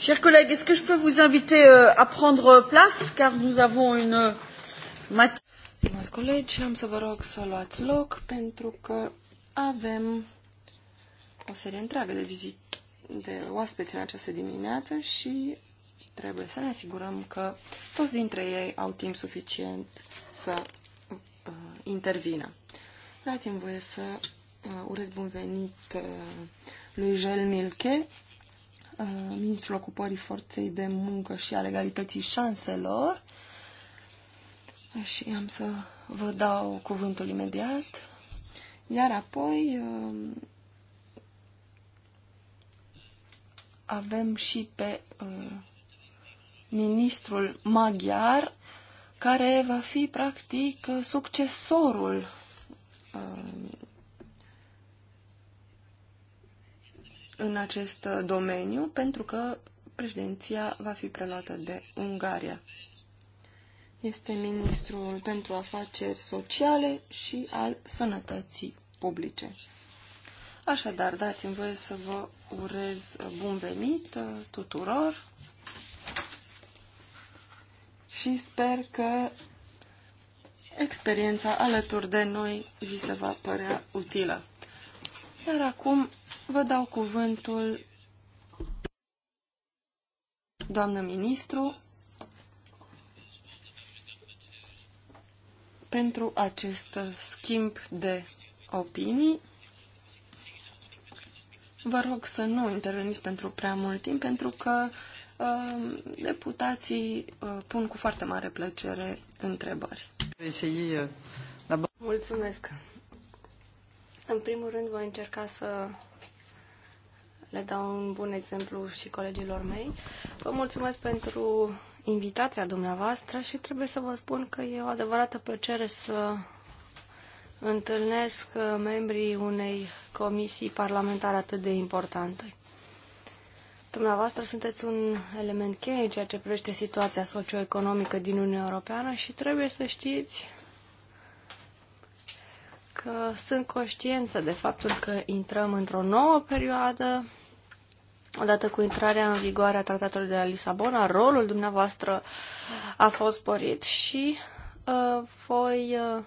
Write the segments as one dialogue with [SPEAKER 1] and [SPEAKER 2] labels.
[SPEAKER 1] Chers collègues, est-ce que je peux vous inviter euh, à prendre place car nous avons une euh, matinée. Stimați
[SPEAKER 2] colegi, am să vă rog să luați loc pentru că avem o serie întreagă de vizit de oaspeți în această dimineață și trebuie să ne asigurăm că toți dintre ei au timp suficient să uh, intervină. Dați-mi voie să uh, urez bun venit uh, lui Jel Milche, Uh, ministrul ocupării forței de muncă și a legalității șanselor și am să vă dau cuvântul imediat. Iar apoi uh, avem și pe uh, ministrul maghiar care va fi practic succesorul în acest domeniu, pentru că președinția va fi preluată de Ungaria. Este ministrul pentru afaceri sociale și al sănătății publice. Așadar, dați-mi voie să vă urez bun venit tuturor și sper că experiența alături de noi vi se va părea utilă. Iar acum Vă dau cuvântul, doamnă ministru, pentru acest schimb de opinii. Vă rog să nu interveniți pentru prea mult timp, pentru că uh, deputații uh, pun cu foarte mare plăcere întrebări.
[SPEAKER 3] Mulțumesc! În primul rând voi încerca să le dau un bun exemplu și colegilor mei. Vă mulțumesc pentru invitația dumneavoastră și trebuie să vă spun că e o adevărată plăcere să întâlnesc membrii unei comisii parlamentare atât de importante. Dumneavoastră sunteți un element cheie în ceea ce privește situația socioeconomică din Uniunea Europeană și trebuie să știți că sunt conștientă de faptul că intrăm într-o nouă perioadă odată cu intrarea în vigoare a tratatului de la Lisabona, rolul dumneavoastră a fost sporit și uh, voi uh,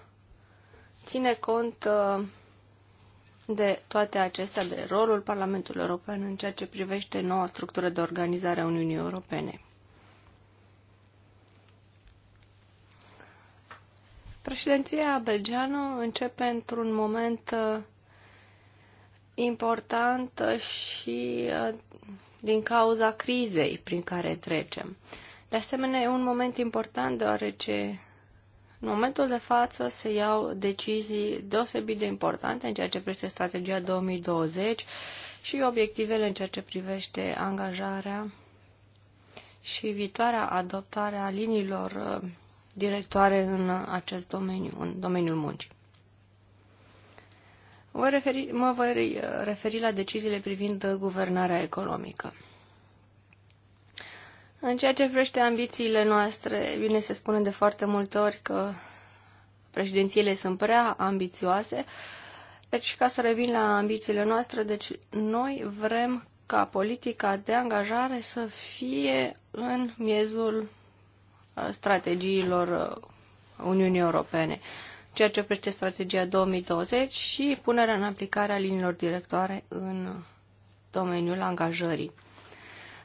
[SPEAKER 3] ține cont uh, de toate acestea, de rolul Parlamentului European în ceea ce privește noua structură de organizare a Uniunii Europene. Președinția belgeană începe într-un moment uh, importantă și uh, din cauza crizei prin care trecem. De asemenea, e un moment important deoarece în momentul de față se iau decizii deosebit de importante în ceea ce privește strategia 2020 și obiectivele în ceea ce privește angajarea și viitoarea adoptare a liniilor uh, directoare în acest domeniu, în domeniul muncii. Voi referi, mă voi referi la deciziile privind guvernarea economică. În ceea ce privește ambițiile noastre, bine se spune de foarte multe ori că președințiile sunt prea ambițioase. Deci, ca să revin la ambițiile noastre, deci noi vrem ca politica de angajare să fie în miezul uh, strategiilor uh, Uniunii Europene ceea ce oprește strategia 2020 și punerea în aplicare a liniilor directoare în domeniul angajării.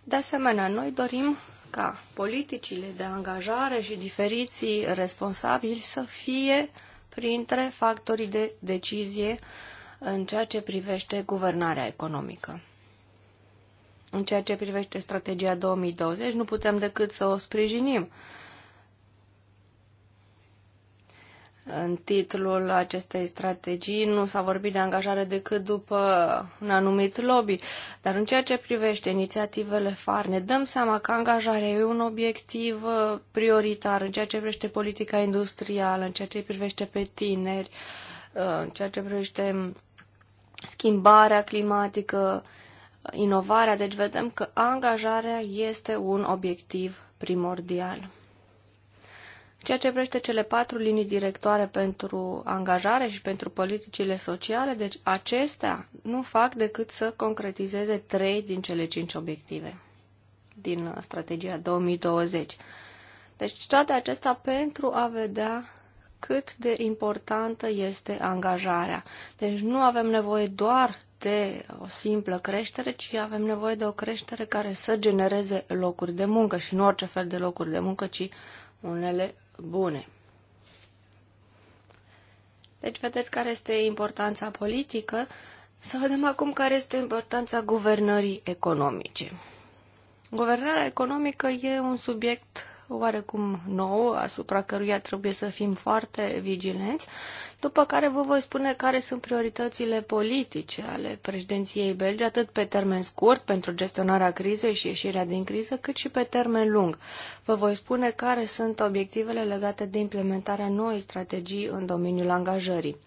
[SPEAKER 3] De asemenea, noi dorim ca politicile de angajare și diferiții responsabili să fie printre factorii de decizie în ceea ce privește guvernarea economică. În ceea ce privește strategia 2020, nu putem decât să o sprijinim În titlul acestei strategii nu s-a vorbit de angajare decât după un anumit lobby, dar în ceea ce privește inițiativele FAR, ne dăm seama că angajarea e un obiectiv uh, prioritar în ceea ce privește politica industrială, în ceea ce privește pe tineri, uh, în ceea ce privește schimbarea climatică, inovarea, deci vedem că angajarea este un obiectiv primordial. Ceea ce vrește cele patru linii directoare pentru angajare și pentru politicile sociale, deci acestea nu fac decât să concretizeze trei din cele cinci obiective din strategia 2020. Deci toate acestea pentru a vedea cât de importantă este angajarea. Deci nu avem nevoie doar de o simplă creștere, ci avem nevoie de o creștere care să genereze locuri de muncă și nu orice fel de locuri de muncă, ci unele bune. Deci vedeți care este importanța politică. Să vedem acum care este importanța guvernării economice. Guvernarea economică e un subiect oarecum nou, asupra căruia trebuie să fim foarte vigilenți, după care vă voi spune care sunt prioritățile politice ale președinției belge, atât pe termen scurt, pentru gestionarea crizei și ieșirea din criză, cât și pe termen lung. Vă voi spune care sunt obiectivele legate de implementarea noii strategii în domeniul angajării.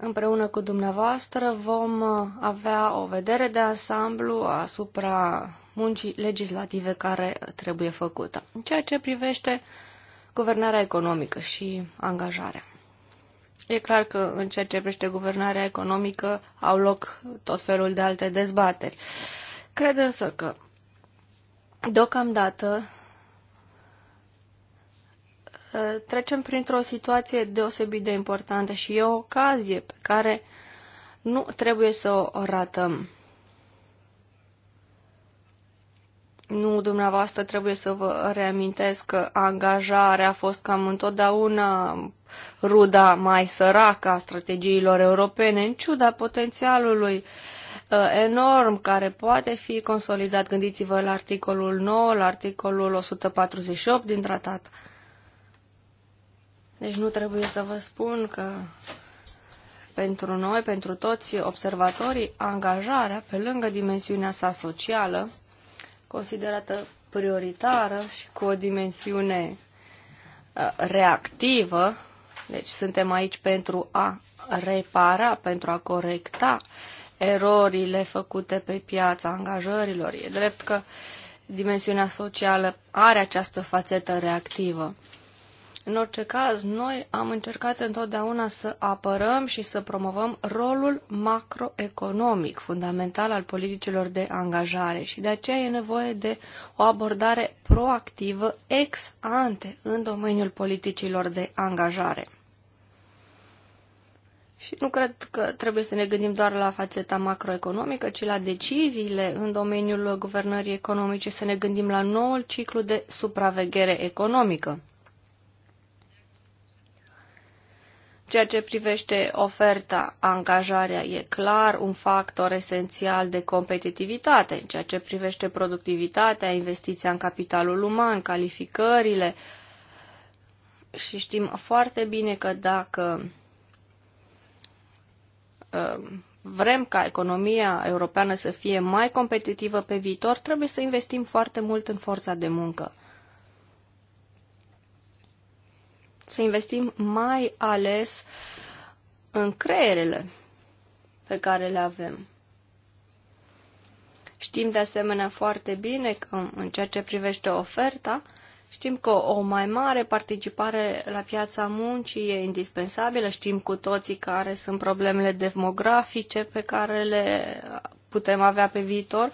[SPEAKER 3] Împreună cu dumneavoastră vom avea o vedere de ansamblu asupra muncii legislative care trebuie făcută, în ceea ce privește guvernarea economică și angajarea. E clar că în ceea ce privește guvernarea economică au loc tot felul de alte dezbateri. Cred însă că deocamdată trecem printr-o situație deosebit de importantă și e o ocazie pe care nu trebuie să o ratăm. Nu, dumneavoastră trebuie să vă reamintesc că angajarea a fost cam întotdeauna ruda mai săracă a strategiilor europene, în ciuda potențialului uh, enorm care poate fi consolidat. Gândiți-vă la articolul 9, la articolul 148 din tratat. Deci nu trebuie să vă spun că pentru noi, pentru toți observatorii, angajarea, pe lângă dimensiunea sa socială, considerată prioritară și cu o dimensiune uh, reactivă, deci suntem aici pentru a repara, pentru a corecta erorile făcute pe piața angajărilor. E drept că dimensiunea socială are această fațetă reactivă. În orice caz, noi am încercat întotdeauna să apărăm și să promovăm rolul macroeconomic fundamental al politicilor de angajare și de aceea e nevoie de o abordare proactivă ex ante în domeniul politicilor de angajare. Și nu cred că trebuie să ne gândim doar la fațeta macroeconomică, ci la deciziile în domeniul guvernării economice, să ne gândim la noul ciclu de supraveghere economică. Ceea ce privește oferta, angajarea e clar un factor esențial de competitivitate. În ceea ce privește productivitatea, investiția în capitalul uman, calificările. Și știm foarte bine că dacă uh, vrem ca economia europeană să fie mai competitivă pe viitor, trebuie să investim foarte mult în forța de muncă. să investim mai ales în creierele pe care le avem. Știm de asemenea foarte bine că în ceea ce privește oferta, știm că o mai mare participare la piața muncii e indispensabilă, știm cu toții care sunt problemele demografice pe care le putem avea pe viitor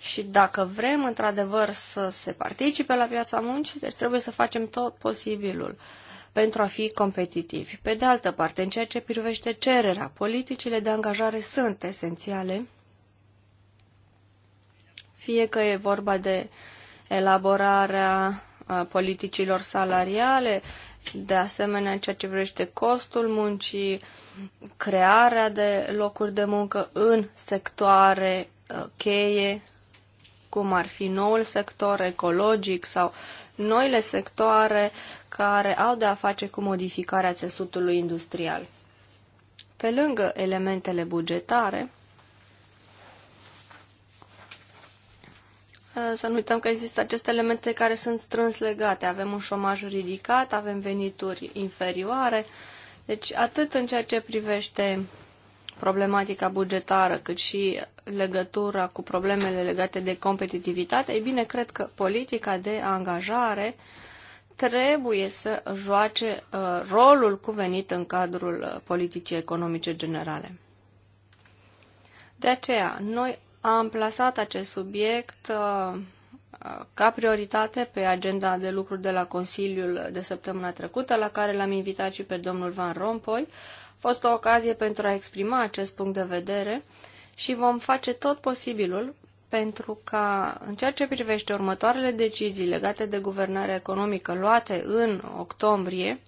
[SPEAKER 3] și dacă vrem într-adevăr să se participe la piața muncii, deci trebuie să facem tot posibilul. Uh, pentru a fi competitivi. Pe de altă parte, în ceea ce privește cererea, politicile de angajare sunt esențiale, fie că e vorba de elaborarea politicilor salariale, de asemenea, în ceea ce privește costul muncii, crearea de locuri de muncă în sectoare cheie, cum ar fi noul sector ecologic sau noile sectoare care au de a face cu modificarea țesutului industrial. Pe lângă elementele bugetare, Să nu uităm că există aceste elemente care sunt strâns legate. Avem un șomaj ridicat, avem venituri inferioare. Deci atât în ceea ce privește problematica bugetară, cât și legătura cu problemele legate de competitivitate, e bine, cred că politica de angajare uh, trebuie să joace uh, rolul cuvenit în cadrul uh, politicii economice generale. De aceea, noi am plasat acest subiect uh, uh, ca prioritate pe agenda de lucru de la Consiliul de săptămâna trecută, la care l-am invitat și pe domnul Van Rompuy. A fost o ocazie pentru a exprima acest punct de vedere și vom face tot posibilul pentru ca, în ceea ce privește următoarele decizii legate de guvernare economică luate în octombrie,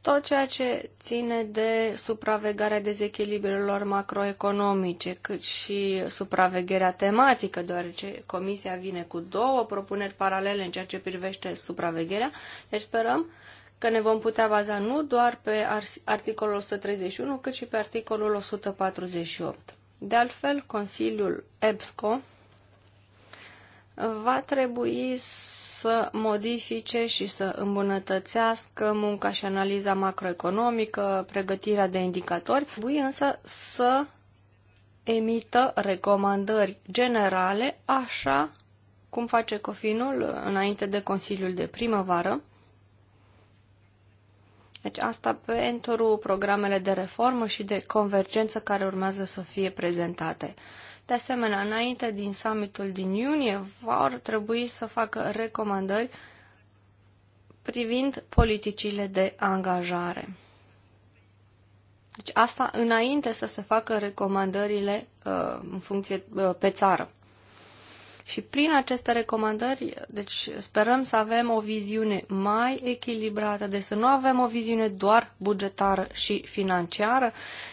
[SPEAKER 3] tot ceea ce ține de supravegarea dezechilibrelor macroeconomice, cât și supravegherea tematică, deoarece Comisia vine cu două propuneri paralele în ceea ce privește supravegherea. Deci sperăm că ne vom putea baza nu doar pe articolul 131, cât și pe articolul 148. De altfel, Consiliul EBSCO va trebui să modifice și să îmbunătățească munca și analiza macroeconomică, pregătirea de indicatori, trebuie însă să emită recomandări generale, așa cum face Cofinul înainte de Consiliul de primăvară, deci asta pentru programele de reformă și de convergență care urmează să fie prezentate. De asemenea, înainte din summitul din iunie, vor trebui să facă recomandări privind politicile de angajare. Deci asta înainte să se facă recomandările uh, în funcție uh, pe țară. Și prin aceste recomandări, deci sperăm să avem o viziune mai echilibrată, de deci să nu avem o viziune doar bugetară și financiară,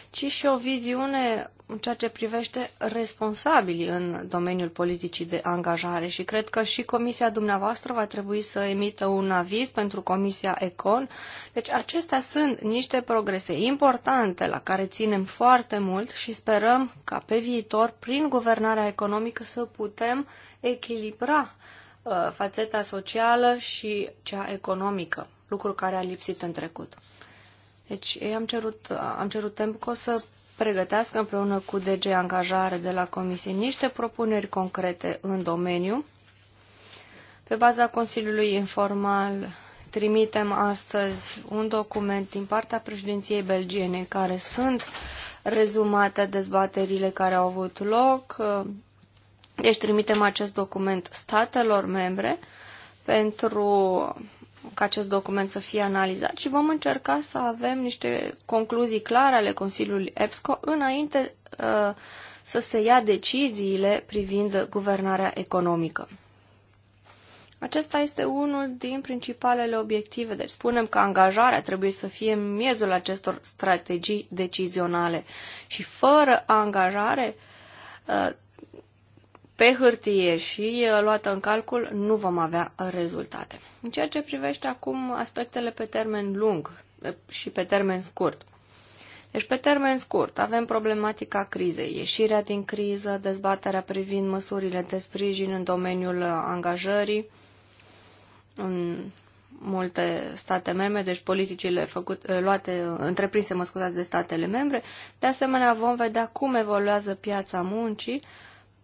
[SPEAKER 3] ci și o viziune în ceea ce privește responsabili în domeniul politicii de angajare și cred că și comisia dumneavoastră va trebui să emită un aviz pentru comisia Econ. Deci acestea sunt niște progrese importante la care ținem foarte mult și sperăm ca pe viitor, prin guvernarea economică, să putem echilibra uh, fațeta socială și cea economică, lucru care a lipsit în trecut. Deci am cerut, am cerut ca să pregătească împreună cu DG Angajare de la Comisie niște propuneri concrete în domeniu. Pe baza Consiliului Informal trimitem astăzi un document din partea președinției belgiene care sunt rezumate dezbaterile care au avut loc. Deci trimitem acest document statelor membre pentru ca acest document să fie analizat și vom încerca să avem niște concluzii clare ale Consiliului EPSCO înainte uh, să se ia deciziile privind guvernarea economică. Acesta este unul din principalele obiective, deci spunem că angajarea trebuie să fie miezul acestor strategii decizionale și fără angajare uh, pe hârtie și luată în calcul, nu vom avea rezultate. În ceea ce privește acum aspectele pe termen lung și pe termen scurt. Deci, pe termen scurt, avem problematica crizei, ieșirea din criză, dezbaterea privind măsurile de sprijin în domeniul angajării în multe state membre, deci politicile făcute, luate, întreprinse, mă scuzați, de statele membre. De asemenea, vom vedea cum evoluează piața muncii,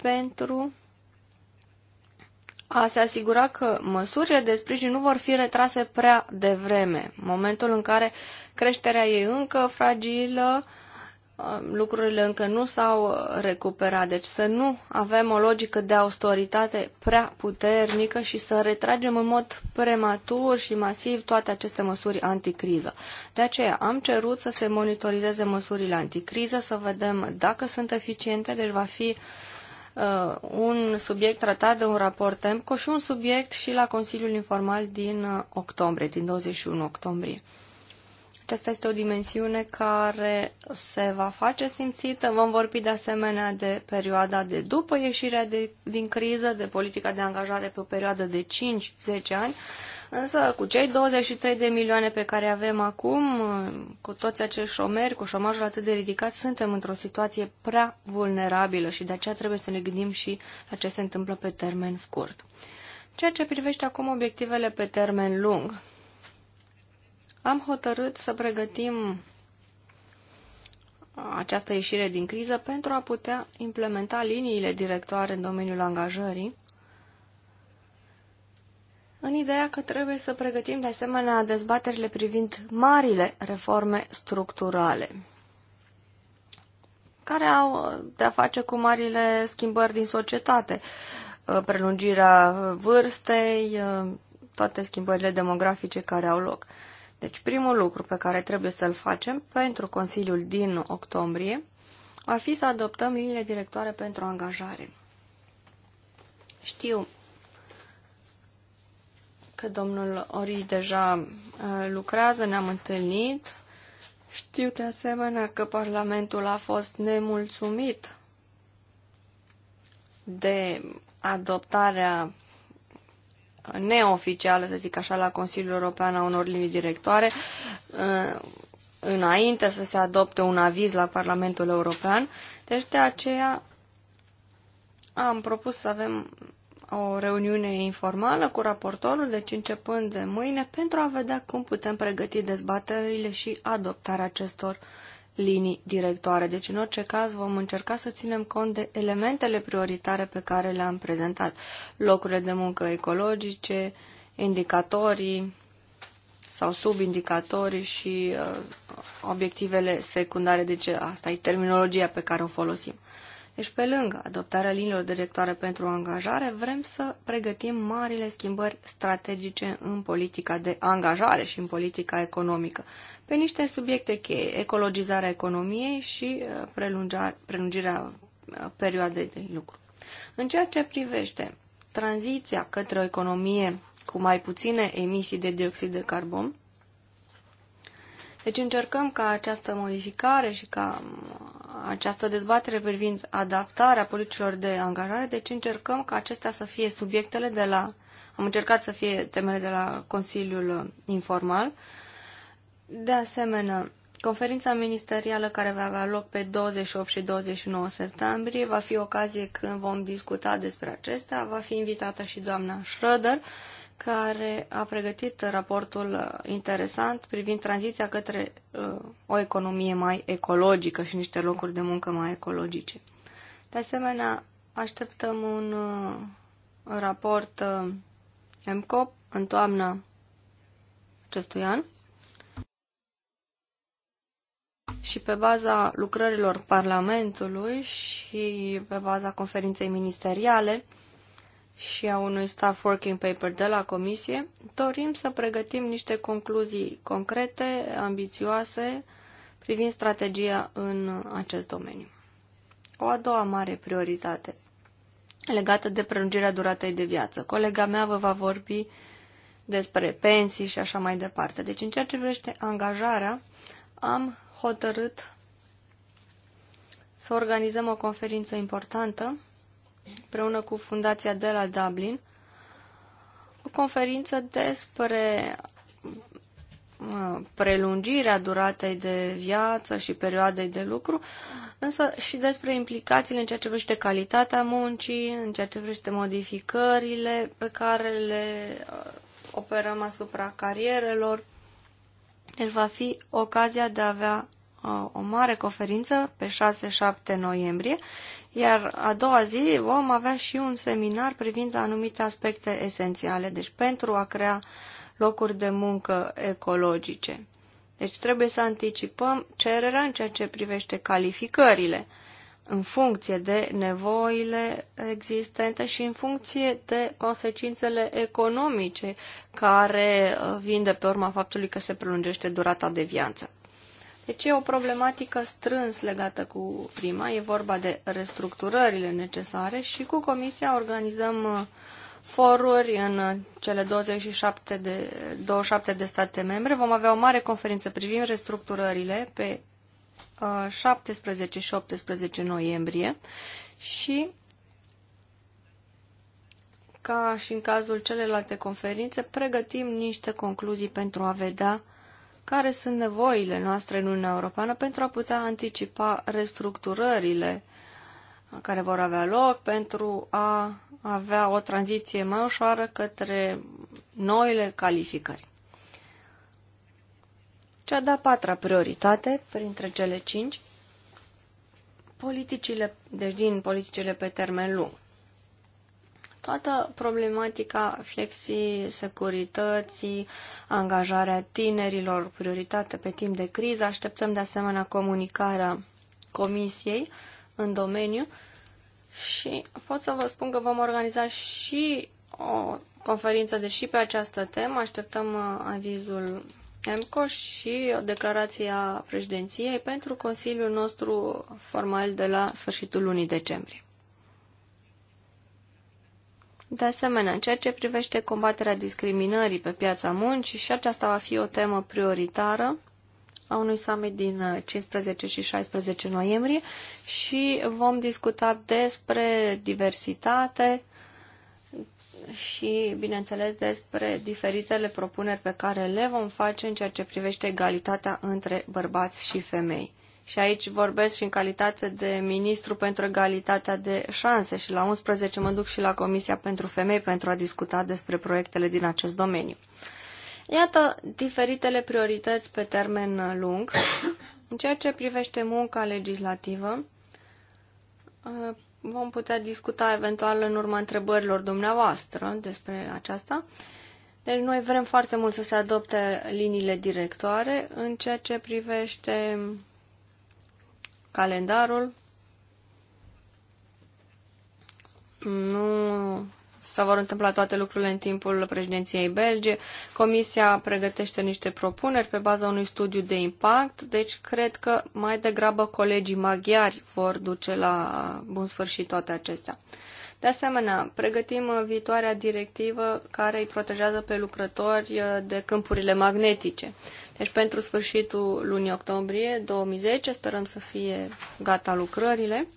[SPEAKER 3] pentru a se asigura că măsurile de sprijin nu vor fi retrase prea devreme, momentul în care creșterea e încă fragilă, uh, lucrurile încă nu s-au uh, recuperat. Deci să nu avem o logică de austeritate prea puternică și să retragem în mod prematur și masiv toate aceste măsuri anticriză. De aceea am cerut să se monitorizeze măsurile anticriză, să vedem dacă sunt eficiente, deci va fi uh, un subiect tratat de un raport TEMCO și un subiect și la Consiliul Informal din uh, octombrie, din 21 octombrie. Aceasta este o dimensiune care se va face simțită. Vom vorbi de asemenea de perioada de după ieșirea de, din criză, de politica de angajare pe o perioadă de 5-10 ani. Însă cu cei 23 de milioane pe care avem acum, cu toți acești șomeri, cu șomajul atât de ridicat, suntem într-o situație prea vulnerabilă și de aceea trebuie să ne gândim și la ce se întâmplă pe termen scurt. Ceea ce privește acum obiectivele pe termen lung, am hotărât să pregătim această ieșire din criză pentru a putea implementa liniile directoare în domeniul angajării, în ideea că trebuie să pregătim de asemenea dezbaterile privind marile reforme structurale, care au de-a face cu marile schimbări din societate, uh, prelungirea vârstei, uh, toate schimbările demografice care au loc. Deci primul lucru pe care trebuie să-l facem pentru Consiliul din octombrie va fi să adoptăm liniile directoare pentru angajare. Știu că domnul Ori deja uh, lucrează, ne-am întâlnit. Știu de asemenea că Parlamentul a fost nemulțumit de adoptarea neoficială, să zic așa, la Consiliul European a unor linii directoare, uh, înainte să se adopte un aviz la Parlamentul European. Deci de aceea am propus să avem o reuniune informală cu raportorul, deci începând de mâine, pentru a vedea cum putem pregăti dezbaterile și adoptarea acestor linii directoare. Deci, în orice caz, vom încerca să ținem cont de elementele prioritare pe care le-am prezentat. Locurile de muncă ecologice, indicatorii sau subindicatorii și uh, obiectivele secundare. Deci, asta e terminologia pe care o folosim. Deci, pe lângă adoptarea liniilor directoare pentru angajare, vrem să pregătim marile schimbări strategice în politica de angajare și în politica economică pe niște subiecte cheie, ecologizarea economiei și uh, prelungirea uh, perioadei de lucru. În ceea ce privește tranziția către o economie cu mai puține emisii de dioxid de carbon, deci încercăm ca această modificare și ca um, această dezbatere privind adaptarea politicilor de angajare, deci încercăm ca acestea să fie subiectele de la, am încercat să fie temele de la Consiliul uh, Informal, de asemenea, conferința ministerială care va avea loc pe 28 și 29 septembrie va fi ocazie când vom discuta despre acestea. Va fi invitată și doamna Schröder, care a pregătit raportul interesant privind tranziția către uh, o economie mai ecologică și niște locuri de muncă mai ecologice. De asemenea, așteptăm un uh, raport uh, MCOP în toamna acestui an. și pe baza lucrărilor Parlamentului și pe baza conferinței ministeriale și a unui staff working paper de la Comisie, dorim să pregătim niște concluzii concrete, ambițioase, privind strategia în acest domeniu. O a doua mare prioritate legată de prelungirea duratei de viață. Colega mea vă va vorbi despre pensii și așa mai departe. Deci, în ceea ce privește angajarea, am hotărât să organizăm o conferință importantă împreună cu Fundația de la Dublin, o conferință despre prelungirea duratei de viață și perioadei de lucru, însă și despre implicațiile în ceea ce privește calitatea muncii, în ceea ce privește modificările pe care le uh, operăm asupra carierelor, deci va fi ocazia de a avea uh, o mare conferință pe 6-7 noiembrie, iar a doua zi vom avea și un seminar privind anumite aspecte esențiale, deci pentru a crea locuri de muncă ecologice. Deci trebuie să anticipăm cererea în ceea ce privește calificările în funcție de nevoile existente și în funcție de consecințele economice care uh, vin de pe urma faptului că se prelungește durata de viață. Deci e o problematică strâns legată cu prima, e vorba de restructurările necesare și cu Comisia organizăm uh, foruri în uh, cele 27 de, 27 de state membre. Vom avea o mare conferință privind restructurările pe 17 uh, și 18 noiembrie și ca și în cazul celelalte conferințe, pregătim niște concluzii pentru a vedea care sunt nevoile noastre în Uniunea Europeană pentru a putea anticipa restructurările care vor avea loc, pentru a avea o tranziție mai ușoară către noile calificări. Cea de-a patra prioritate, printre cele cinci, politicile, deci din politicile pe termen lung. Toată problematica flexii, securității, angajarea tinerilor, prioritate pe timp de criză, așteptăm de asemenea comunicarea comisiei în domeniu și pot să vă spun că vom organiza și o conferință, de și pe această temă așteptăm uh, avizul EMCO și declarația președinției pentru Consiliul nostru formal de la sfârșitul lunii decembrie. De asemenea, în ceea ce privește combaterea discriminării pe piața muncii, și aceasta va fi o temă prioritară a unui summit din 15 uh, și 16 noiembrie și vom discuta despre diversitate, și, bineînțeles, despre diferitele propuneri pe care le vom face în ceea ce privește egalitatea între bărbați și femei. Și aici vorbesc și în calitate de ministru pentru egalitatea de șanse și la 11 mă duc și la Comisia pentru Femei pentru a discuta despre proiectele din acest domeniu. Iată diferitele priorități pe termen lung. În ceea ce privește munca legislativă, vom putea discuta eventual în urma întrebărilor dumneavoastră despre aceasta. Deci noi vrem foarte mult să se adopte liniile directoare în ceea ce privește calendarul. Nu se vor întâmpla toate lucrurile în timpul președinției belge. Comisia pregătește niște propuneri pe baza unui studiu de impact, deci cred că mai degrabă colegii maghiari vor duce la bun sfârșit toate acestea. De asemenea, pregătim viitoarea directivă care îi protejează pe lucrători uh, de câmpurile magnetice. Deci pentru sfârșitul lunii octombrie 2010 sperăm să fie gata lucrările.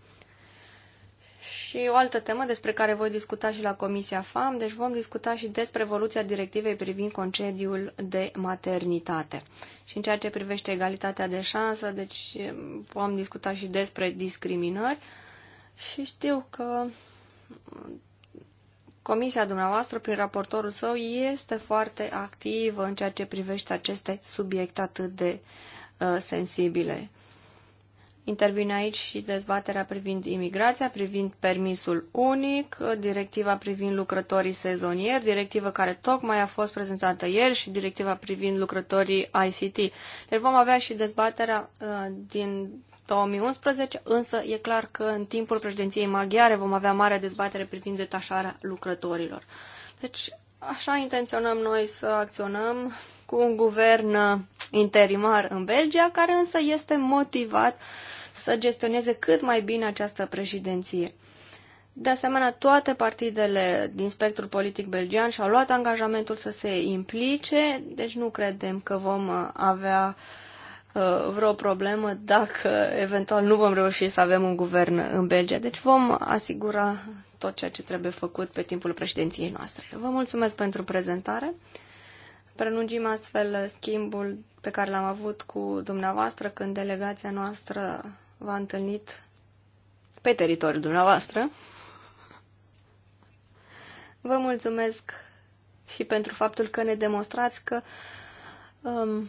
[SPEAKER 3] Și o altă temă despre care voi discuta și la Comisia FAM, deci vom discuta și despre evoluția directivei privind concediul de maternitate. Și în ceea ce privește egalitatea de șansă, deci um, vom discuta și despre discriminări. Și știu că um, Comisia dumneavoastră, prin raportorul său, este foarte activă în ceea ce privește aceste subiecte atât de uh, sensibile. Intervine aici și dezbaterea privind imigrația, privind permisul unic, directiva privind lucrătorii sezonieri, directiva care tocmai a fost prezentată ieri și directiva privind lucrătorii ICT. Deci vom avea și dezbaterea uh, din 2011, însă e clar că în timpul președinției maghiare vom avea mare dezbatere privind detașarea lucrătorilor. Deci Așa intenționăm noi să acționăm cu un guvern interimar în Belgia, care însă este motivat să gestioneze cât mai bine această președinție. De asemenea, toate partidele din spectrul politic belgian și-au luat angajamentul să se implice, deci nu credem că vom uh, avea uh, vreo problemă dacă eventual nu vom reuși să avem un guvern în Belgia. Deci vom asigura tot ceea ce trebuie făcut pe timpul președinției noastre. Vă mulțumesc pentru prezentare. Prelungim astfel schimbul pe care l-am avut cu dumneavoastră când delegația noastră v-a întâlnit pe teritoriul dumneavoastră. Vă mulțumesc și pentru faptul că ne demonstrați că um,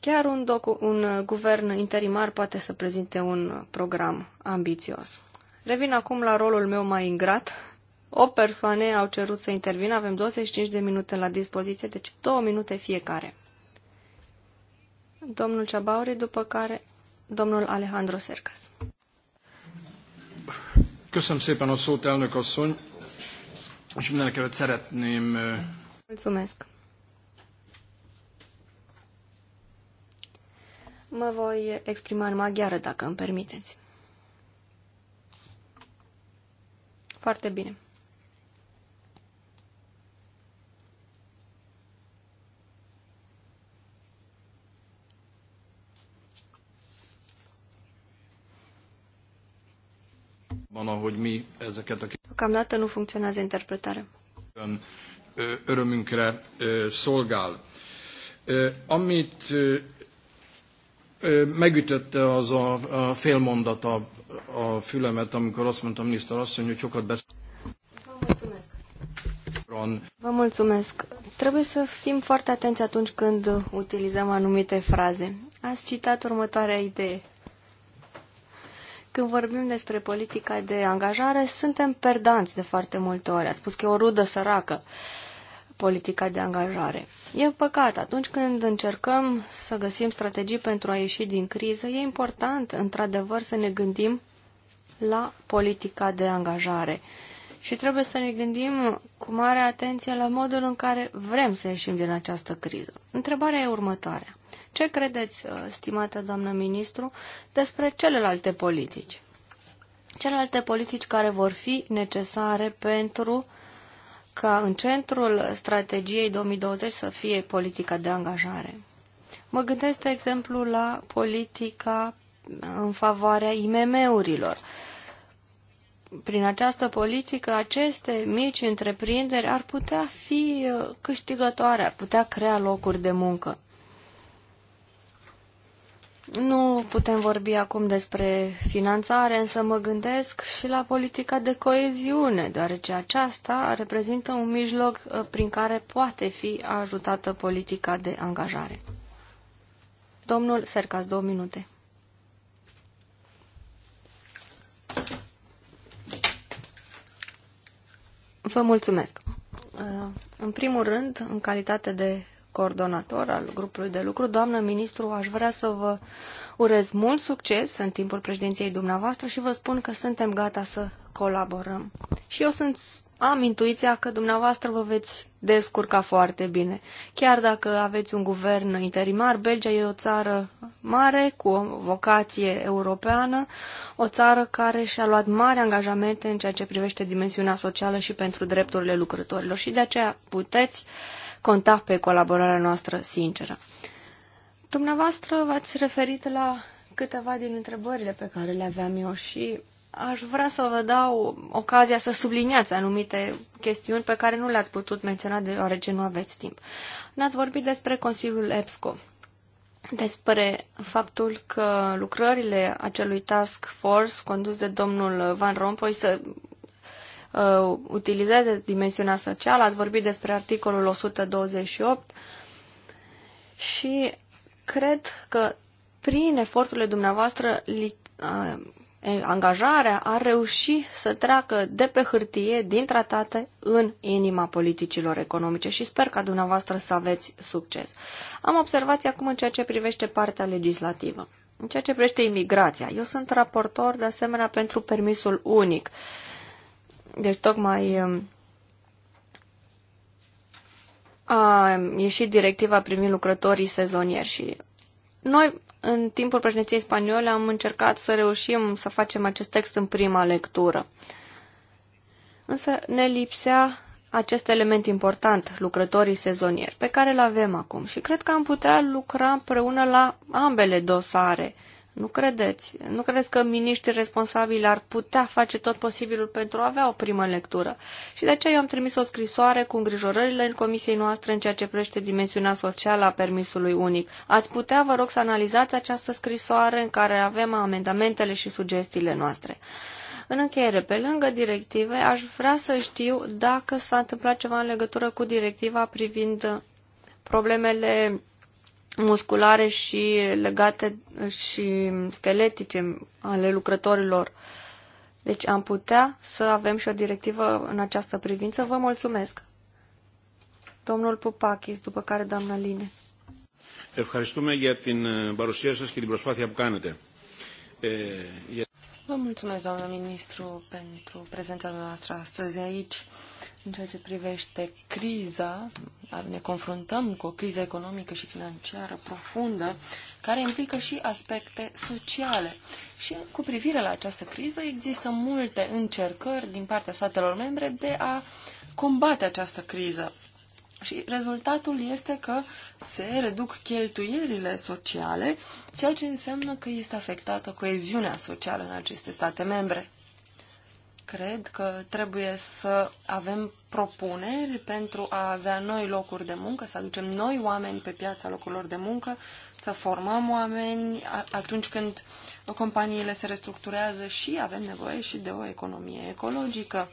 [SPEAKER 3] chiar un, docu- un guvern interimar poate să prezinte un program ambițios. Revin acum la rolul meu mai ingrat. O persoane au cerut să intervină, avem 25 de minute la dispoziție, deci două minute fiecare. Domnul Ceabauri, după care domnul Alejandro Sercas.
[SPEAKER 4] Köszönöm szépen a szót, elnök asszony, és mindenek előtt szeretném...
[SPEAKER 3] Mulțumesc. Mă voi exprima în maghiară, dacă îmi permiteți. Foarte bine. Deocamdată nu funcționează interpretarea.
[SPEAKER 4] Örömünkre szolgál. Amit megütötte az a félmondat a a fülemet, amikor azt miniszter asszony, hogy sokat beszél.
[SPEAKER 3] Mulțumesc. Vă mulțumesc. Trebuie să fim foarte atenți atunci când utilizăm anumite fraze. Ați citat următoarea idee. Când vorbim despre politica de angajare, suntem perdanți de foarte multe ori. Ați spus că e o rudă săracă. Uh, politica de angajare. E păcat, atunci când încercăm să găsim strategii pentru a ieși din criză, e important, într-adevăr, să ne gândim la politica de angajare. Și trebuie să ne gândim cu mare atenție la modul în care vrem să ieșim din această criză. Întrebarea e următoarea. Ce credeți, uh, stimată doamnă ministru, despre celelalte politici? Celelalte politici care vor fi necesare pentru uh, ca în centrul strategiei 2020 să fie politica de angajare. Mă gândesc, de exemplu, la politica în favoarea IMM-urilor. Prin această politică, aceste mici întreprinderi ar putea fi uh, câștigătoare, ar putea crea locuri de muncă. Nu putem vorbi acum despre finanțare, însă mă gândesc și la politica de coeziune, deoarece aceasta reprezintă un mijloc uh, prin care poate fi ajutată politica de angajare. Domnul Sercas, două minute. Vă mulțumesc. Uh, în primul rând, în calitate de coordonator al grupului de lucru. Doamnă ministru, aș vrea să vă urez mult succes în timpul președinției dumneavoastră și vă spun că suntem gata să colaborăm. Și eu sunt, am intuiția că dumneavoastră vă veți descurca foarte bine. Chiar dacă aveți un guvern interimar, Belgia e o țară mare, cu o vocație europeană, o țară care și-a luat mari angajamente în ceea ce privește dimensiunea socială și pentru drepturile lucrătorilor. Și de aceea puteți conta pe colaborarea noastră sinceră. Dumneavoastră v-ați referit la câteva din întrebările pe care le aveam eu și aș vrea să vă dau ocazia să subliniați anumite chestiuni pe care nu le-ați putut menționa deoarece nu aveți timp. Ne-ați vorbit despre Consiliul EPSCO, despre faptul că lucrările acelui task force condus de domnul Van Rompuy să uh, utilizeze dimensiunea socială. Ați vorbit despre articolul 128 și cred că prin eforturile dumneavoastră li, uh, angajarea a reușit să treacă de pe hârtie, din tratate, în inima politicilor economice și sper ca dumneavoastră să aveți succes. Am observații acum în ceea ce privește partea legislativă. În ceea ce privește imigrația, eu sunt raportor de asemenea pentru permisul unic. Uh, deci tocmai um, a ieșit directiva privind lucrătorii sezonieri și noi în timpul președinției spaniole am încercat să reușim să facem acest text în prima lectură. Însă ne lipsea acest element important, lucrătorii sezonieri, pe care îl avem acum și cred că am putea lucra împreună la ambele dosare – nu credeți? Nu credeți că miniștrii responsabili ar putea face tot posibilul pentru a avea o primă lectură? Și de aceea eu am trimis o scrisoare cu îngrijorările în comisiei noastre în ceea ce privește dimensiunea socială a permisului unic. Ați putea, vă rog, să analizați această scrisoare în care avem amendamentele și sugestiile noastre. În încheiere, pe lângă directive, aș vrea să știu dacă s-a întâmplat ceva în legătură cu directiva privind problemele musculare și legate și scheletice ale lucrătorilor. Deci am putea să avem și o directivă în această privință. Vă mulțumesc. Domnul Pupakis, după care doamna Line.
[SPEAKER 1] Ευχαριστούμε για την παρουσία σας και την προσπάθεια που κάνετε.
[SPEAKER 2] Vă mulțumesc, doamnă ministru, pentru prezentarea noastră astăzi aici. În ceea ce privește criza, ne confruntăm cu o criză economică și financiară profundă, care implică și aspecte sociale. Și cu privire la această criză, există multe încercări din partea statelor membre de a combate această criză. Și rezultatul este că se reduc cheltuielile sociale, ceea ce înseamnă că este afectată coeziunea socială în aceste state membre cred că trebuie să avem propuneri pentru a avea noi locuri de muncă, să aducem noi oameni pe piața locurilor de muncă, să formăm oameni atunci când companiile se restructurează și avem nevoie și de o economie ecologică.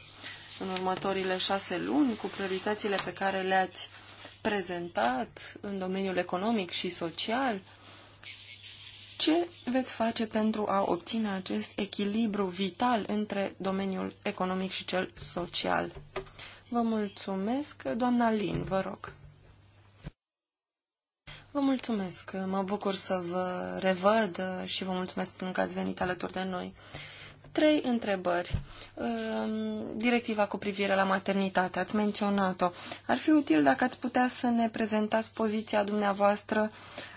[SPEAKER 2] În următorile șase luni, cu prioritățile pe care le-ați prezentat în domeniul economic și social, ce veți face pentru a obține acest echilibru vital între domeniul economic și cel social? Vă mulțumesc, doamna Lin, vă rog. Vă mulțumesc, mă bucur să vă revăd și vă mulțumesc pentru că ați venit alături de noi. Trei întrebări. Ehm, directiva cu privire la maternitate, ați menționat-o. Ar fi util dacă ați putea să ne prezentați poziția dumneavoastră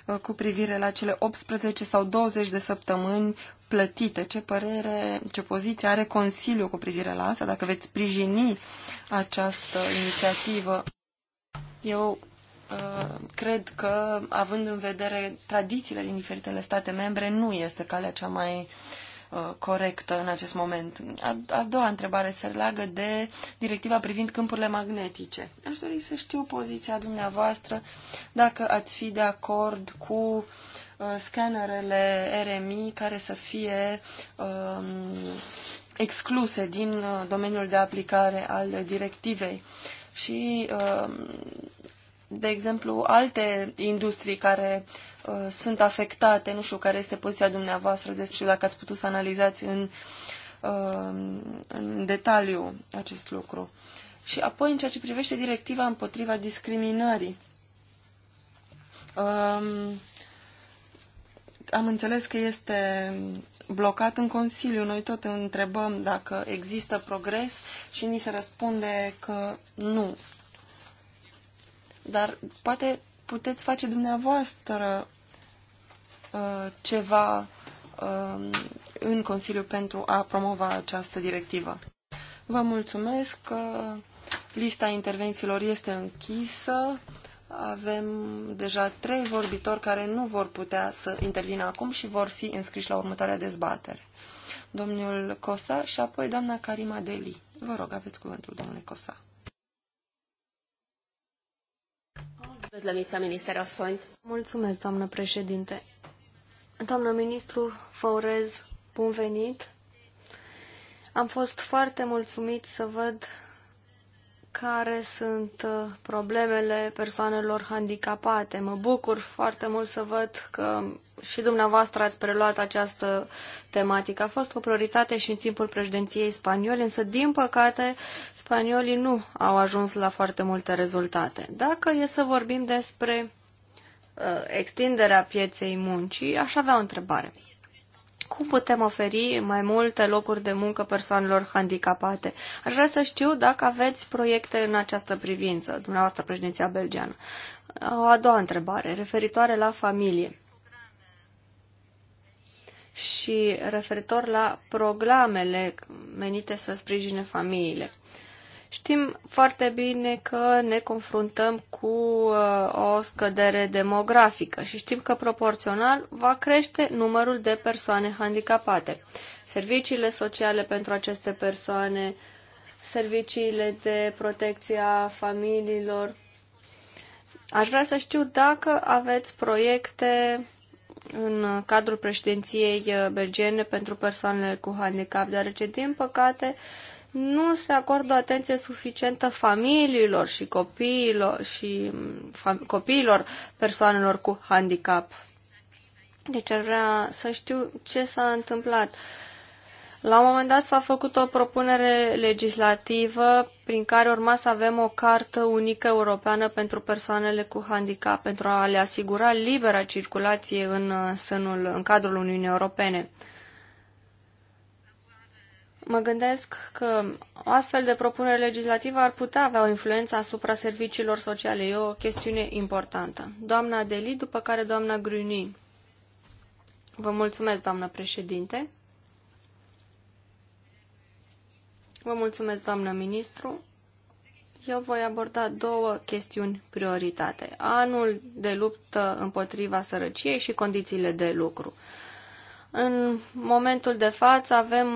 [SPEAKER 2] eh, cu privire la cele 18 sau 20 de săptămâni plătite. Ce părere, ce poziție are Consiliul cu privire la asta, dacă veți sprijini această inițiativă? Eu eh, cred că, având în vedere tradițiile din diferitele state membre, nu este calea cea mai uh, Uh, corectă în acest moment. A, a doua întrebare se leagă de directiva privind câmpurile magnetice. Aș dori să știu poziția dumneavoastră dacă ați fi de acord cu uh, scannerele RMI care să fie uh, excluse din uh, domeniul de aplicare al directivei. Și, uh, de exemplu, alte industrii care uh, Uh, sunt afectate. Nu știu care este poziția dumneavoastră, deci știu dacă ați putut să analizați în, uh, în detaliu acest lucru. Și apoi, în ceea ce privește directiva împotriva discriminării, um, am înțeles că este blocat în Consiliu. Noi tot întrebăm dacă există progres și ni se răspunde că nu. Dar poate puteți face dumneavoastră uh, ceva um, în Consiliu pentru a promova această directivă. Vă mulțumesc. Lista intervențiilor este închisă. Avem deja trei vorbitori care nu vor putea să intervină acum și vor fi înscriși la următoarea dezbatere. Domnul Cosa și apoi doamna Karima Deli. Vă rog, aveți cuvântul, domnule Cosa.
[SPEAKER 3] Özlămița, miniszter asszonyt. Mulțumesc, doamnă președinte. Doamnă ministru, vă urez bun venit. Am fost foarte mulțumit să văd care sunt uh, problemele persoanelor handicapate. Mă bucur foarte mult să văd că și dumneavoastră ați preluat această tematică. A fost o prioritate și în timpul președinției spaniole, însă, din păcate, spaniolii nu au ajuns la foarte multe rezultate. Dacă e să vorbim despre uh, extinderea pieței muncii, aș avea o întrebare cum putem oferi mai multe locuri de muncă persoanelor handicapate. Aș vrea să știu dacă aveți proiecte în această privință, dumneavoastră președinția belgeană. O a doua întrebare, referitoare la familie și referitor la programele menite să sprijine familiile. Uh, Știm foarte bine că ne confruntăm cu uh, o scădere demografică și știm că proporțional va crește numărul de persoane handicapate. Serviciile sociale pentru aceste persoane, serviciile de protecție a familiilor. Aș vrea să știu dacă aveți proiecte în cadrul președinției uh, belgiene pentru persoanele cu handicap, deoarece, din păcate, nu se acordă o atenție suficientă familiilor și copiilor și copiilor persoanelor cu handicap. Deci ar vrea să știu ce s-a întâmplat. La un moment dat s-a făcut o propunere legislativă prin care urma să avem o cartă unică europeană pentru persoanele cu handicap, pentru a le asigura libera circulație în, uh, sânul, în cadrul Uniunii Europene. Mă gândesc că o astfel de propunere legislativă ar putea avea o influență asupra serviciilor sociale. E o chestiune importantă. Doamna Deli, după care doamna Gruni. Vă mulțumesc, doamnă președinte. Vă mulțumesc, doamnă ministru. Eu voi aborda două chestiuni prioritate. Anul de luptă împotriva sărăciei și condițiile de lucru. În momentul de față avem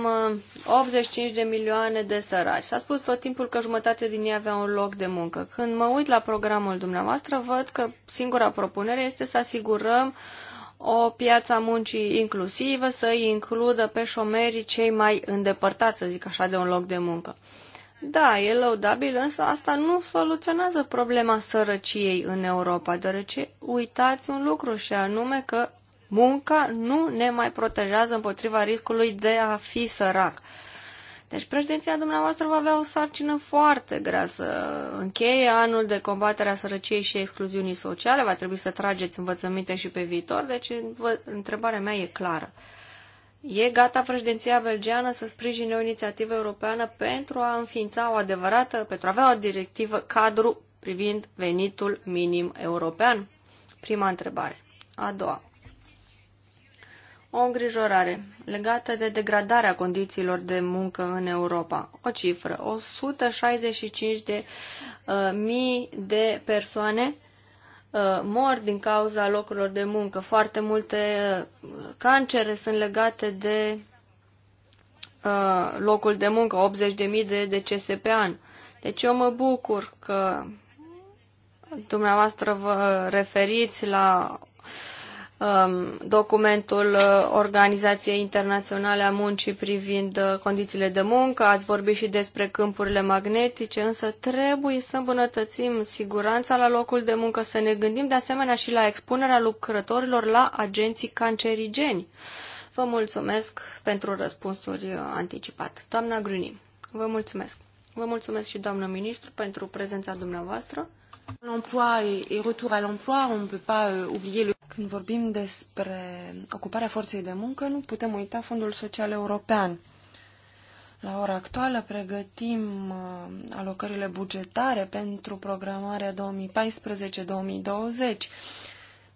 [SPEAKER 3] 85 uh, de milioane de săraci. S-a spus tot timpul că jumătate din ei avea un loc de muncă. Când mă uit la programul dumneavoastră, văd că singura propunere este să asigurăm o piață a muncii inclusivă, să îi includă pe șomerii cei mai îndepărtați, să zic așa, de un loc de muncă. Da, e lăudabil, însă asta nu soluționează problema sărăciei în Europa, deoarece uitați un lucru și anume că munca nu ne mai protejează împotriva riscului de a fi sărac. Deci președinția dumneavoastră va avea o sarcină foarte grea să încheie anul de combatere a sărăciei și excluziunii sociale, va trebui să trageți învățăminte și pe viitor, deci vă, întrebarea mea e clară. E gata președinția belgeană să sprijine o inițiativă europeană pentru a înființa o adevărată, pentru a avea o directivă cadru privind venitul minim european? Prima întrebare. A doua o îngrijorare legată de degradarea condițiilor de muncă în Europa. O cifră, 165 de uh, mii de persoane uh, mor din cauza locurilor de muncă. Foarte multe uh, cancere sunt legate de uh, locul de muncă, 80.000 de decese pe an. Deci eu mă bucur că dumneavoastră vă referiți la uh, Um, documentul uh, Organizației Internaționale a Muncii privind uh, condițiile de muncă, ați vorbit și despre câmpurile magnetice, însă trebuie să îmbunătățim siguranța la locul de muncă, să ne gândim de asemenea și la expunerea lucrătorilor la agenții cancerigeni. Vă mulțumesc pentru răspunsuri uh, anticipat. Doamna Grunim, vă mulțumesc. Vă mulțumesc și doamnă ministru pentru prezența dumneavoastră.
[SPEAKER 2] Când vorbim despre ocuparea forței de muncă, nu putem uita Fondul Social European. La ora actuală pregătim uh, alocările bugetare pentru programarea 2014-2020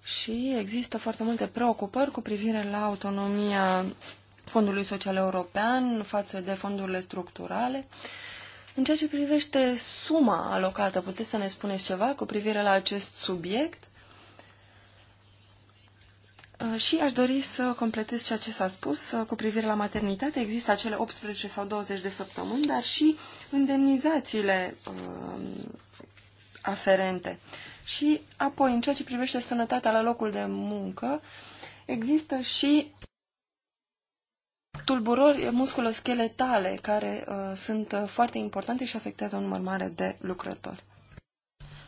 [SPEAKER 2] și există foarte multe preocupări cu privire la autonomia Fondului Social European față de fondurile structurale în ceea ce privește suma alocată, puteți să ne spuneți ceva cu privire la acest subiect? Uh, și aș dori să completez ceea ce s-a spus uh, cu privire la maternitate. Există acele 18 sau 20 de săptămâni, dar și indemnizațiile uh, aferente. Și apoi, în ceea ce privește sănătatea la locul de muncă, există și tulburări musculoscheletale care uh, sunt uh, foarte importante și afectează un număr mare de lucrători.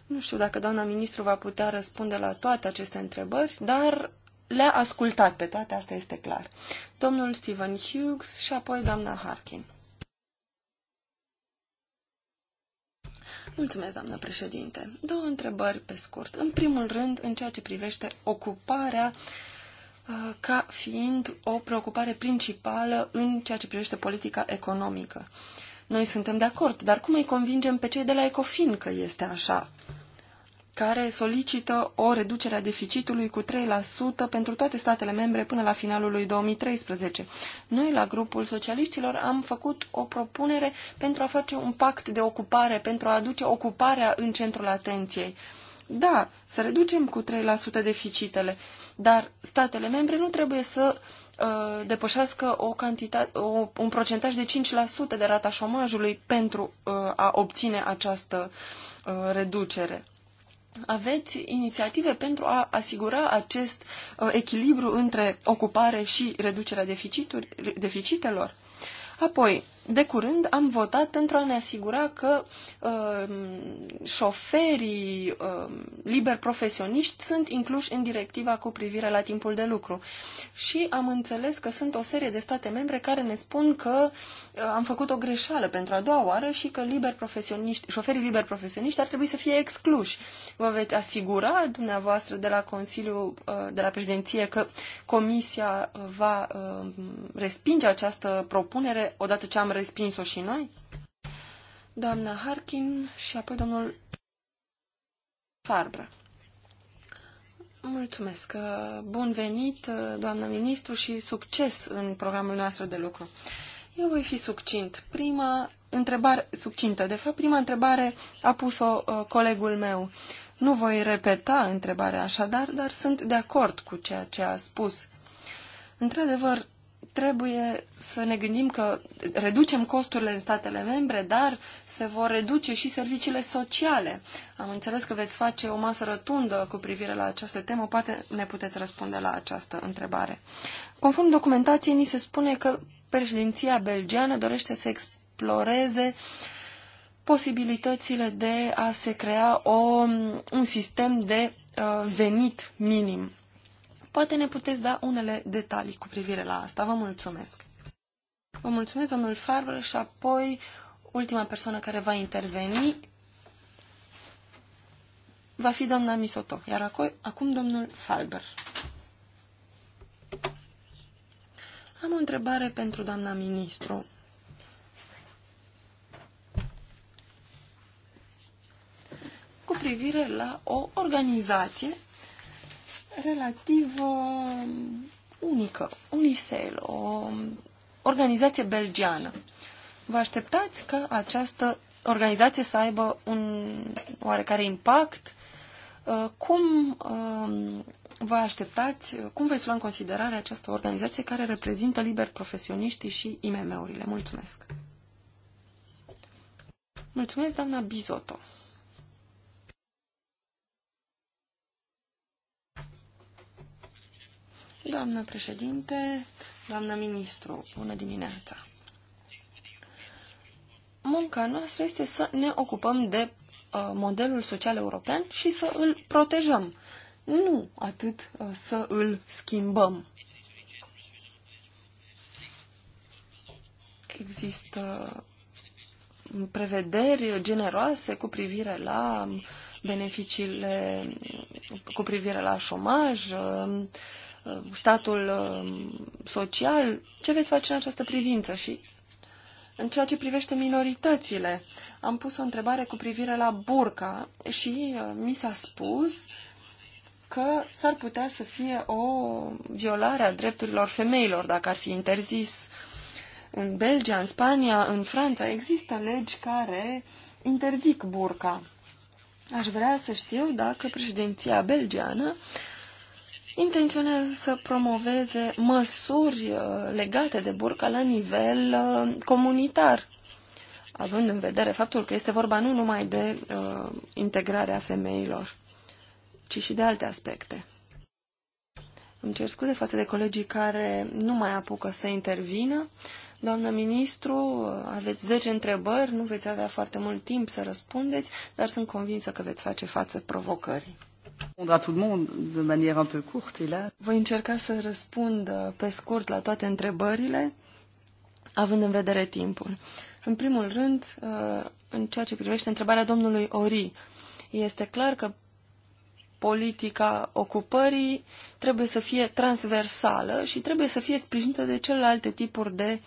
[SPEAKER 2] Nu știu dacă doamna ministru va putea răspunde la toate aceste întrebări, dar le-a ascultat pe toate, asta este clar. Domnul Stephen Hughes și apoi doamna Harkin. Mulțumesc, doamnă președinte. Două întrebări pe scurt. În primul rând, în ceea ce privește ocuparea ca fiind o preocupare principală în ceea ce privește politica economică. Noi suntem de acord, dar cum îi convingem pe cei de la Ecofin că este așa? care solicită o reducere a deficitului cu 3% pentru toate statele membre până la finalul lui 2013. Noi, la grupul socialiștilor, am făcut o propunere pentru a face un pact de ocupare, pentru a aduce ocuparea în centrul atenției. Da, să reducem cu 3% deficitele, dar statele membre nu trebuie să uh, depășească o cantitate, o, un procentaj de 5% de rata șomajului pentru uh, a obține această uh, reducere. Aveți inițiative pentru a asigura acest uh, echilibru între ocupare și reducerea deficitelor? Apoi, de curând am votat pentru a ne asigura că uh, șoferii uh, liber profesioniști sunt incluși în directiva cu privire la timpul de lucru. Și am înțeles că sunt o serie de state membre care ne spun că uh, am făcut o greșeală pentru a doua oară și că liber profesioniști, șoferii liber profesioniști ar trebui să fie excluși. Vă veți asigura dumneavoastră de la Consiliu, uh, de la președinție, că Comisia uh, va uh, respinge această propunere odată ce am respins-o și noi? Doamna Harkin și apoi domnul Farbra. Mulțumesc. Bun venit, doamnă ministru, și succes în programul nostru de lucru. Eu voi fi succint. Prima întrebare, succintă, de fapt, prima întrebare a pus-o uh, colegul meu. Nu voi repeta întrebarea așadar, dar sunt de acord cu ceea ce a spus. Într-adevăr, trebuie să ne gândim că reducem costurile în statele membre, dar se vor reduce și serviciile sociale. Am înțeles că veți face o masă rotundă cu privire la această temă, poate ne puteți răspunde la această întrebare. Conform documentației, ni se spune că președinția belgeană dorește să exploreze posibilitățile de a se crea o, un sistem de uh, venit minim Poate ne puteți da unele detalii cu privire la asta. Vă mulțumesc. Vă mulțumesc, domnul Farber, și apoi ultima persoană care va interveni va fi doamna Misoto, iar acum domnul Falber. Am o întrebare pentru doamna ministru. Cu privire la o organizație relativ uh, unică, Unisel, o organizație belgiană. Vă așteptați că această organizație să aibă un oarecare impact? Uh, cum uh, vă așteptați, cum veți lua în considerare această organizație care reprezintă liber profesioniștii și IMM-urile? Mulțumesc! Mulțumesc, doamna Bizoto! Doamnă președinte, doamnă ministru, bună dimineața! Munca noastră este să ne ocupăm de uh, modelul social european și să îl protejăm, nu atât uh, să îl schimbăm. Există uh, prevederi generoase cu privire la um, beneficiile, cu privire la șomaj, uh, Uh, statul uh, social, ce veți face în această privință și în ceea ce privește minoritățile, am pus o întrebare cu privire la burca și uh, mi s-a spus că s-ar putea să fie o violare a drepturilor femeilor dacă ar fi interzis. În Belgia, în Spania, în Franța există legi care interzic burca. Aș vrea să știu dacă președinția belgiană intenționează să promoveze măsuri uh, legate de burca la nivel uh, comunitar, având în vedere faptul că este vorba nu numai de uh, integrarea femeilor, ci și de alte aspecte. Îmi cer scuze față de colegii care nu mai apucă să intervină. Doamnă ministru, uh, aveți 10 întrebări, nu veți avea foarte mult timp să răspundeți, dar sunt convinsă că veți face față provocării. Voi încerca să răspund uh, pe scurt la toate întrebările, având în vedere timpul. În primul rând, uh, în ceea ce privește întrebarea domnului Ori, este clar că politica ocupării trebuie să fie transversală și trebuie să fie sprijinită de celelalte tipuri de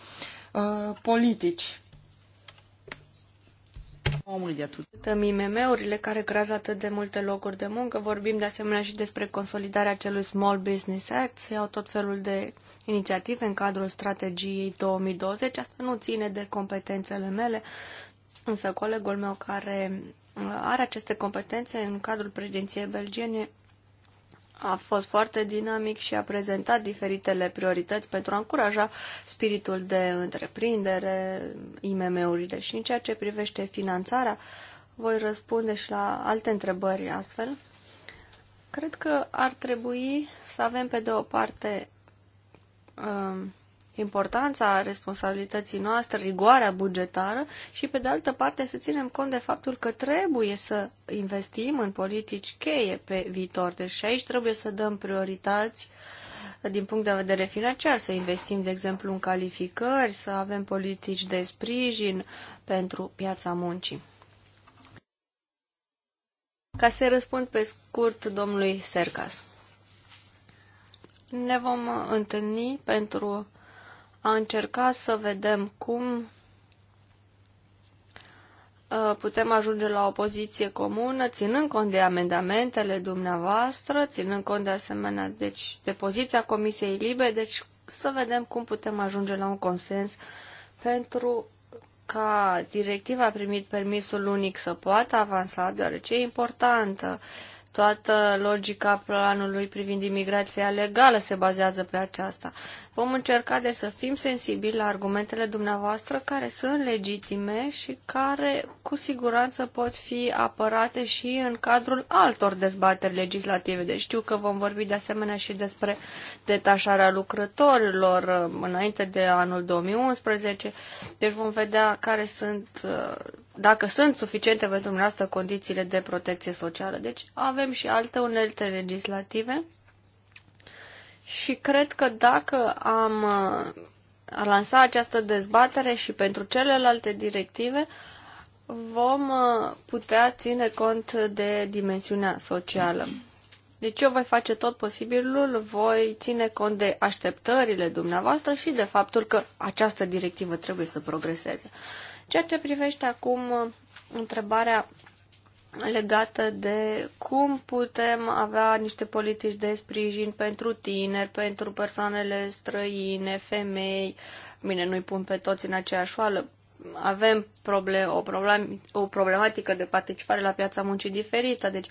[SPEAKER 3] uh, politici. Uităm IMM-urile care creează atât de multe locuri de muncă. Vorbim de asemenea și despre consolidarea acelui Small Business Act. Se iau tot felul de inițiative în cadrul strategiei 2020. Asta nu ține de competențele mele, însă colegul meu care are aceste competențe în cadrul președinției belgiene a fost foarte dinamic și a prezentat diferitele priorități pentru a încuraja spiritul de întreprindere, IMM-urile și în ceea ce privește finanțarea, voi răspunde și la alte întrebări astfel. Cred că ar trebui să avem pe de o parte um, importanța responsabilității noastre, rigoarea bugetară și, pe de altă parte, să ținem cont de faptul că trebuie să investim în politici cheie pe viitor. Deci aici trebuie să dăm priorități din punct de vedere financiar, să investim, de exemplu, în calificări, să avem politici de sprijin pentru piața muncii. Ca să răspund pe scurt domnului Sercas. Ne vom întâlni pentru a încerca să vedem cum uh, putem ajunge la o poziție comună, ținând cont de amendamentele dumneavoastră, ținând cont de asemenea deci, de poziția Comisiei Libe, deci să vedem cum putem ajunge la un consens pentru ca directiva a primit permisul unic să poată avansa, deoarece e importantă. Toată logica planului privind imigrația legală se bazează pe aceasta. Vom încerca de să fim sensibili la argumentele dumneavoastră care sunt legitime și care cu siguranță pot fi apărate și în cadrul altor dezbateri legislative. Deci știu că vom vorbi de asemenea și despre detașarea lucrătorilor uh, înainte de anul 2011. Deci vom vedea care sunt, uh, dacă sunt suficiente pentru dumneavoastră condițiile de protecție socială. Deci avem și alte unelte legislative și cred că dacă am uh, lansa această dezbatere și pentru celelalte directive, vom uh, putea ține cont de dimensiunea socială. Deci eu voi face tot posibilul, voi ține cont de așteptările dumneavoastră și de faptul că această directivă trebuie să progreseze. Ceea ce privește acum uh, întrebarea legată de cum putem avea niște politici de sprijin pentru tineri, pentru persoanele străine, femei. Bine, nu-i pun pe toți în aceeași oală. Avem problem, o, problem, o problematică de participare la piața muncii diferită, deci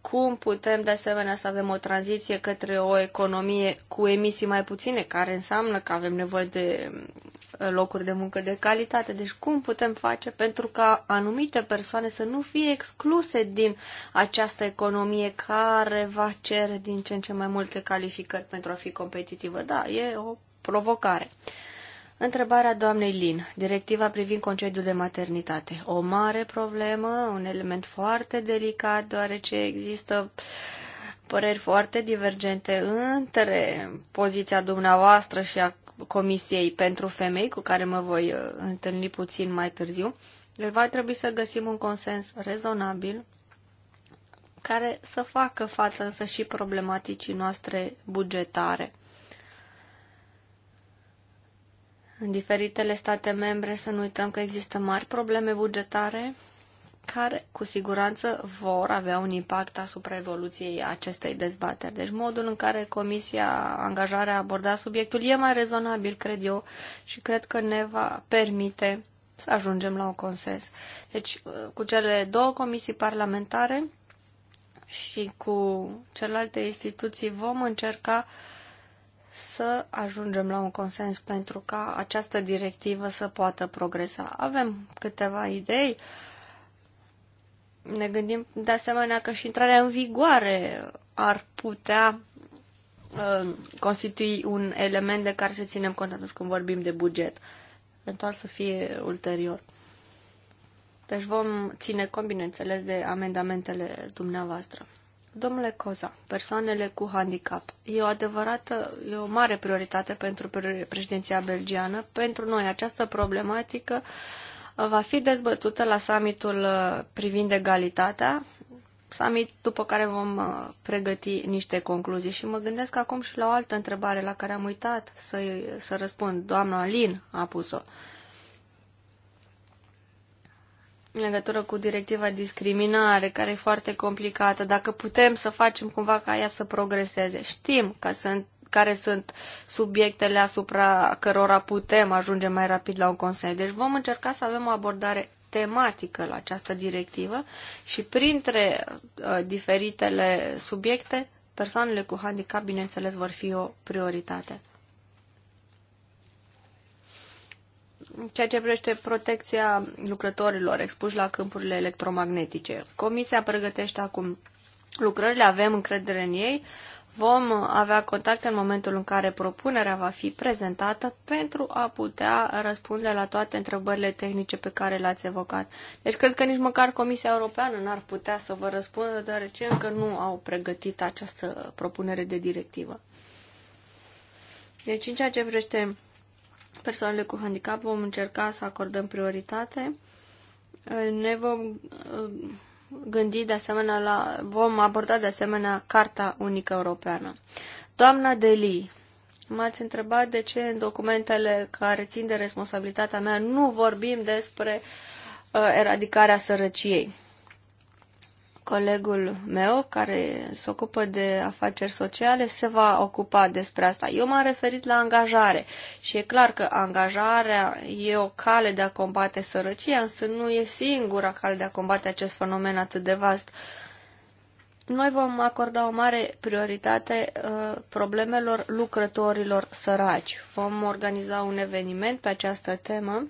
[SPEAKER 3] cum putem de asemenea să avem o tranziție către o economie cu emisii mai puține, care înseamnă că avem nevoie de locuri de muncă de calitate. Deci cum putem face pentru ca anumite persoane să nu fie excluse din această economie care va cere din ce în ce mai multe calificări pentru a fi competitivă? Da, e o provocare. Întrebarea doamnei Lin, directiva privind concediul de maternitate. O mare problemă, un element foarte delicat, deoarece există păreri foarte divergente între poziția dumneavoastră și a Comisiei pentru Femei, cu care mă voi uh, întâlni puțin mai târziu, el va trebui să găsim un consens rezonabil care să facă față însă și problematicii noastre bugetare. În diferitele state membre să nu uităm că există mari probleme bugetare care cu siguranță vor avea un impact asupra evoluției acestei dezbateri. Deci modul în care Comisia angajarea a abordat subiectul e mai rezonabil, cred eu, și cred că ne va permite să ajungem la un consens. Deci cu cele două comisii parlamentare și cu celelalte instituții vom încerca să ajungem la un consens pentru ca această directivă să poată progresa. Avem câteva idei ne gândim de asemenea că și intrarea în vigoare ar putea ă, constitui un element de care să ținem cont atunci când vorbim de buget. Eventual să fie ulterior. Deci vom ține cont, bineînțeles, de amendamentele dumneavoastră. Domnule Coza, persoanele cu handicap. E o adevărată, e o mare prioritate pentru președinția belgiană. Pentru noi această problematică uh, va fi dezbătută la summitul uh, privind egalitatea, summit după care vom uh, pregăti niște concluzii. Și mă gândesc acum și la o altă întrebare la care am uitat să, să răspund. Doamna Lin a pus-o. În legătură cu directiva discriminare, care e foarte complicată, dacă putem să facem cumva ca ea să progreseze. Știm că sunt care sunt subiectele asupra cărora putem ajunge mai rapid la un consens. Deci vom încerca să avem o abordare tematică la această directivă și printre uh, diferitele subiecte, persoanele cu handicap, bineînțeles, vor fi o prioritate. ceea ce privește protecția lucrătorilor expuși la câmpurile electromagnetice. Comisia pregătește acum lucrările, avem încredere în ei. Vom avea contact în momentul în care propunerea va fi prezentată pentru a putea răspunde la toate întrebările tehnice pe care le-ați evocat. Deci cred că nici măcar Comisia Europeană n-ar putea să vă răspundă, deoarece încă nu au pregătit această propunere de directivă. Deci în ceea ce vrește persoanele cu handicap vom încerca să acordăm prioritate. Ne vom gândi de asemenea la, vom aborda de asemenea Carta Unică Europeană. Doamna Deli, m-ați întrebat de ce în documentele care țin de responsabilitatea mea nu vorbim despre uh, eradicarea sărăciei colegul meu care se ocupă de afaceri sociale se va ocupa despre asta. Eu m-am referit la angajare și e clar că angajarea e o cale de a combate sărăcia, însă nu e singura cale de a combate acest fenomen atât de vast. Noi vom acorda o mare prioritate uh, problemelor lucrătorilor săraci. Vom organiza un eveniment pe această temă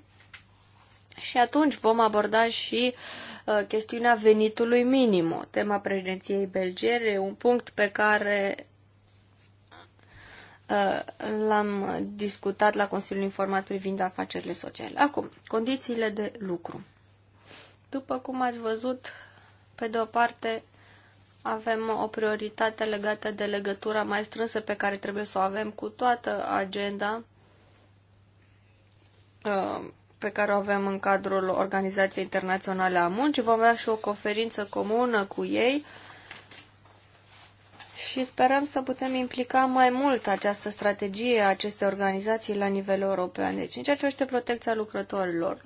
[SPEAKER 3] și atunci vom aborda și uh, Uh, chestiunea venitului minim, tema președinției belgiere, un punct pe care uh, l-am discutat la Consiliul Informat privind afacerile sociale. Acum, condițiile de lucru. După cum ați văzut, pe de o parte avem o prioritate legată de legătura mai strânsă pe care trebuie să o avem cu toată agenda uh, pe care o avem în cadrul Organizației Internaționale a Muncii. Vom avea și o conferință comună cu ei și sperăm să putem implica mai mult această strategie a acestei organizații la nivel european. Deci, în ceea ce privește protecția lucrătorilor,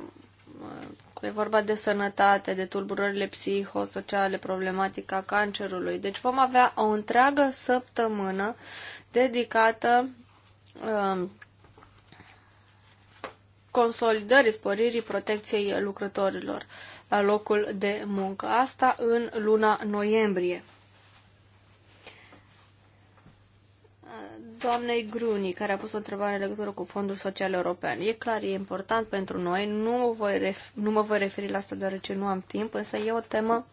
[SPEAKER 3] e vorba de sănătate, de tulburările psihosociale, problematica cancerului. Deci vom avea o întreagă săptămână dedicată um, consolidării, sporirii protecției lucrătorilor la locul de muncă. Asta în luna noiembrie. Doamnei Gruni, care a pus o întrebare în legătură cu Fondul Social European. E clar, e important pentru noi, nu, voi nu mă voi referi la asta deoarece nu am timp, însă e o temă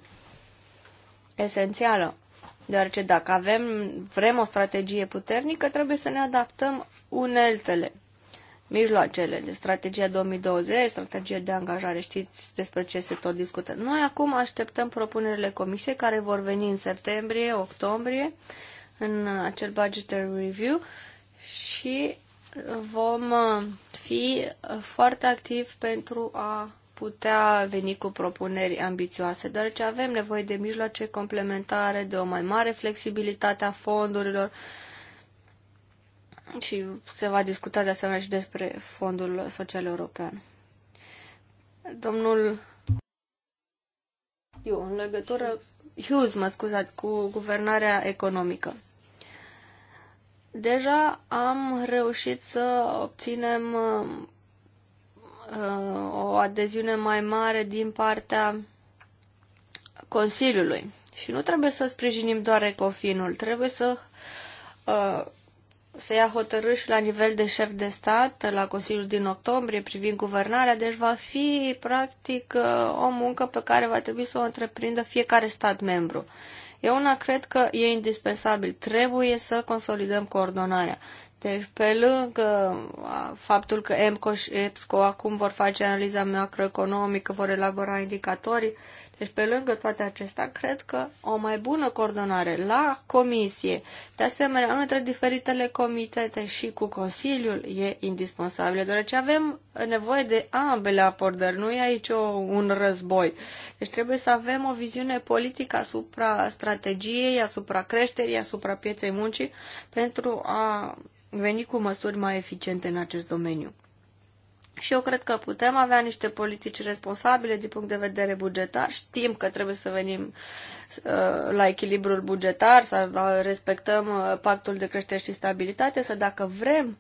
[SPEAKER 3] esențială. Deoarece dacă avem, vrem o strategie puternică, trebuie să ne adaptăm uneltele mijloacele de strategia 2020, strategia de angajare, știți despre ce se tot discută. Noi acum așteptăm propunerile comisiei care vor veni în septembrie, octombrie, în acel budgetary review și vom uh, fi uh, foarte activi pentru a putea veni cu propuneri ambițioase, deoarece avem nevoie de mijloace complementare, de o mai mare flexibilitate a fondurilor, și se va discuta de asemenea și despre Fondul Social European. Domnul eu, în legătură, Hughes, mă scuzați, cu guvernarea economică. Deja am reușit să obținem uh, o adeziune mai mare din partea Consiliului. Și nu trebuie să sprijinim doar ecofinul, trebuie să uh, se ia hotărâri și la nivel de șef de stat, la Consiliul din octombrie, privind guvernarea, deci va fi, practic, o muncă pe care va trebui să o întreprindă fiecare stat membru. Eu una cred că e indispensabil. Trebuie să consolidăm coordonarea. Deci, pe lângă faptul că EMCO și EPSCO acum vor face analiza macroeconomică, vor elabora indicatorii, deci, pe lângă toate acestea, cred că o mai bună coordonare la comisie, de asemenea, între diferitele comitete și cu Consiliul e indispensabilă, deoarece avem nevoie de ambele abordări, nu e aici o, un război. Deci trebuie să avem o viziune politică asupra strategiei, asupra creșterii, asupra pieței muncii, pentru a veni cu măsuri mai eficiente în acest domeniu. Și eu cred că putem avea niște politici responsabile din punct de vedere bugetar. Știm că trebuie să venim uh, la echilibrul bugetar, să respectăm uh, pactul de creștere și stabilitate, să dacă vrem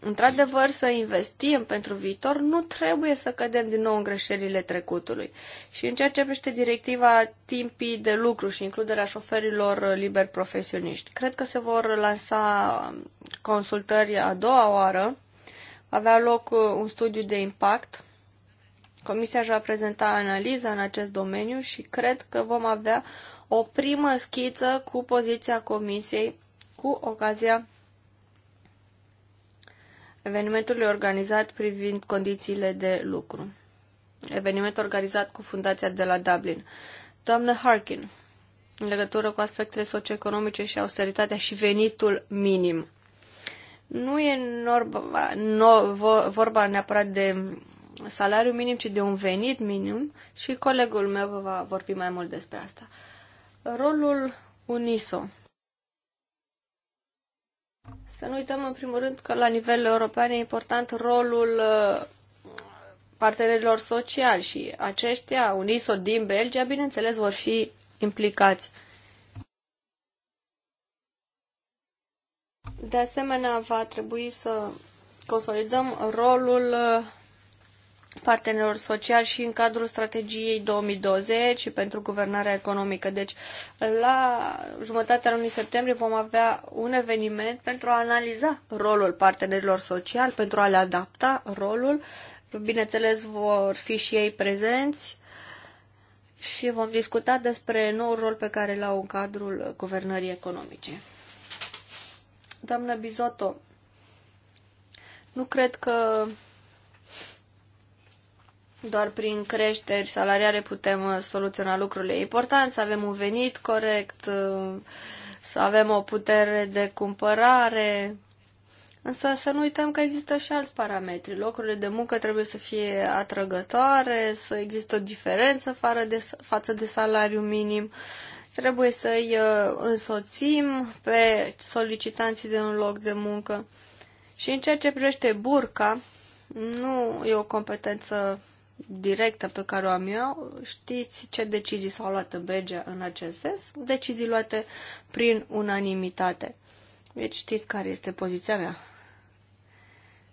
[SPEAKER 3] într-adevăr să investim pentru viitor, nu trebuie să cădem din nou în greșelile trecutului. Și în ceea ce privește directiva timpii de lucru și includerea șoferilor uh, liber profesioniști, cred că se vor lansa um, consultări a doua oară avea loc uh, un studiu de impact. Comisia își va prezenta analiza în acest domeniu și cred că vom avea o primă schiță cu poziția Comisiei cu ocazia evenimentului organizat privind condițiile de lucru. Eveniment organizat cu Fundația de la Dublin. Doamnă Harkin, în legătură cu aspectele socioeconomice și austeritatea și venitul minim nu e norba, no, vorba neapărat de salariu minim, ci de un venit minim și colegul meu vă va vorbi mai mult despre asta. Rolul UNISO. Să nu uităm în primul rând că la nivel european e important rolul uh, partenerilor sociali și aceștia, UNISO din Belgia, bineînțeles, vor fi implicați. De asemenea, va trebui să consolidăm rolul uh, partenerilor sociali și în cadrul strategiei 2020 și pentru guvernarea economică. Deci, la jumătatea lunii septembrie vom avea un eveniment pentru a analiza rolul partenerilor sociali, pentru a le adapta rolul. Bineînțeles, vor fi și ei prezenți și vom discuta despre noul rol pe care l-au în cadrul guvernării economice. Doamnă Bizotto, nu cred că doar prin creșteri salariare putem uh, soluționa lucrurile. E important să avem un venit corect, uh, să avem o putere de cumpărare, însă să nu uităm că există și alți parametri. Locurile de muncă trebuie să fie atrăgătoare, să există o diferență față de salariu minim. Uh, Trebuie să-i uh, însoțim pe solicitanții de un loc de muncă. Și în ceea ce privește burca, nu e o competență directă pe care o am eu. Știți ce decizii s-au luat în Belgia în acest sens? Decizii luate prin unanimitate. Deci știți care este poziția mea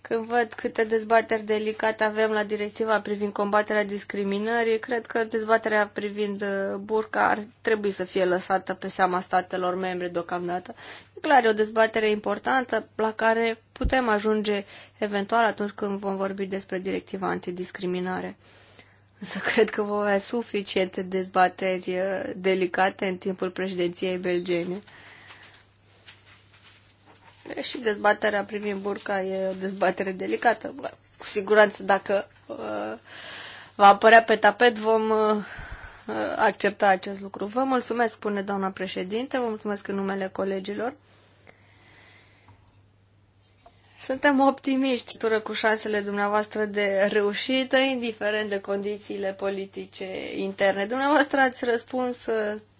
[SPEAKER 3] când văd câte dezbateri delicate avem la directiva privind combaterea discriminării, cred că dezbaterea privind uh, burca ar trebui să fie lăsată pe seama statelor membre deocamdată. E clar, e o dezbatere importantă la care putem ajunge eventual atunci când vom vorbi despre directiva antidiscriminare. Însă cred că vom avea suficiente dezbateri uh, delicate în timpul președinției belgene și dezbaterea privind burca e o dezbatere delicată, cu siguranță dacă uh, va apărea pe tapet vom uh, uh, accepta acest lucru. Vă mulțumesc, spune doamna președinte, vă mulțumesc în numele colegilor. Suntem optimiști tură cu șansele dumneavoastră de reușită, indiferent de condițiile politice interne. Dumneavoastră ați răspuns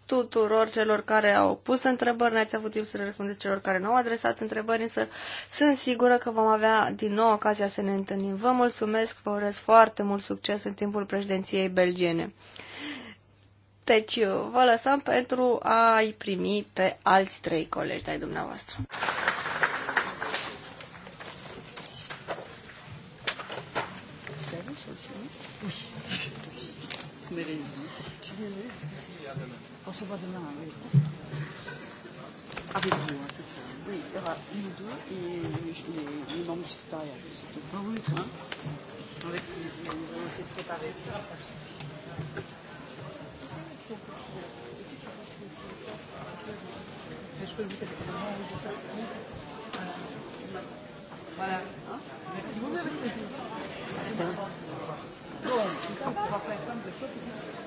[SPEAKER 3] tuturor celor care au pus întrebări, n-ați avut timp să le răspundeți celor care nu au adresat întrebări, însă sunt sigură că vom avea din nou ocazia să ne întâlnim. Vă mulțumesc, vă urez foarte mult succes în timpul președinției belgiene. Deci, vă lăsăm pentru a-i primi pe alți trei colegi ai dumneavoastră.
[SPEAKER 1] Service Posso pas demain, oui. Avec vous, hein, c'est ça. Oui, il y aura nous deux et les, les membres du secrétariat. Ah oui, très bien. Avec plaisir, nous allons essayer de préparer ça. Je peux vous dire Voilà. Merci beaucoup. Bon, on va faire plein de choses.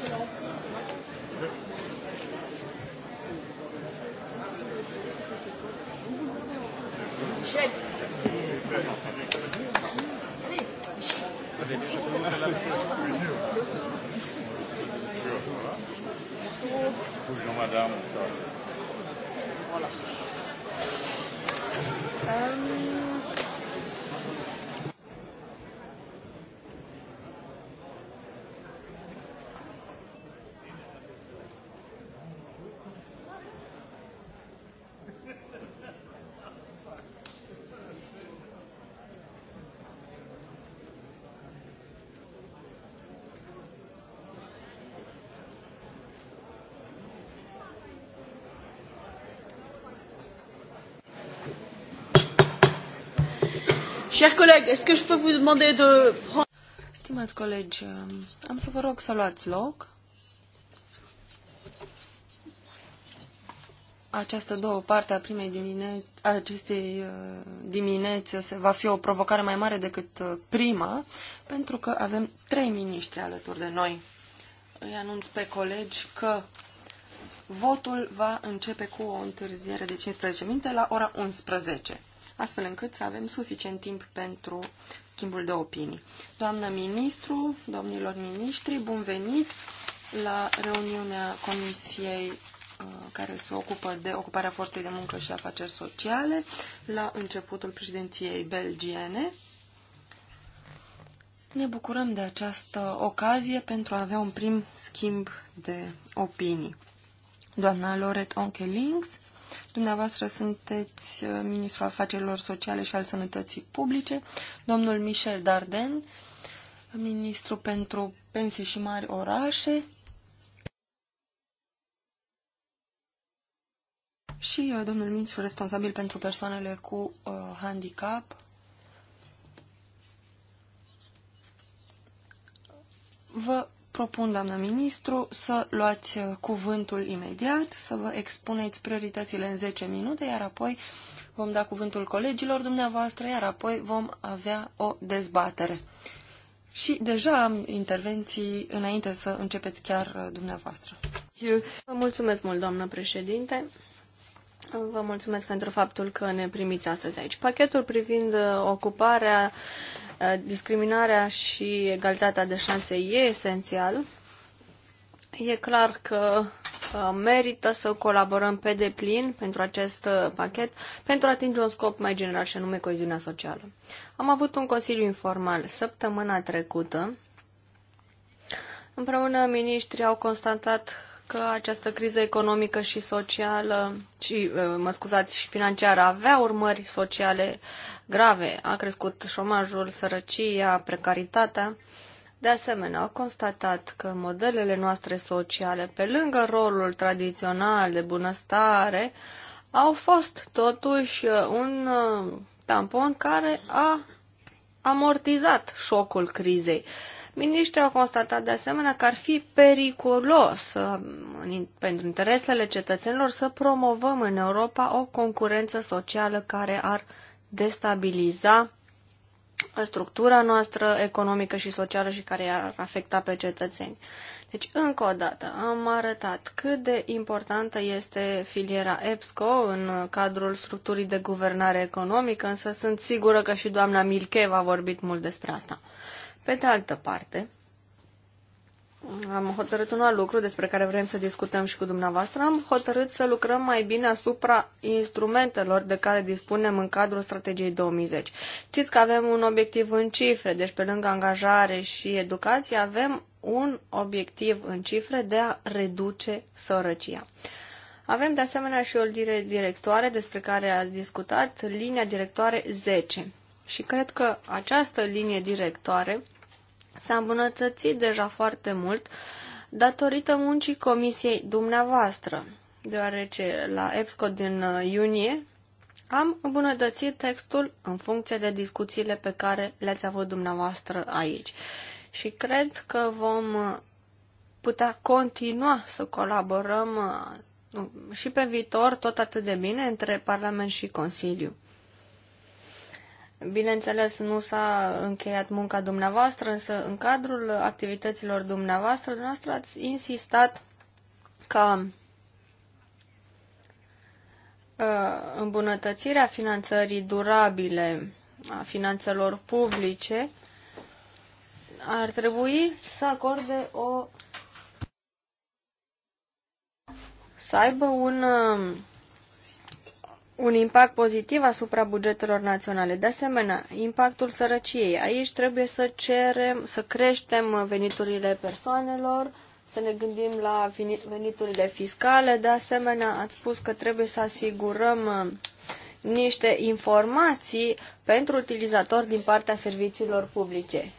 [SPEAKER 1] Bonjour madame. Voilà. Euh... Chers collègues, est-ce que
[SPEAKER 2] je peux vous demander de prendre... Stimați colegi, am să vă rog să luați loc. Această două parte a primei dimineți, acestei uh, dimineți se va fi o provocare mai mare decât uh, prima, pentru că avem trei miniștri alături de noi. Îi anunț pe colegi că votul va începe cu o întârziere de 15 minute la ora 11 astfel încât să avem suficient timp pentru schimbul de opinii. Doamnă ministru, domnilor ministri, bun venit la reuniunea Comisiei uh, care se ocupă de ocuparea forței de muncă și afaceri sociale la începutul președinției belgiene. Ne bucurăm de această ocazie pentru a avea un prim schimb de opinii. Doamna Loret Onkelings Dumneavoastră sunteți uh, ministrul afacerilor sociale și al sănătății publice, domnul Michel Darden, ministru pentru pensii și mari orașe și uh, domnul ministru responsabil pentru persoanele cu uh, handicap. Vă propun, doamnă ministru, să luați uh, cuvântul imediat, să vă expuneți prioritățile în 10 minute, iar apoi vom da cuvântul colegilor dumneavoastră, iar apoi vom avea o dezbatere. Și deja am intervenții înainte
[SPEAKER 3] să începeți chiar uh, dumneavoastră. Vă mulțumesc mult, doamnă președinte. Vă mulțumesc pentru faptul că ne primiți astăzi aici. Pachetul privind uh, ocuparea, uh, discriminarea și egalitatea de șanse e esențial. E clar că uh, merită să colaborăm pe deplin pentru acest pachet pentru a atinge un scop mai general și anume coeziunea socială. Am avut un consiliu informal săptămâna trecută. Împreună, miniștrii au constatat că această criză economică și socială, și, uh, mă scuzați, și financiară avea urmări sociale grave. A crescut șomajul, sărăcia, precaritatea. De asemenea, a constatat că modelele noastre sociale, pe lângă rolul tradițional de bunăstare, au fost totuși uh, un uh, tampon care a amortizat șocul crizei. Uh, Ministrii au constatat de asemenea că ar fi periculos uh, pentru interesele cetățenilor să promovăm în Europa o concurență socială care ar destabiliza structura noastră economică și socială și care ar afecta pe cetățeni. Deci, încă o dată, am arătat cât de importantă este filiera EPSCO în cadrul structurii de guvernare economică, însă sunt sigură că și doamna Milcheva a vorbit mult despre asta. Pe de altă parte, am hotărât un alt lucru despre care vrem să discutăm și cu dumneavoastră. Am hotărât să lucrăm mai bine asupra instrumentelor de care dispunem în cadrul strategiei 2010. Știți că avem un obiectiv în cifre, deci pe lângă angajare și educație avem un obiectiv în cifre de a reduce sărăcia. Avem de asemenea și o linie directoare despre care ați discutat, linia directoare 10. Și cred că această linie directoare s-a îmbunătățit deja foarte mult datorită muncii comisiei dumneavoastră, deoarece la EPSCO din uh, iunie am îmbunătățit textul în funcție de discuțiile pe care le-ați avut dumneavoastră aici. Și cred că vom uh, putea continua să colaborăm uh, și pe viitor tot atât de bine între Parlament și Consiliu. Bineînțeles, nu s-a încheiat munca dumneavoastră, însă în cadrul activităților dumneavoastră, dumneavoastră ați insistat ca uh, îmbunătățirea finanțării durabile a finanțelor publice ar trebui să acorde o să aibă un uh, un impact pozitiv asupra bugetelor naționale. De asemenea, impactul sărăciei. Aici trebuie să cerem, să creștem veniturile persoanelor, să ne gândim la veniturile fiscale. De asemenea, ați spus că trebuie să asigurăm uh, niște informații pentru utilizatori din partea serviciilor publice.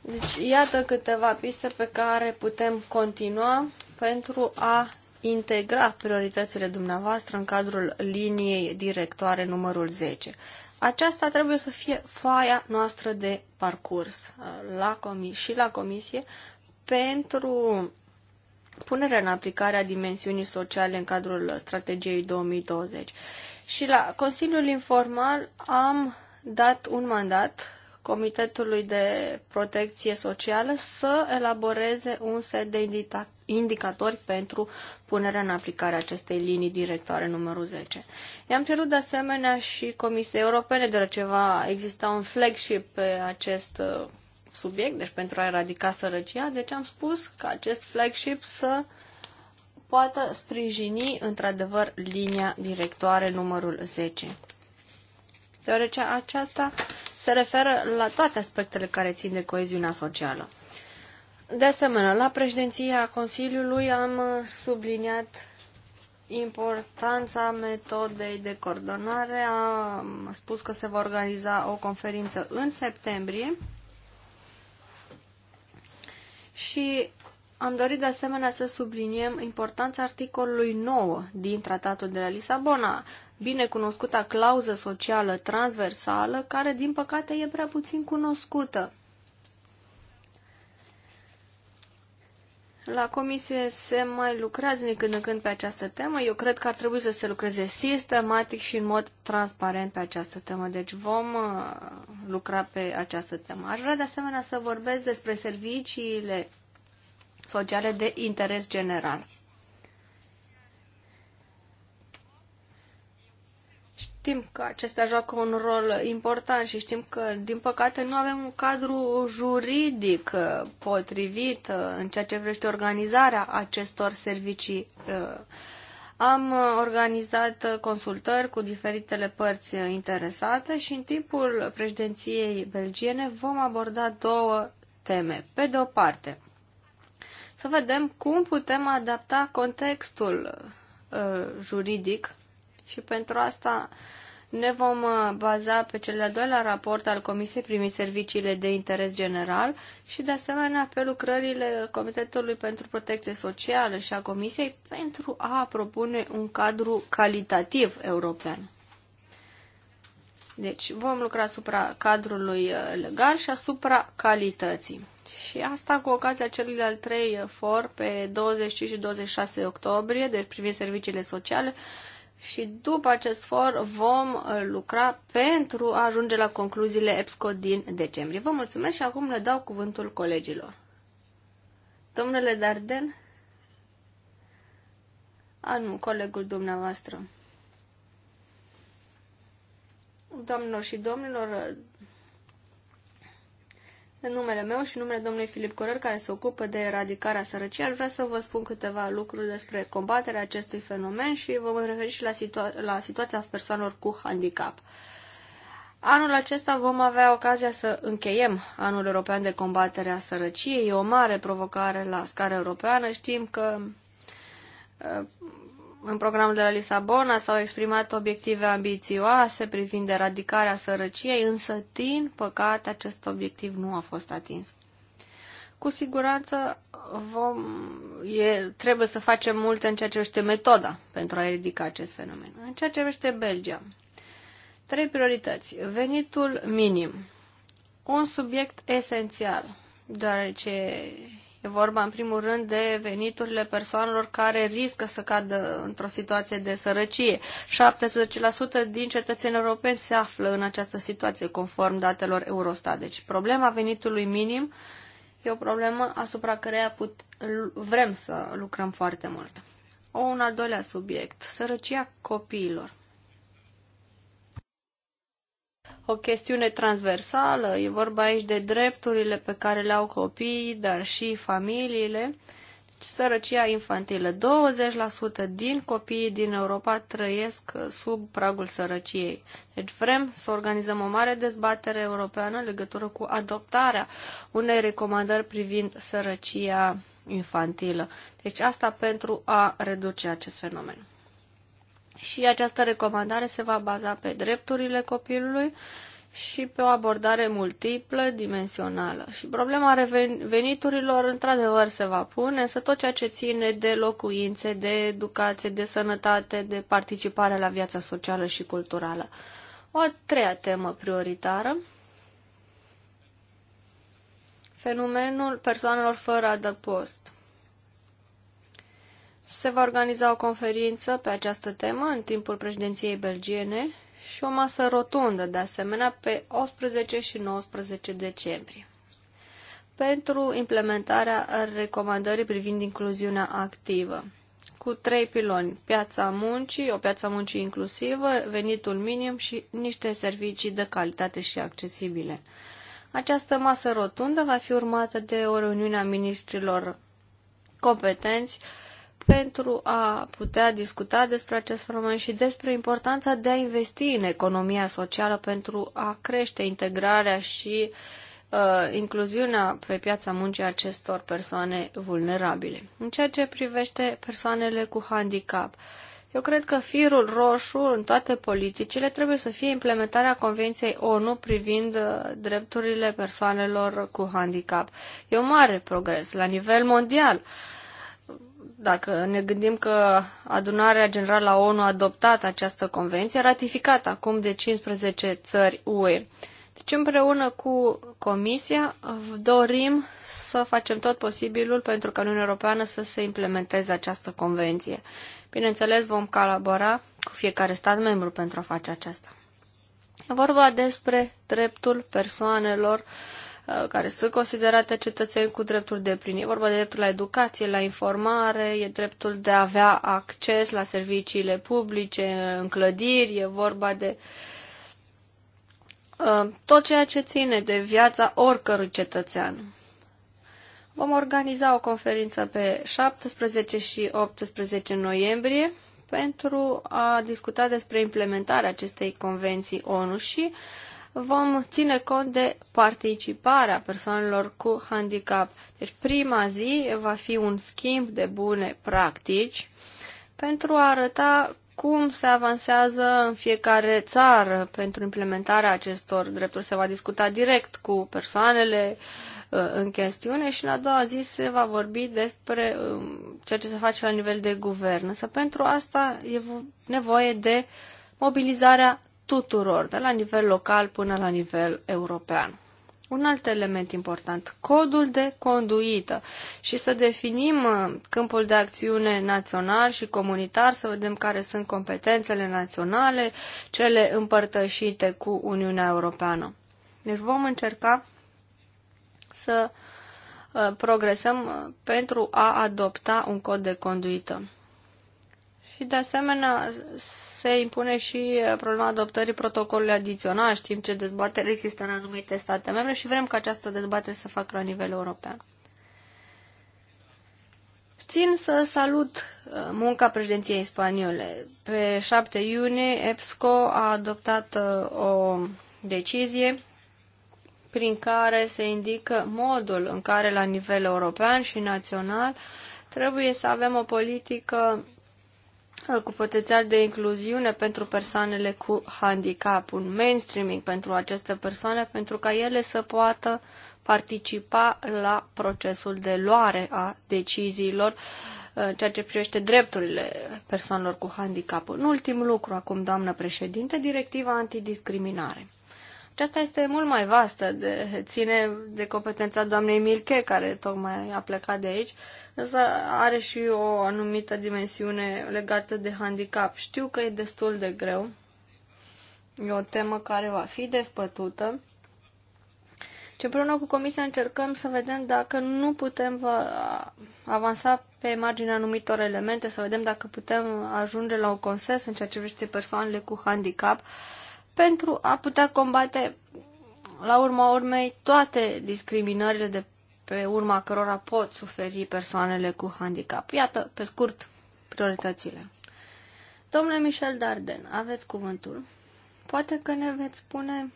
[SPEAKER 3] Deci, iată câteva piste pe care putem continua pentru a integra prioritățile dumneavoastră în cadrul liniei directoare numărul 10. Aceasta trebuie să fie foaia noastră de parcurs uh, la comis- și la comisie pentru punerea în aplicare a dimensiunii sociale în cadrul strategiei 2020. Și la Consiliul Informal am dat un mandat Comitetului de Protecție Socială să elaboreze un set de indicatori pentru punerea în aplicare acestei linii directoare numărul 10. I-am cerut de asemenea și Comisiei Europene, deoarece va exista un flagship pe acest uh, subiect, deci pentru a eradica sărăcia, deci am spus că acest flagship să poată sprijini într-adevăr linia directoare numărul 10. Deoarece aceasta se referă la toate aspectele care țin de coeziunea socială. De asemenea, la președinția Consiliului am subliniat importanța metodei de coordonare. Am spus că se va organiza o conferință în septembrie și am dorit de asemenea să subliniem importanța articolului 9 din Tratatul de la Lisabona, binecunoscuta clauză socială transversală, care, din păcate, e prea puțin cunoscută. La comisie se mai lucrează din când în când pe această temă. Eu cred că ar trebui să se lucreze sistematic și în mod transparent pe această temă. Deci vom uh, lucra pe această temă. Aș vrea de asemenea să vorbesc despre serviciile sociale de interes general. Știm că acestea joacă un rol important și știm că, din păcate, nu avem un cadru juridic uh, potrivit uh, în ceea ce vrește organizarea acestor servicii. Uh, am organizat consultări cu diferitele părți interesate și în timpul președinției belgiene vom aborda două teme. Pe de o parte, să vedem cum putem adapta contextul juridic și pentru asta ne vom uh, baza pe cel de-al doilea raport al Comisiei privind serviciile de interes general și de asemenea pe lucrările Comitetului pentru Protecție Socială și a Comisiei pentru a propune un cadru calitativ european. Deci vom lucra asupra cadrului uh, legal și asupra calității. Și asta cu ocazia celui de-al trei uh, for pe 25 și 26 octombrie, deci privind serviciile sociale, și după acest for vom uh, lucra pentru a ajunge la concluziile EBSCO din decembrie. Vă mulțumesc și acum le dau cuvântul colegilor. Domnule Darden? A, nu, colegul dumneavoastră. Doamnelor și domnilor, în numele meu și numele domnului Filip Corăr, care se ocupă de eradicarea sărăciei, ar vrea să vă spun câteva lucruri despre combaterea acestui fenomen și vă voi referi și la, situa- la situația persoanelor cu handicap. Anul acesta vom avea ocazia să încheiem anul european de combatere a sărăciei. E o mare provocare la scară europeană. Știm că în programul de la Lisabona s-au exprimat obiective ambițioase privind eradicarea sărăciei, însă, din păcate, acest obiectiv nu a fost atins. Cu siguranță vom, e, trebuie să facem multe în ceea ce este metoda pentru a eradica acest fenomen. În ceea ce privește Belgia, trei priorități. Venitul minim, un subiect esențial, deoarece E vorba, în primul rând, de veniturile persoanelor care riscă să cadă într-o situație de sărăcie. 17% din cetățenii europeni se află în această situație, conform datelor Eurostat. Deci, problema venitului minim e o problemă asupra căreia put- vrem să lucrăm foarte mult. O, un al doilea subiect, sărăcia copiilor o chestiune transversală, e vorba aici de drepturile pe care le au copiii, dar și familiile. Deci, sărăcia infantilă. 20% din copiii din Europa trăiesc uh, sub pragul sărăciei. Deci vrem să organizăm o mare dezbatere europeană în legătură cu adoptarea unei recomandări privind sărăcia infantilă. Deci asta pentru a reduce acest fenomen. Și această recomandare se va baza pe drepturile copilului și pe o abordare multiplă, dimensională. Și problema veniturilor, într-adevăr, se va pune, să tot ceea ce ține de locuințe, de educație, de sănătate, de participare la viața socială și culturală. O a treia temă prioritară, fenomenul persoanelor fără adăpost. Se va organiza o conferință pe această temă în timpul președinției belgiene și o masă rotundă, de asemenea, pe 18 și 19 decembrie pentru implementarea recomandării privind incluziunea activă cu trei piloni, piața muncii, o piață muncii inclusivă, venitul minim și niște servicii de calitate și accesibile. Această masă rotundă va fi urmată de o reuniune a ministrilor competenți uh, pentru a putea discuta despre acest fenomen și despre importanța de a investi în economia socială pentru a crește integrarea și uh, incluziunea pe piața muncii acestor persoane vulnerabile. În ceea ce privește persoanele cu handicap, eu cred că firul roșu în toate politicile trebuie să fie implementarea Convenției ONU privind uh, drepturile persoanelor cu handicap. E un mare progres la nivel mondial. Uh, dacă ne gândim că adunarea generală a ONU a adoptat această convenție, ratificată acum de 15 țări UE. Deci împreună cu Comisia dorim să facem tot posibilul pentru ca Uniunea Europeană să se implementeze această convenție. Bineînțeles, vom colabora cu fiecare stat membru pentru a face aceasta. E vorba despre dreptul persoanelor uh, Uh, care sunt considerate cetățeni cu drepturi de plin. E vorba de dreptul la educație, la informare, e dreptul de a avea acces la serviciile publice, în clădiri, e vorba de uh, tot ceea ce ține de viața oricărui cetățean. Vom organiza o conferință pe 17 și 18 noiembrie pentru a discuta despre implementarea acestei convenții ONU și uh, vom ține cont de participarea persoanelor cu handicap. Deci prima zi va fi un schimb de bune practici pentru a arăta cum se avansează în fiecare țară pentru implementarea acestor drepturi. Se va discuta direct cu persoanele uh, în chestiune și la a doua zi se va vorbi despre um, ceea ce se face la nivel de guvern. Însă pentru asta e nevoie de mobilizarea tuturor, de la nivel local până la nivel european. Un alt element important, codul de conduită și să definim uh, câmpul de acțiune național și comunitar, să vedem care sunt competențele naționale, cele împărtășite cu Uniunea Europeană. Deci vom încerca să uh, progresăm uh, pentru a adopta un cod de conduită. Și de asemenea se impune și uh, problema adoptării protocolului adițional. Știm ce dezbatere există în anumite state membre și vrem ca această dezbatere să facă la nivel european. Țin să salut uh, munca președinției spaniole. Pe 7 iunie, EPSCO a adoptat uh, o decizie prin care se indică modul în care la nivel european și național trebuie să avem o politică cu potențial de incluziune pentru persoanele cu handicap, un mainstreaming pentru aceste persoane, pentru ca ele să poată participa la procesul de luare a deciziilor uh, în ceea ce privește drepturile persoanelor cu handicap. Un ultim lucru acum, doamnă președinte, directiva antidiscriminare. Aceasta este mult mai vastă, de, ține de competența doamnei Milche, care tocmai a plecat de aici, însă are și o anumită dimensiune legată de handicap. Știu că e destul de greu, e o temă care va fi despătută. Și împreună cu Comisia încercăm să vedem dacă nu putem avansa pe marginea anumitor elemente, să vedem dacă putem ajunge la un consens în ceea ce privește persoanele cu handicap, uh, pentru a putea combate la urma urmei toate discriminările de pe urma cărora pot suferi persoanele cu handicap. Iată, pe scurt, prioritățile. Domnule Michel Darden, aveți cuvântul. Poate că ne veți spune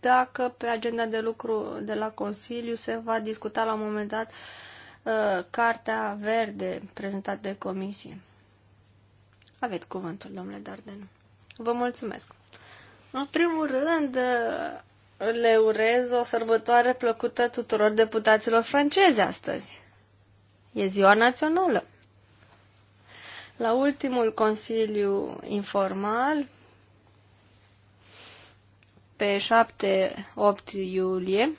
[SPEAKER 3] dacă pe agenda de lucru de la Consiliu se va discuta la un moment dat uh, cartea verde prezentată de comisie. Aveți cuvântul, domnule Darden. Vă mulțumesc. În primul rând, uh, le urez o sărbătoare plăcută tuturor deputaților francezi astăzi. E ziua națională. La ultimul consiliu informal, pe 7-8 iulie,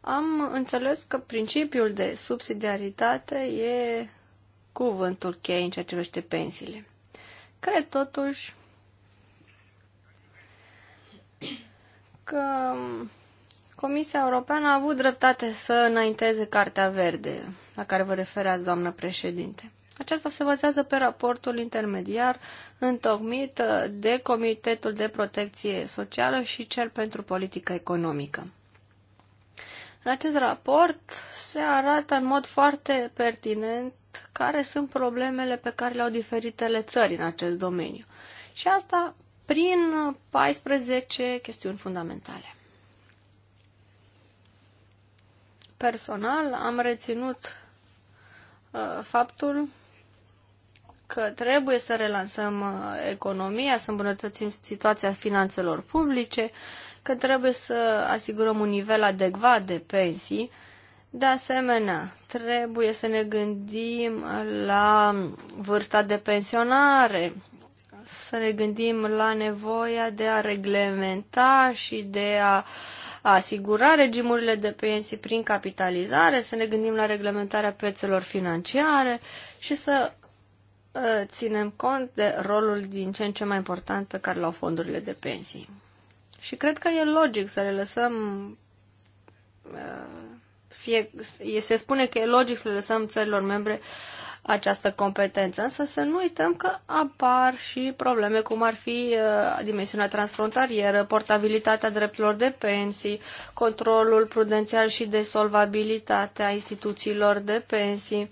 [SPEAKER 3] am înțeles că principiul de subsidiaritate e cuvântul cheie în ceea ce privește pensiile. Cred totuși că Comisia Europeană a avut dreptate să înainteze Cartea Verde, la care vă refereați, doamnă președinte. Aceasta se bazează pe raportul intermediar întocmit de Comitetul de Protecție Socială și cel pentru Politică Economică. În acest raport se arată în mod foarte pertinent care sunt problemele pe care le au diferitele țări în acest domeniu. Și asta prin 14 chestiuni fundamentale. Personal am reținut uh, faptul că trebuie să relansăm uh, economia, să îmbunătățim situația finanțelor publice, că trebuie să asigurăm un nivel adecvat de pensii. De asemenea, trebuie să ne gândim la vârsta de pensionare, să ne gândim la nevoia de a reglementa și de a asigura regimurile de pensii prin capitalizare, să ne gândim la reglementarea piețelor financiare și să uh, ținem cont de rolul din ce în ce mai important pe care l-au fondurile de pensii. Și cred că e logic să le lăsăm uh, fie, se spune că e logic să le lăsăm țărilor membre această competență, însă să nu uităm că apar și probleme cum ar fi uh, dimensiunea transfrontalieră, portabilitatea drepturilor de pensii, controlul prudențial și de instituțiilor de pensii,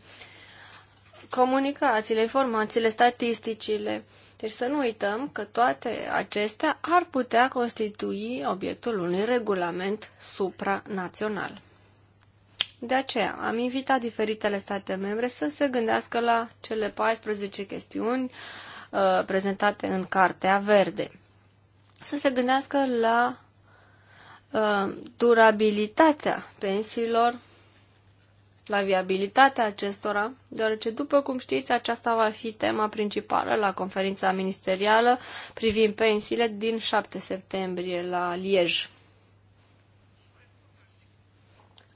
[SPEAKER 3] comunicațiile, informațiile, statisticile. Deci să nu uităm că toate acestea ar putea constitui obiectul unui regulament supranațional. De aceea am invitat diferitele state membre să se gândească la cele 14 chestiuni uh, prezentate în Cartea Verde. Să se gândească la uh, durabilitatea pensiilor, la viabilitatea acestora, deoarece, după cum știți, aceasta va fi tema principală la conferința ministerială privind pensiile din 7 septembrie la Liege.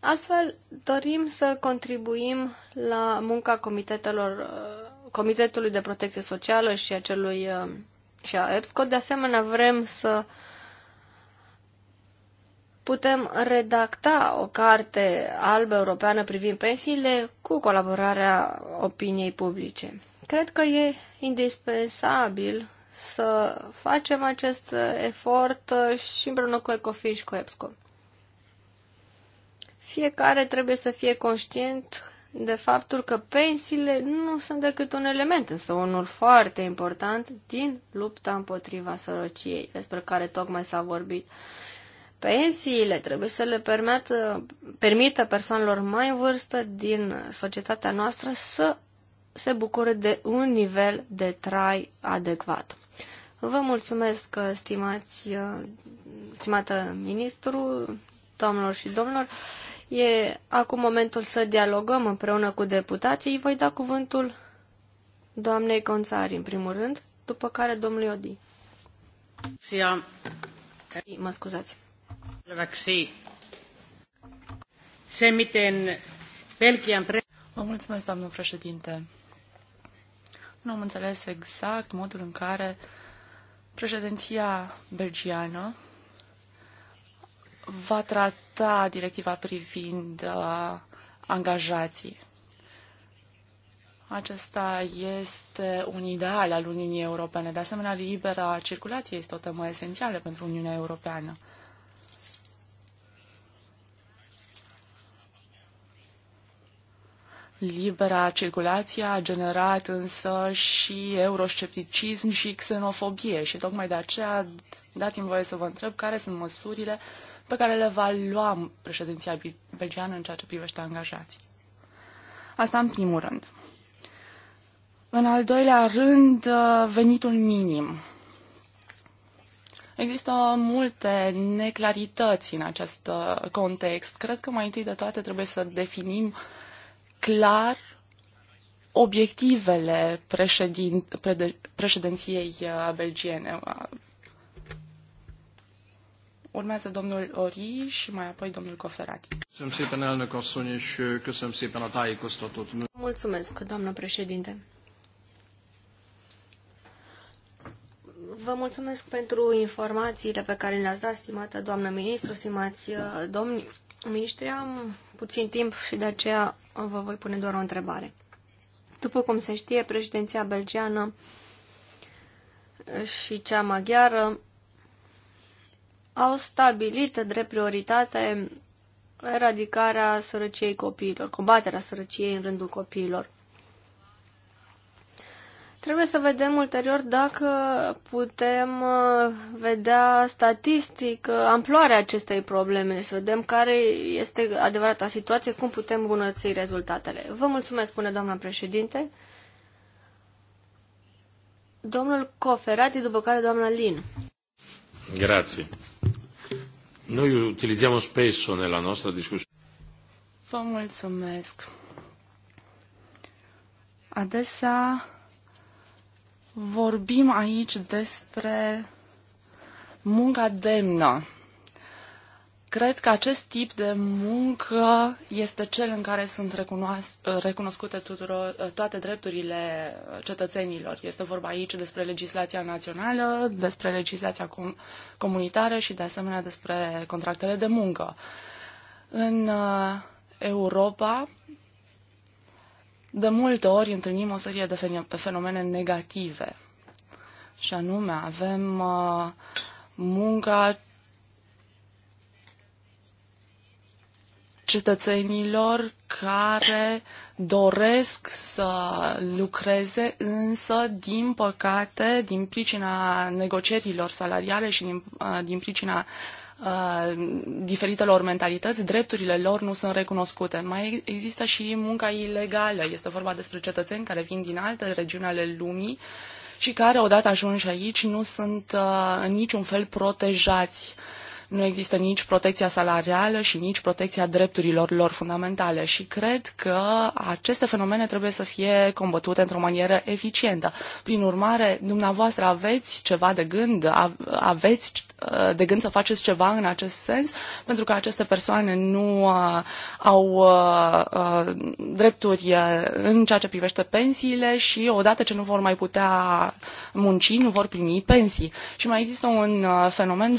[SPEAKER 3] Astfel, dorim să contribuim la munca comitetelor, Comitetului de Protecție Socială și a, celui, uh, și a EPSCO. De asemenea, vrem să putem redacta o carte albă europeană privind pensiile cu colaborarea opiniei publice. Cred că e indispensabil să facem acest efort uh, și împreună cu Ecofin și cu EPSCO. Fiecare trebuie să fie conștient de faptul că pensiile nu sunt decât un element, însă unul foarte important din lupta împotriva sărăciei, despre care tocmai s-a vorbit. Pensiile trebuie să le permită, permită persoanelor mai în vârstă din societatea noastră să se bucure de un nivel de trai adecvat. Vă mulțumesc, stimați, stimată ministru, doamnelor și domnilor. E acum momentul să dialogăm împreună cu deputații. Voi da cuvântul doamnei Conțari, în primul rând, după care domnului Odi. Sia.
[SPEAKER 5] Mă scuzați. Vă mulțumesc, doamnă președinte. Nu am înțeles exact modul în care președinția belgiană va trata directiva privind uh, angajații. Acesta este un ideal al Uniunii Europene. De asemenea, libera circulație este o temă esențială pentru Uniunea Europeană. Libera circulație a generat însă și euroscepticism și xenofobie și tocmai de aceea dați-mi voie să vă întreb care sunt măsurile pe care le va lua președinția belgiană în ceea ce privește angajații. Asta în primul rând. În al doilea rând, uh, venitul minim. Există multe neclarități în acest uh, context. Cred că mai întâi de toate trebuie să definim clar obiectivele președin, președinției uh, belgiene. Urmează domnul Ori și mai apoi domnul Coferati. Mulțumesc, doamnă președinte.
[SPEAKER 3] Vă mulțumesc pentru informațiile pe care le-ați dat, stimată doamnă ministru, stimați domni miniștri. Am puțin timp și de aceea vă voi pune doar o întrebare. După cum se știe, președinția belgeană și cea maghiară au stabilit drept prioritate eradicarea sărăciei copiilor, combaterea sărăciei în rândul copiilor. Trebuie să vedem ulterior dacă putem uh, vedea statistic uh, amploarea acestei probleme, să vedem care este adevărata situație, cum putem îmbunătăți rezultatele. Vă mulțumesc, spune doamna președinte. Domnul Coferati, după care doamna Lin.
[SPEAKER 2] Grazie. Noi utilizziamo spesso nella nostra discussione.
[SPEAKER 5] Vă mulțumesc. Adesea vorbim aici despre munca demnă Cred că acest tip de muncă este cel în care sunt recunoscute tuturor, uh, toate drepturile cetățenilor. Este vorba aici despre legislația națională, despre legislația com- comunitară și, de asemenea, despre contractele de muncă. În uh, Europa, de multe ori întâlnim o serie de fenomene negative. Și anume, avem uh, munca cetățenilor care doresc să lucreze, însă, din păcate, din pricina negocierilor salariale și din, uh, din pricina uh, diferitelor mentalități, drepturile lor nu sunt recunoscute. Mai există și munca ilegală. Este vorba despre cetățeni care vin din alte regiuni ale lumii și care, odată ajunși aici, nu sunt uh, în niciun fel protejați uh, nu există nici protecția salarială și nici protecția drepturilor lor fundamentale și cred că aceste fenomene trebuie să fie combătute într-o manieră eficientă. Prin urmare, dumneavoastră aveți ceva de gând, aveți uh, de gând să faceți ceva în acest sens, pentru că aceste persoane nu uh, au uh, drepturi în ceea ce privește pensiile și odată ce nu vor mai putea munci, nu vor primi pensii. Și mai există un fenomen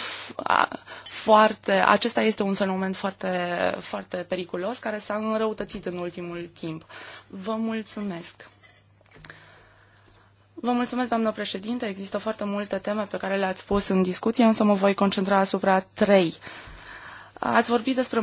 [SPEAKER 5] foarte, acesta este un fenomen foarte, foarte periculos care s-a înrăutățit în ultimul timp. Vă mulțumesc! Vă mulțumesc, doamnă președinte. Există foarte multe teme pe care le-ați pus în discuție, însă mă voi concentra asupra trei. Ați vorbit despre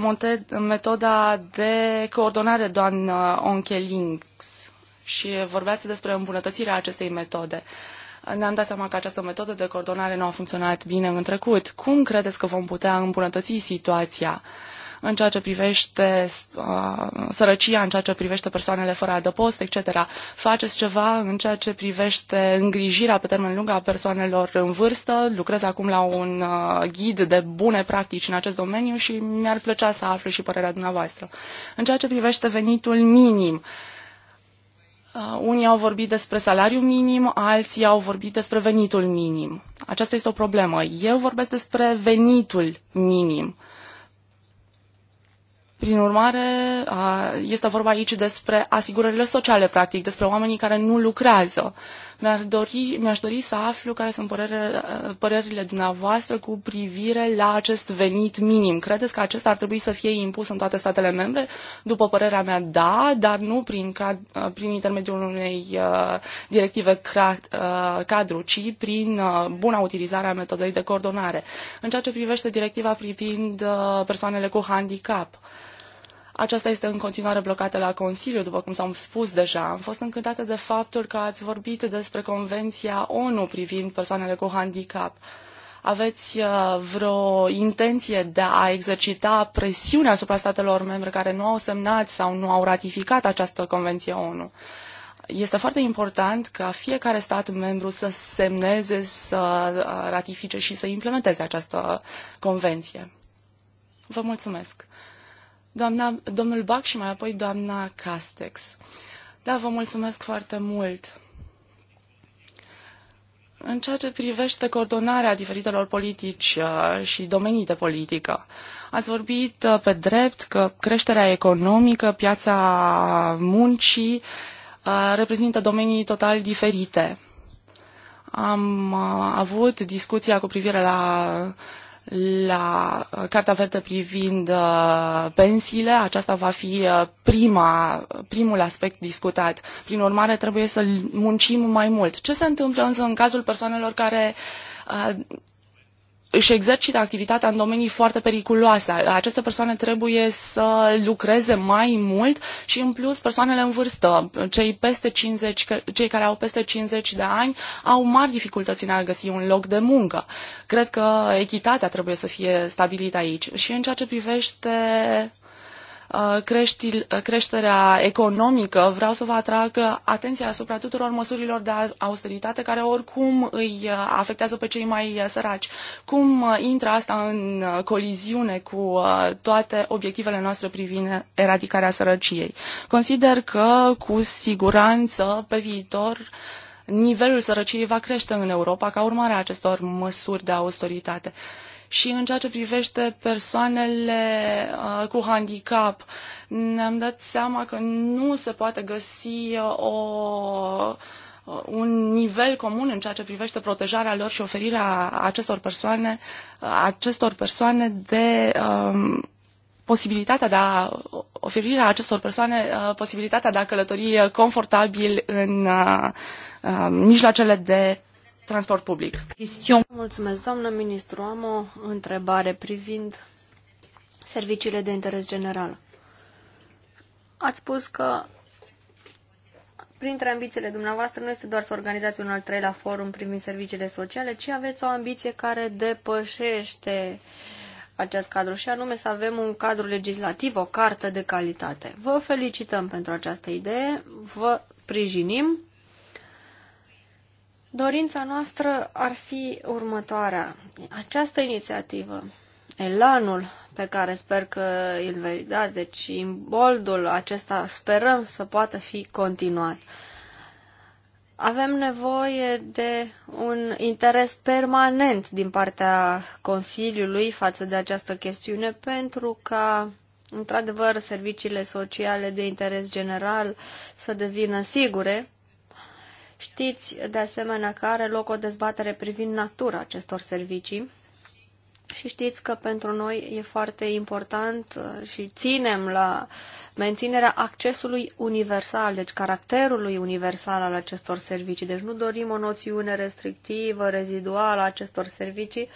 [SPEAKER 5] metoda de coordonare, doamnă Onkelings, și vorbeați despre îmbunătățirea acestei metode. Uh, ne-am dat seama că această metodă de coordonare nu a funcționat bine în trecut. Cum credeți că vom putea îmbunătăți situația? în ceea ce privește uh, sărăcia, în ceea ce privește persoanele fără adăpost, etc. Faceți ceva în ceea ce privește îngrijirea pe termen lung a persoanelor în vârstă. Lucrez acum la un uh, ghid de bune practici în acest domeniu și mi-ar plăcea să aflu și părerea dumneavoastră. În ceea ce privește venitul minim, uh, Uh, unii au vorbit despre salariu minim, alții au vorbit despre venitul minim. Aceasta este o problemă. Eu vorbesc despre venitul minim. Prin urmare, uh, este vorba aici despre asigurările sociale, practic, despre oamenii care nu lucrează. Uh, mi-ar dori, mi-aș dori să aflu care sunt părere, părerile dumneavoastră cu privire la acest venit minim. Credeți că acesta ar trebui să fie impus în toate statele membre? După părerea mea, da, dar nu prin, prin intermediul unei uh, directive uh, cadru, ci prin uh, buna utilizare a metodei de coordonare. În ceea ce privește directiva privind persoanele cu handicap, aceasta este în continuare blocată la Consiliu, după cum s-am spus deja. Am fost încântată de faptul că ați vorbit despre Convenția ONU privind persoanele cu handicap. Aveți uh, vreo intenție de a exercita presiune asupra statelor membre care nu au semnat sau nu au ratificat această Convenție ONU? Este foarte important ca fiecare stat membru să semneze, să uh, ratifice și să implementeze această convenție. Vă mulțumesc! doamna, domnul Bac și mai apoi doamna Castex. Da, vă mulțumesc foarte mult. În ceea ce privește coordonarea diferitelor politici uh, și domenii de politică, ați vorbit uh, pe drept că creșterea economică, piața muncii, uh, reprezintă domenii total diferite. Am avut discuția cu privire la la uh, Cartea Verde privind uh, pensiile. Aceasta va fi uh, prima, primul aspect discutat. Prin urmare, trebuie să muncim mai mult. Ce se întâmplă însă în cazul persoanelor care își exercită activitatea în domenii foarte periculoase. Aceste persoane trebuie să lucreze mai mult și în plus persoanele în vârstă, cei, peste 50, cei care au peste 50 de ani, au mari dificultăți în a găsi un loc de muncă. Cred că echitatea trebuie să fie stabilită aici. Și în ceea ce privește Uh, uh, creșterea economică, vreau să vă atrag atenția asupra tuturor măsurilor de austeritate care oricum îi uh, afectează pe cei mai săraci. Cum intră asta în coliziune cu toate obiectivele noastre privind eradicarea sărăciei? Consider că cu siguranță pe viitor nivelul sărăciei va crește în Europa ca urmare a acestor măsuri de austeritate și în ceea ce privește persoanele uh, cu handicap. Ne-am dat seama că nu se poate găsi uh, o uh, un nivel comun în ceea ce privește protejarea lor și oferirea acestor persoane, uh, acestor persoane de um, posibilitatea de a oferirea acestor persoane uh, posibilitatea de a călători confortabil în uh, uh, mijloacele de transport public.
[SPEAKER 3] Mulțumesc, doamnă ministru. Am o întrebare privind serviciile de interes general. Ați spus că printre ambițiile dumneavoastră nu este doar să organizați un al treilea forum privind serviciile sociale, ci aveți o ambiție care depășește acest cadru și anume să avem un cadru legislativ, o cartă de calitate. Vă felicităm pentru această idee, vă sprijinim Dorința noastră ar fi următoarea. Această inițiativă, elanul pe care sper că îl vei da, deci imboldul acesta sperăm să poată fi continuat. Avem nevoie de un interes permanent din partea Consiliului față de această chestiune pentru ca într-adevăr serviciile sociale de interes general să devină sigure Știți, de asemenea, că are loc o dezbatere privind natura acestor servicii și știți că pentru noi e foarte important uh, și ținem la menținerea accesului universal, deci caracterului universal al acestor servicii. Deci nu dorim o noțiune restrictivă, reziduală a acestor servicii,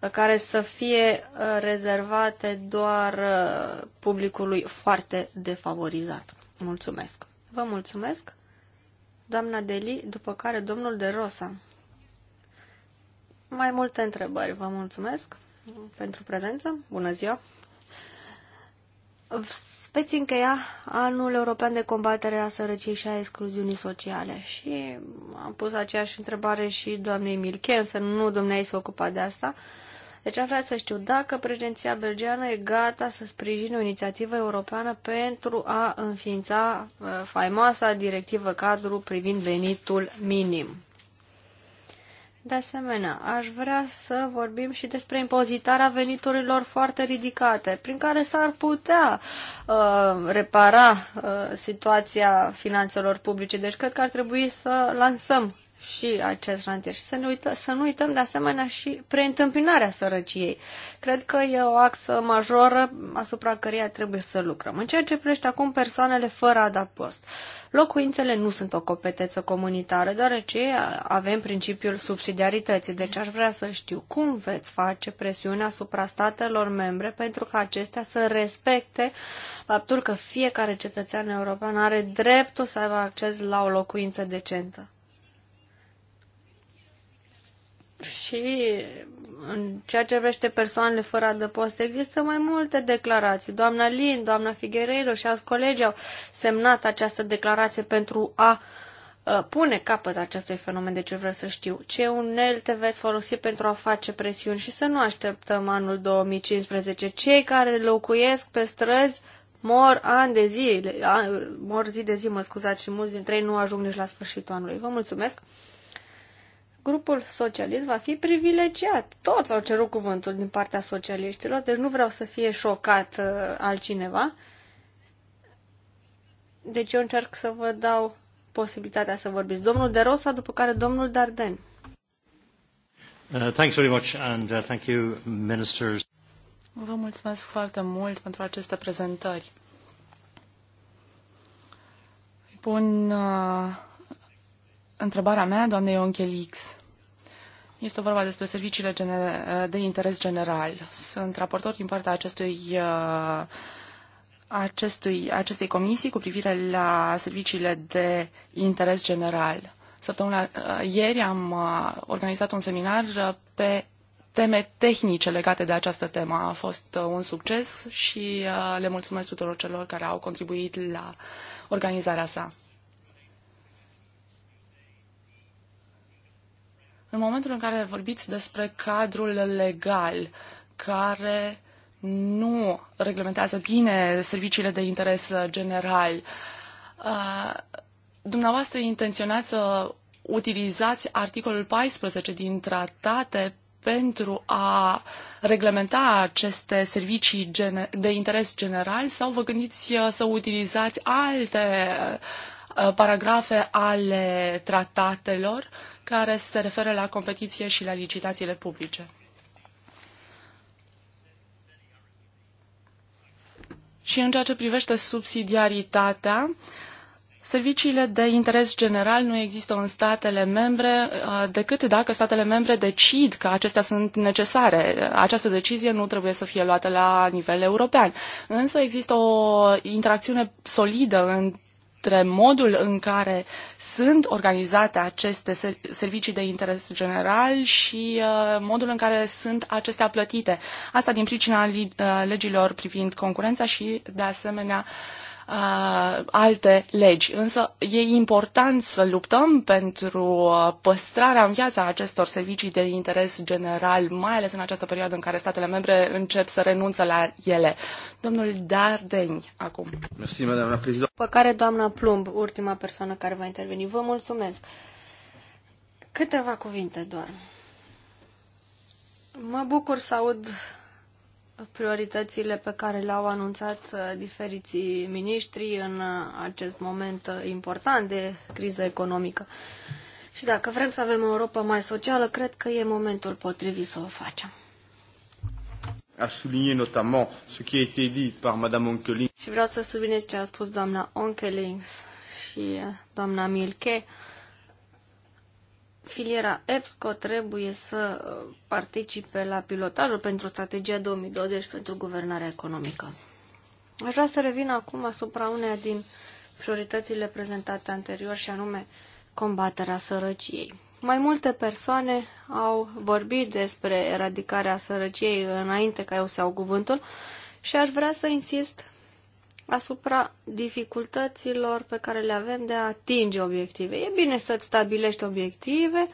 [SPEAKER 3] uh, care să fie uh, rezervate doar publicului foarte defavorizat. Mulțumesc! Vă mulțumesc! doamna Deli, după care domnul De Rosa. Mai multe întrebări. Vă mulțumesc pentru prezență. Bună ziua! Veți încheia anul european de combatere a sărăciei și a excluziunii sociale. Și am pus aceeași întrebare și doamnei Milchen, să nu domnei să ocupa de asta. Uh, deci aș vrea să știu dacă președinția belgeană e gata să sprijine o inițiativă europeană pentru a înființa uh, faimoasa directivă cadru privind venitul minim. De asemenea, aș vrea să vorbim și despre impozitarea veniturilor foarte ridicate, prin care s-ar putea uh, repara uh, situația finanțelor publice. Deci cred că ar trebui să lansăm și acest rantier și să, ne uită, să nu uităm de asemenea și preîntâmpinarea sărăciei. Cred că e o axă majoră asupra căreia trebuie să lucrăm. În ceea ce privește acum persoanele fără adapost, locuințele nu sunt o competență comunitară, deoarece avem principiul subsidiarității, deci aș vrea să știu cum veți face presiunea asupra statelor membre pentru ca acestea să respecte faptul că fiecare cetățean european are dreptul să aibă acces la o locuință decentă. Și în ceea ce vrește persoanele fără adăpost, există mai multe declarații. Doamna Lin, doamna Figueiredo și alți colegi au semnat această declarație pentru a uh, pune capăt acestui fenomen. de ce vreau să știu ce unelte veți folosi pentru a face presiuni și să nu așteptăm anul 2015. Cei care locuiesc pe străzi mor ani de zi, mor zi de zi, mă scuzați, și mulți dintre ei nu ajung nici la sfârșitul anului. Vă mulțumesc! grupul socialist va fi privilegiat. Toți au cerut cuvântul din partea socialiștilor, deci nu vreau să fie șocat uh, altcineva. Deci eu încerc să vă dau posibilitatea să vorbiți. Domnul De Rosa, după care
[SPEAKER 5] domnul Darden.
[SPEAKER 4] Uh, thanks very much and uh, thank you, ministers.
[SPEAKER 5] Vă mulțumesc foarte mult pentru aceste prezentări. Îi pun uh, întrebarea mea, doamnei Onchelix. Este vorba despre serviciile de interes general. Sunt raportor din partea acestui, uh, acestui, acestei comisii cu privire la serviciile de interes general. Săptămâna uh, ieri am uh, organizat un seminar pe teme tehnice legate de această temă. A fost un succes și le mulțumesc tuturor celor care au contribuit la organizarea sa. În momentul în care vorbiți despre cadrul legal care nu reglementează bine serviciile de interes general, uh, dumneavoastră intenționați să utilizați articolul 14 din tratate pentru a reglementa aceste servicii de interes general sau vă gândiți uh, să utilizați alte uh, paragrafe ale tratatelor care se referă la competiție și la licitațiile publice. Și în ceea ce privește subsidiaritatea, serviciile de interes general nu există în statele membre uh, decât dacă statele membre decid că acestea sunt necesare. Această decizie nu trebuie să fie luată la nivel european. Însă există o interacțiune solidă în către modul în care sunt organizate aceste servicii de interes general și uh, modul în care sunt acestea plătite. Asta din pricina uh, legilor privind concurența și, de asemenea, uh, alte legi. Însă e important să luptăm pentru uh, păstrarea în viața acestor servicii de interes general, mai ales în această perioadă în care statele membre încep să renunță la ele. Domnul Dardeni, acum.
[SPEAKER 4] Mersi, doamna președinte.
[SPEAKER 3] După care doamna Plumb, ultima persoană care va interveni. Vă mulțumesc. Câteva cuvinte doar. Mă bucur să aud prioritățile pe care le-au anunțat uh, diferiții miniștri în uh, acest moment uh, important de criză economică. Și dacă vrem să avem o Europa mai socială, cred că e momentul potrivit să o facem.
[SPEAKER 4] A souligné notamment ce qui a été dit par Madame Onkelings. Și
[SPEAKER 3] vreau să subliniez ce a spus doamna Onkelings și doamna Milke filiera EPSCO trebuie să uh, participe la pilotajul pentru strategia 2020 pentru guvernarea economică. Aș vrea să revin acum asupra uneia din prioritățile prezentate anterior și anume combaterea sărăciei. Mai multe persoane au vorbit despre eradicarea sărăciei înainte ca eu să iau cuvântul și aș vrea să insist asupra dificultăților pe care le avem de a atinge obiective. E bine să-ți stabilești obiective,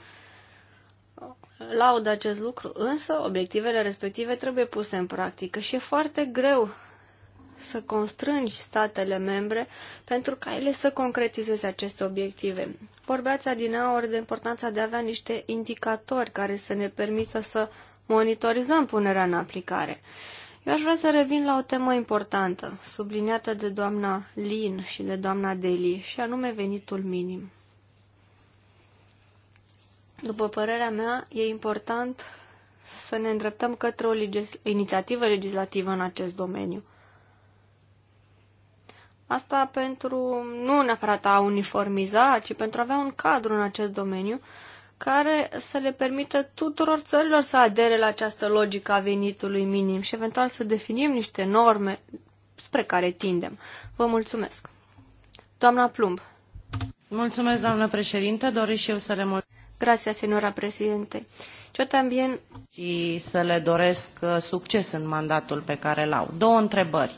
[SPEAKER 3] laud acest lucru, însă obiectivele respective trebuie puse în practică și e foarte greu să constrângi statele membre pentru ca ele să concretizeze aceste obiective. Vorbeați adineaori de importanța de a avea niște indicatori care să ne permită să monitorizăm punerea în aplicare. Eu aș vrea să revin la o temă importantă, subliniată de doamna Lin și de doamna Deli, și anume venitul minim. După părerea mea, e important să ne îndreptăm către o legis- inițiativă legislativă în acest domeniu. Asta pentru nu neapărat a uniformiza, ci pentru a avea un cadru în acest domeniu, care să le permită tuturor țărilor să adere la această logică a venitului minim și eventual să definim niște norme spre care tindem. Vă mulțumesc. Doamna Plumb. Mulțumesc, doamnă președinte. Doresc și eu să le mulțumesc. Grația, senora președinte. Și también...
[SPEAKER 6] Și să le doresc uh, succes în mandatul pe care l-au. Două întrebări.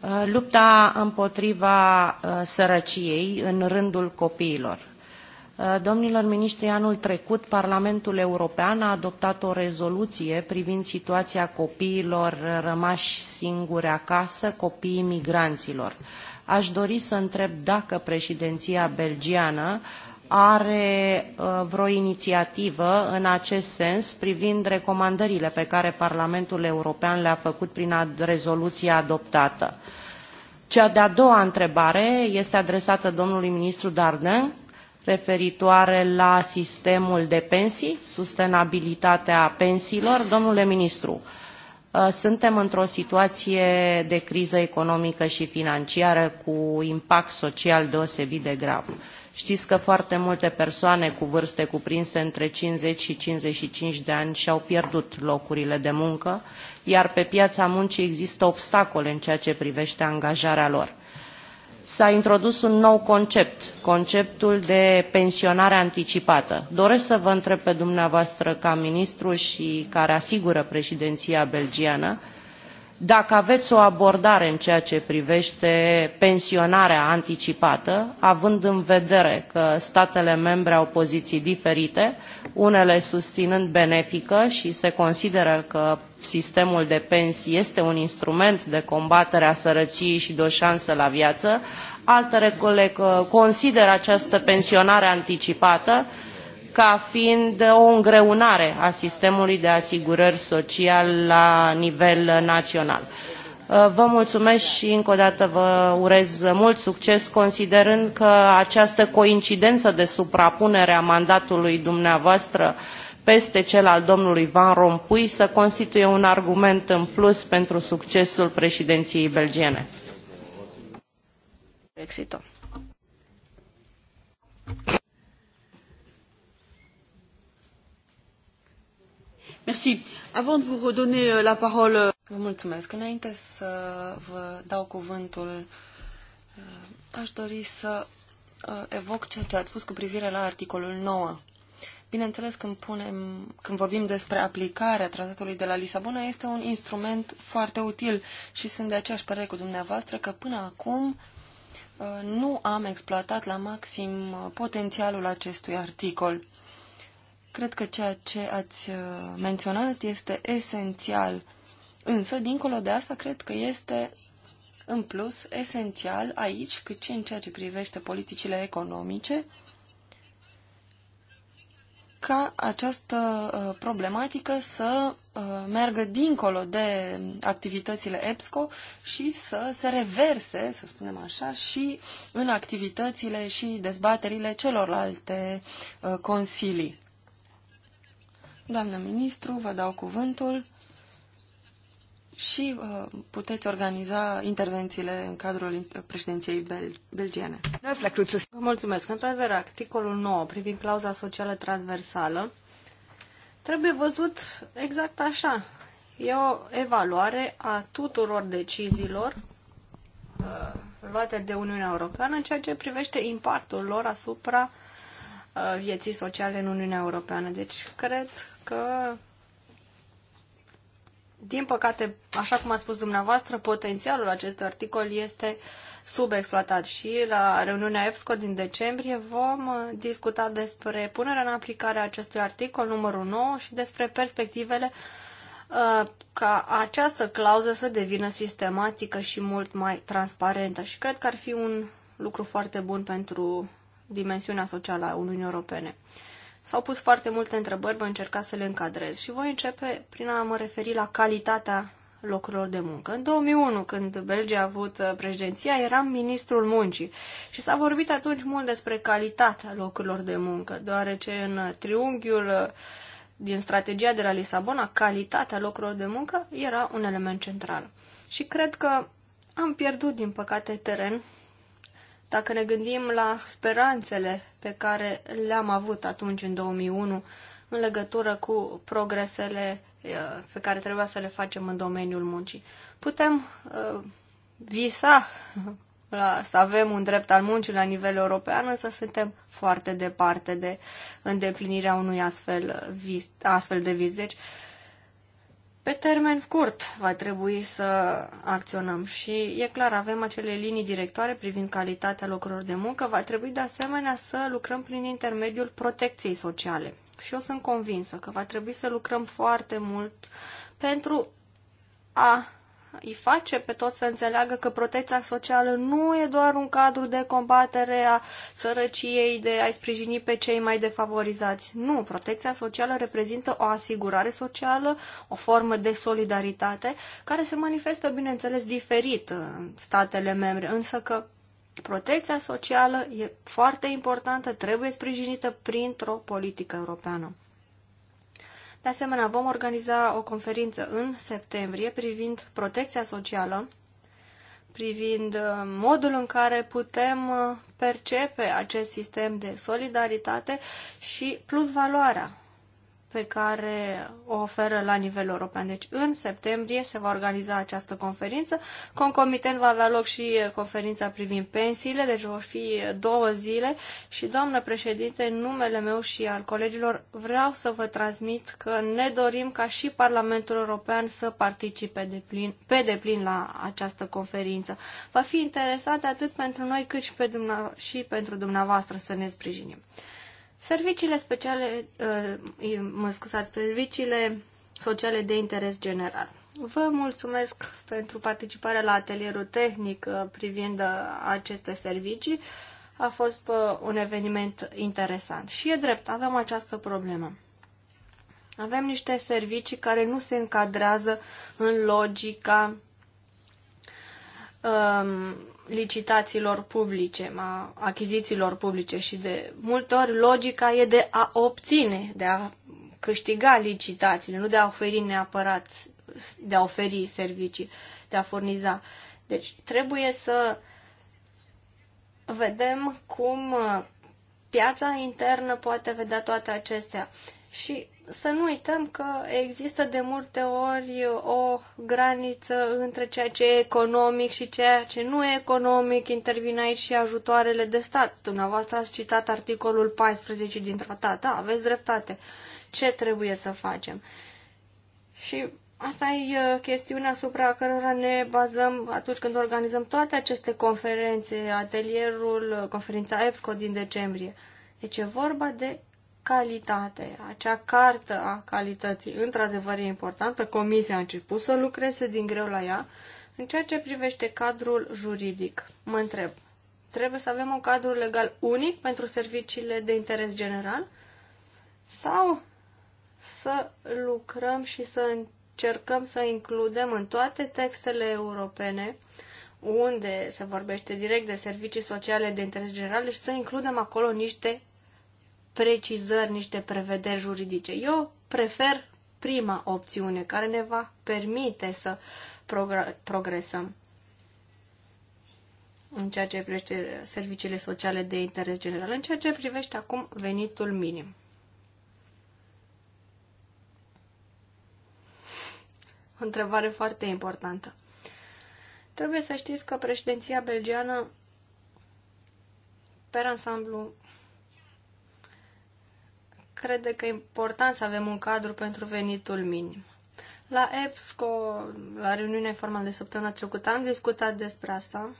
[SPEAKER 6] Uh, lupta împotriva uh, sărăciei în rândul copiilor Uh, domnilor miniștri, anul trecut Parlamentul European a adoptat o rezoluție privind situația copiilor rămași singuri acasă, copiii migranților. Aș dori să întreb dacă președinția belgiană are uh, vreo inițiativă în acest sens privind recomandările pe care Parlamentul European le-a făcut prin rezoluția adoptată. Cea de-a doua întrebare este adresată domnului ministru Darden referitoare la sistemul de pensii, sustenabilitatea pensiilor. Domnule ministru, uh, suntem într-o situație de criză economică și financiară cu impact social deosebit de grav. Știți că foarte multe persoane cu vârste cuprinse între 50 și 55 de ani și-au pierdut locurile de muncă, iar pe piața muncii există obstacole în ceea ce privește angajarea lor s-a introdus un nou concept, conceptul de pensionare anticipată. Doresc să vă întreb pe dumneavoastră ca ministru și care asigură președinția belgiană, dacă aveți o abordare în ceea ce privește pensionarea anticipată, având în vedere că statele membre au poziții diferite, unele susținând benefică și se consideră că sistemul de pensii este un instrument de combatere a sărăciei și de o șansă la viață, altele consideră această pensionare anticipată ca fiind o îngreunare a sistemului de asigurări social la nivel național. Uh, vă mulțumesc și încă o dată vă urez mult succes, considerând că această coincidență de suprapunere a mandatului dumneavoastră peste cel al domnului Van Rompuy să constituie un argument în plus pentru succesul președinției belgiene. Exito.
[SPEAKER 2] Merci. Avant de vous redonner euh, la parole... Euh, vă mulțumesc. Înainte să vă dau cuvântul, uh, aș dori să uh, evoc ceea ce ați spus cu privire la articolul 9. Bineînțeles, când, punem, când vorbim despre aplicarea tratatului de la Lisabona, este un instrument foarte util și sunt de aceeași părere cu dumneavoastră că până acum uh, nu am exploatat la maxim potențialul acestui articol. Cred că ceea ce ați uh, menționat este esențial. Însă, dincolo de asta, cred că este în plus esențial aici, cât și în ceea ce privește politicile economice, ca această uh, problematică să uh, meargă dincolo de activitățile EBSCO și să se reverse, să spunem așa, și în activitățile și dezbaterile celorlalte consilii. Doamnă ministru, vă dau cuvântul și uh, puteți organiza intervențiile în cadrul președinției bel- belgiene.
[SPEAKER 3] Vă mulțumesc. Într-adevăr, articolul 9 privind clauza socială transversală trebuie văzut exact așa. E o evaluare a tuturor deciziilor uh, luate de Uniunea Europeană în ceea ce privește impactul lor asupra uh, Uh, vieții sociale în Uniunea Europeană. Deci, cred că, din păcate, așa cum a spus dumneavoastră, potențialul acestui articol este subexploatat și la reuniunea EPSCO din decembrie vom uh, discuta despre punerea în aplicare a acestui articol numărul 9 și despre perspectivele uh, ca această clauză să devină sistematică și mult mai transparentă și cred că ar fi un lucru foarte bun pentru dimensiunea socială a Uniunii Europene. S-au pus foarte multe întrebări, voi încerca să le încadrez și voi începe prin a mă referi la calitatea locurilor de muncă. În 2001, când Belgia a avut uh, președinția, eram ministrul muncii și s-a vorbit atunci mult despre calitatea locurilor de muncă, deoarece în triunghiul uh, din strategia de la Lisabona, calitatea locurilor de muncă era un element central. Și cred că am pierdut, din păcate, teren dacă ne gândim la speranțele pe care le-am avut atunci în 2001 în legătură cu progresele uh, pe care trebuia să le facem în domeniul muncii. Putem uh, visa la, să avem un drept al muncii la nivel european, însă suntem foarte departe de îndeplinirea unui astfel, vis, astfel de vis. Deci, uh, pe termen scurt va trebui să acționăm și e clar, avem acele linii directoare privind calitatea locurilor de muncă, va trebui de asemenea să lucrăm prin intermediul protecției sociale. Și eu sunt convinsă că va trebui să lucrăm foarte mult pentru a îi face pe toți să înțeleagă că protecția socială nu e doar un cadru de combatere a sărăciei, de a-i sprijini pe cei mai defavorizați. Nu, protecția socială reprezintă o asigurare socială, o formă de solidaritate, care se manifestă, bineînțeles, diferit în statele membre, însă că protecția socială e foarte importantă, trebuie sprijinită printr-o politică europeană. De asemenea, vom organiza o conferință în septembrie privind protecția socială, privind uh, modul în care putem uh, percepe acest sistem de solidaritate și plus valoarea pe care o oferă la nivel european. Deci în septembrie se va organiza această conferință. Concomitent va avea loc și conferința privind pensiile, deci vor fi două zile. Și, doamnă președinte, în numele meu și al colegilor vreau să vă transmit că ne dorim ca și Parlamentul European să participe de plin, pe deplin la această conferință. Va fi interesant atât pentru noi cât și, pe dumneavoastră, și pentru dumneavoastră să ne sprijinim. Serviciile speciale, uh, mă scuzați, serviciile sociale de interes general. Vă mulțumesc pentru participarea la atelierul tehnic uh, privind uh, aceste servicii. A fost un eveniment interesant. Și e drept, avem această problemă. Avem niște servicii care nu se încadrează în logica um, licitațiilor publice, a achizițiilor publice și de multe ori logica e de a obține, de a câștiga licitațiile, nu de a oferi neapărat, de a oferi servicii, de a furniza. Deci trebuie să vedem cum uh, piața internă poate vedea toate acestea. Și să nu uităm că există de multe ori o graniță între ceea ce e economic și ceea ce nu e economic. Intervin aici și ajutoarele de stat. Dumneavoastră ați citat articolul 14 din tratat. Da, aveți dreptate. Ce trebuie să facem? Și asta e uh, chestiunea asupra cărora ne bazăm atunci când organizăm toate aceste conferințe, atelierul, uh, conferința EBSCO din decembrie. Deci e vorba de calitate, acea cartă a calității, într-adevăr e importantă. Comisia a început să lucreze din greu la ea. În ceea ce privește cadrul juridic, mă întreb, trebuie să avem un cadru legal unic pentru serviciile de interes general sau să lucrăm și să încercăm să includem în toate textele europene unde se vorbește direct de servicii sociale de interes general, și deci să includem acolo niște precizări, niște prevederi juridice. Eu prefer prima opțiune care ne va permite să progresăm în ceea ce privește serviciile sociale de interes general, în ceea ce privește acum venitul minim. O întrebare foarte importantă. Trebuie să știți că președinția belgiană, pe ansamblu, crede că e important să avem un cadru pentru venitul minim. La EPSCO, la reuniunea informală de săptămâna trecută, am discutat despre asta.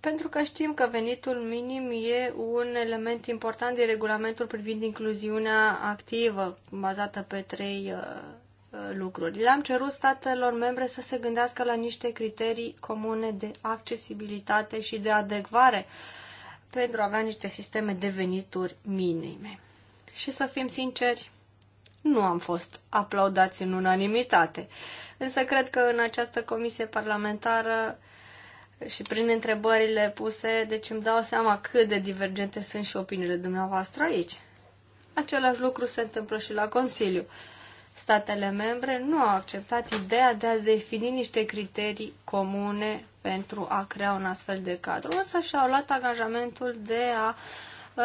[SPEAKER 3] Pentru că știm că venitul minim e un element important din regulamentul privind incluziunea activă, bazată pe trei uh, uh lucruri. Le-am cerut statelor membre să se gândească la niște criterii comune de accesibilitate și de adecvare uh, pentru a avea niște sisteme de venituri minime. Și să fim sinceri, nu am fost aplaudați în unanimitate. Însă cred că în această comisie parlamentară și prin întrebările puse, deci îmi dau seama cât de divergente sunt și opiniile dumneavoastră aici. Același lucru se întâmplă și la Consiliu. Statele membre nu au acceptat ideea de a defini niște criterii comune pentru a crea un astfel de cadru, însă și-au luat angajamentul de a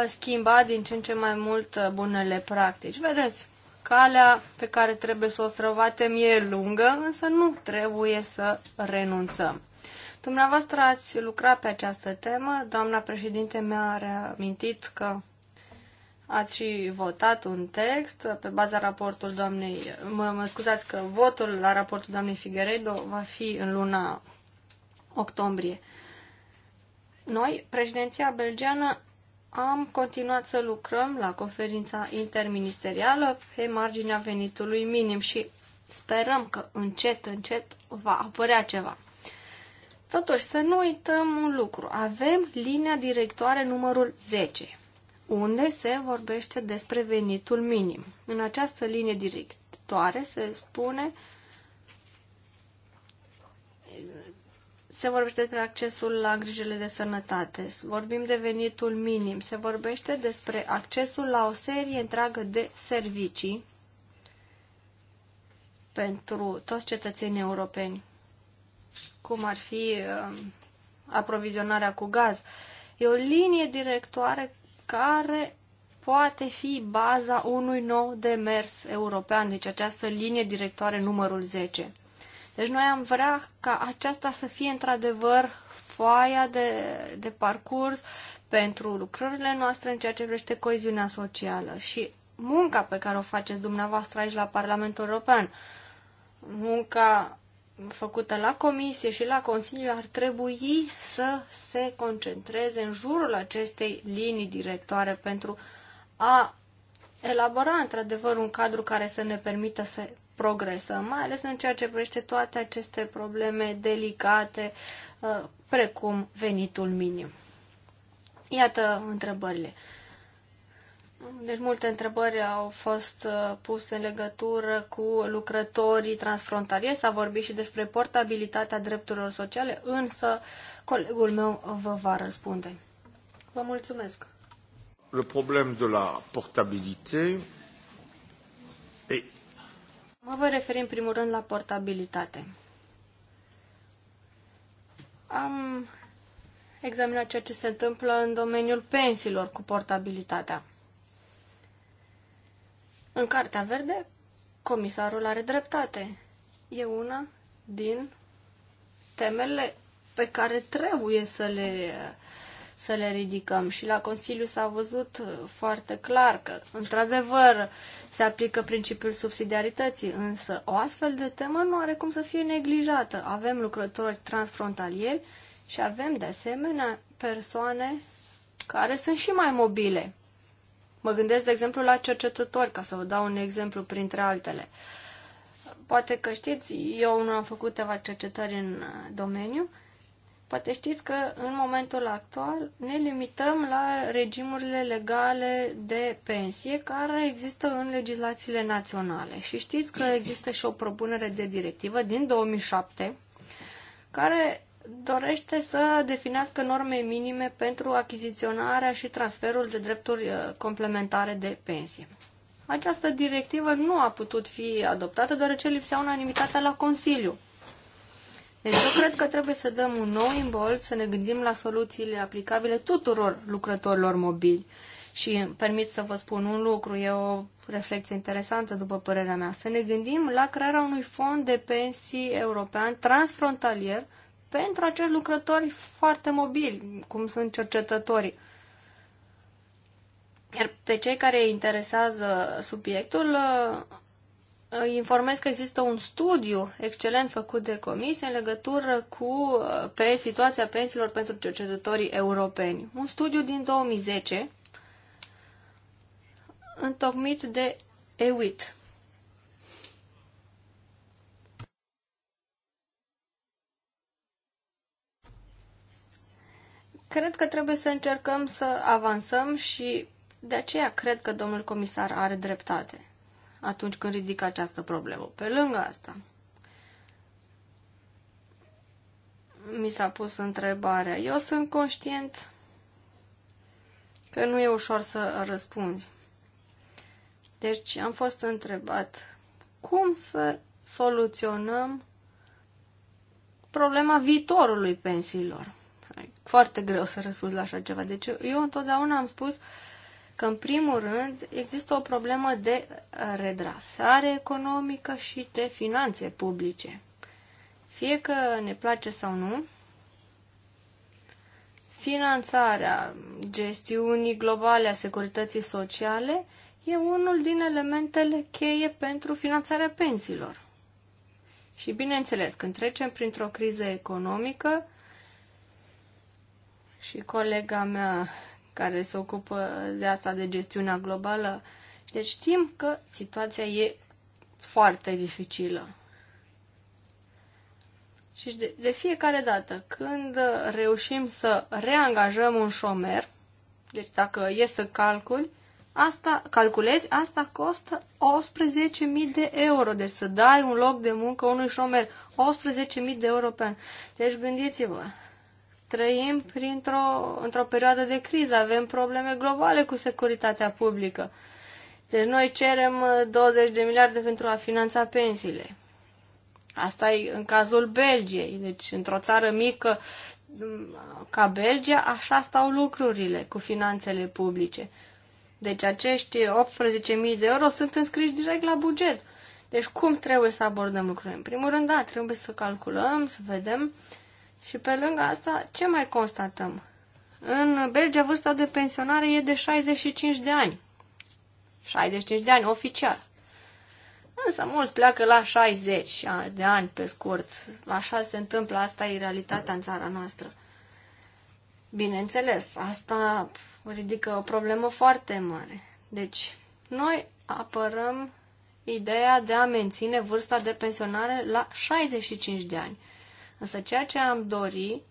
[SPEAKER 3] schimba din ce în ce mai mult bunele practici. Vedeți, calea pe care trebuie să o străvatem e lungă, însă nu trebuie să renunțăm. Dumneavoastră ați lucrat pe această temă, doamna președinte mi-a reamintit că ați și votat un text pe baza raportul doamnei, mă, mă scuzați că votul la raportul doamnei Figueredo va fi în luna octombrie. Noi, președinția belgeană, am continuat să lucrăm la conferința interministerială pe marginea venitului minim și sperăm că încet, încet va apărea ceva. Totuși, să nu uităm un lucru. Avem linia directoare numărul 10, unde se vorbește despre venitul minim. În această linie directoare se spune Se vorbește despre accesul la grijile de sănătate, vorbim de venitul minim, se vorbește despre accesul la o serie întreagă de servicii pentru toți cetățenii europeni, cum ar fi um, aprovizionarea cu gaz. E o linie directoare care poate fi baza unui nou demers european, deci această linie directoare numărul 10. Deci noi am vrea ca aceasta să fie într-adevăr foaia de, de parcurs pentru lucrările noastre în ceea ce privește coeziunea socială și munca pe care o faceți dumneavoastră aici la Parlamentul European, munca făcută la Comisie și la Consiliu ar trebui să se concentreze în jurul acestei linii directoare pentru a elabora într-adevăr un cadru care să ne permită să progresăm, mai ales în ceea ce privește toate aceste probleme delicate, uh, precum venitul minim. Iată întrebările. Deci multe întrebări au fost uh, puse în legătură cu lucrătorii transfrontalieri. S-a vorbit și despre portabilitatea drepturilor sociale, însă colegul meu vă va răspunde. Vă mulțumesc.
[SPEAKER 4] Le problème de la
[SPEAKER 3] portabilité Mă voi referi în primul rând la portabilitate. Am examinat ceea ce se întâmplă în domeniul pensiilor cu portabilitatea. În Cartea Verde, comisarul are dreptate. E una din temele pe care trebuie să le să le ridicăm. Și la Consiliu s-a văzut uh, foarte clar că, într-adevăr, se aplică principiul subsidiarității, însă o astfel de temă nu are cum să fie neglijată. Avem lucrători transfrontalieri și avem, de asemenea, persoane care sunt și mai mobile. Mă gândesc, de exemplu, la cercetători, ca să vă dau un exemplu printre altele. Poate că știți, eu nu am făcut câteva cercetări în uh, domeniu, Poate știți că în momentul actual ne limităm la regimurile legale de pensie care există în legislațiile naționale. Și știți că există și o propunere de directivă din 2007 care dorește să definească norme minime pentru achiziționarea și transferul de drepturi uh, complementare de pensie. Această directivă nu a putut fi adoptată deoarece lipsea unanimitatea la Consiliu. Deci eu cred că trebuie să dăm un nou imbol, să ne gândim la soluțiile aplicabile tuturor lucrătorilor mobili. Și permit să vă spun un lucru, e o reflexie interesantă după părerea mea, să ne gândim la crearea unui fond de pensii european transfrontalier pentru acești lucrători foarte mobili, cum sunt cercetătorii. Iar pe cei care interesează subiectul, informez că există un studiu excelent făcut de comisie în legătură cu uh, pe situația pensiilor pentru cercetătorii europeni. Un studiu din 2010 întocmit de EWIT. Cred că trebuie să încercăm să avansăm și de aceea cred că domnul comisar are dreptate atunci când ridic această problemă. Pe lângă asta, mi s-a pus întrebarea. Eu sunt conștient că nu e ușor să răspunzi. Deci am fost întrebat cum să soluționăm problema viitorului pensiilor. Foarte greu să răspunzi la așa ceva. Deci eu întotdeauna am spus uh, că, în primul rând, există o problemă de redresare economică și de finanțe publice. Fie că ne place sau nu, finanțarea gestiunii globale a securității sociale e unul din elementele cheie pentru finanțarea pensiilor. Și bineînțeles, când trecem printr-o criză economică, și colega mea care se ocupă de asta, de gestiunea globală. Deci știm că situația e foarte dificilă. Și de, de fiecare dată când reușim să reangajăm un șomer, deci dacă e să calculi, asta, calculezi, asta costă 18.000 de euro. Deci să dai un loc de muncă unui șomer, 18.000 de euro pe an. Deci gândiți-vă, trăim printr-o, într-o perioadă de criză, avem probleme globale cu securitatea publică. Deci noi cerem 20 uh, de miliarde pentru a finanța pensiile. Asta e în cazul Belgiei. Deci într-o țară mică mm, ca Belgia, așa stau lucrurile cu finanțele publice. Deci acești 18.000 de euro sunt înscriși direct la buget. Deci cum trebuie să abordăm lucrurile? În primul rând, da, trebuie să calculăm, să vedem uh, și pe lângă asta, ce mai constatăm? În Belgia vârsta de pensionare e de 65 de ani. 65 de ani oficial. Însă mulți pleacă la 60 de ani pe scurt. Așa se întâmplă, asta e realitatea în țara noastră. Bineînțeles, asta ridică o problemă foarte mare. Deci, noi apărăm ideea de a menține vârsta de pensionare la 65 de ani. Însă ceea ce am dori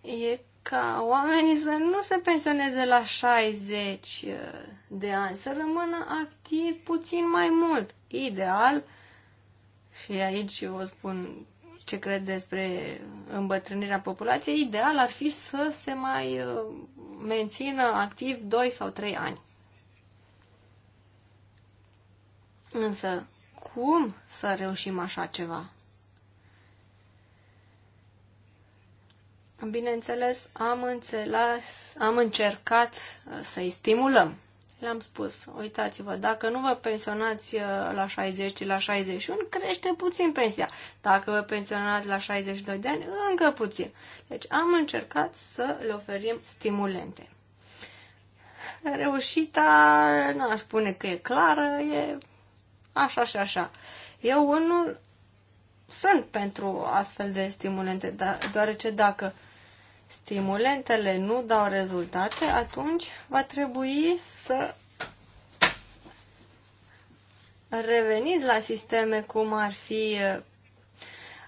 [SPEAKER 3] e ca oamenii să nu se pensioneze la 60 uh, de ani, să rămână activ puțin mai mult. Ideal, și aici vă spun ce cred despre îmbătrânirea populației, ideal ar fi să se mai uh, mențină activ 2 sau 3 ani. Însă, cum să reușim așa ceva? Bineînțeles, am înțeles, am încercat uh, să-i stimulăm. Le-am spus, uitați-vă, dacă nu vă pensionați uh, la 60, ci la 61, crește puțin pensia. Dacă vă pensionați la 62 de ani, încă puțin. Deci am încercat să le oferim stimulente. Reușita, nu aș spune că e clară, e așa și așa. Eu unul sunt pentru astfel de stimulente, deoarece dacă stimulentele nu dau rezultate, atunci va trebui să reveniți la sisteme cum ar fi uh,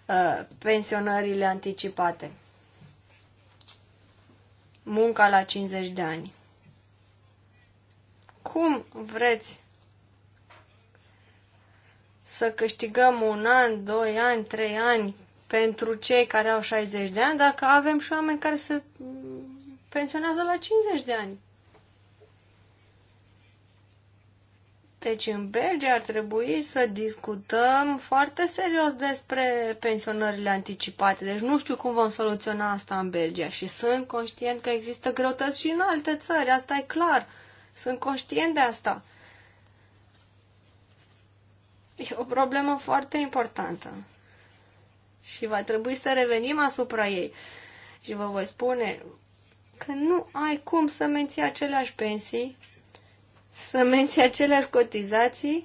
[SPEAKER 3] uh, pensionările anticipate. Munca la 50 de ani. Cum vreți să câștigăm un an, doi ani, trei ani pentru cei care au 60 de ani, dacă avem și oameni care se pensionează la 50 de ani. Deci în Belgia ar trebui să discutăm foarte serios despre pensionările anticipate. Deci nu știu cum vom soluționa asta în Belgia și sunt conștient că există greutăți și în alte țări, asta e clar. Sunt conștient de asta. E o problemă foarte importantă și va trebui să revenim asupra ei. Și vă voi spune că nu ai cum să menții aceleași pensii, să menții aceleași cotizații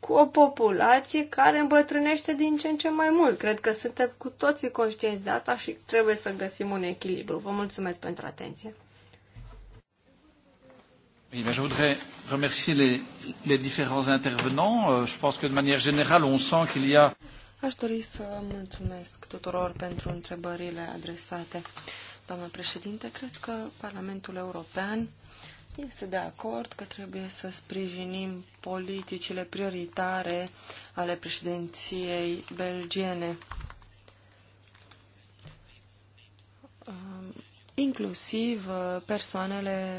[SPEAKER 3] cu o populație care îmbătrânește din ce în ce mai mult. Cred că suntem cu toții conștienți de asta și trebuie să găsim un echilibru. Vă mulțumesc pentru atenție.
[SPEAKER 4] Oui, ben je voudrais remercier les, les différents intervenants. Euh, je pense que de manière générale, on sent qu'il y a
[SPEAKER 2] Aș dori să mulțumesc tuturor pentru întrebările adresate. Doamnă președinte, cred că Parlamentul European este de acord că trebuie să sprijinim politicile prioritare ale președinției belgiene, um, inclusiv uh, persoanele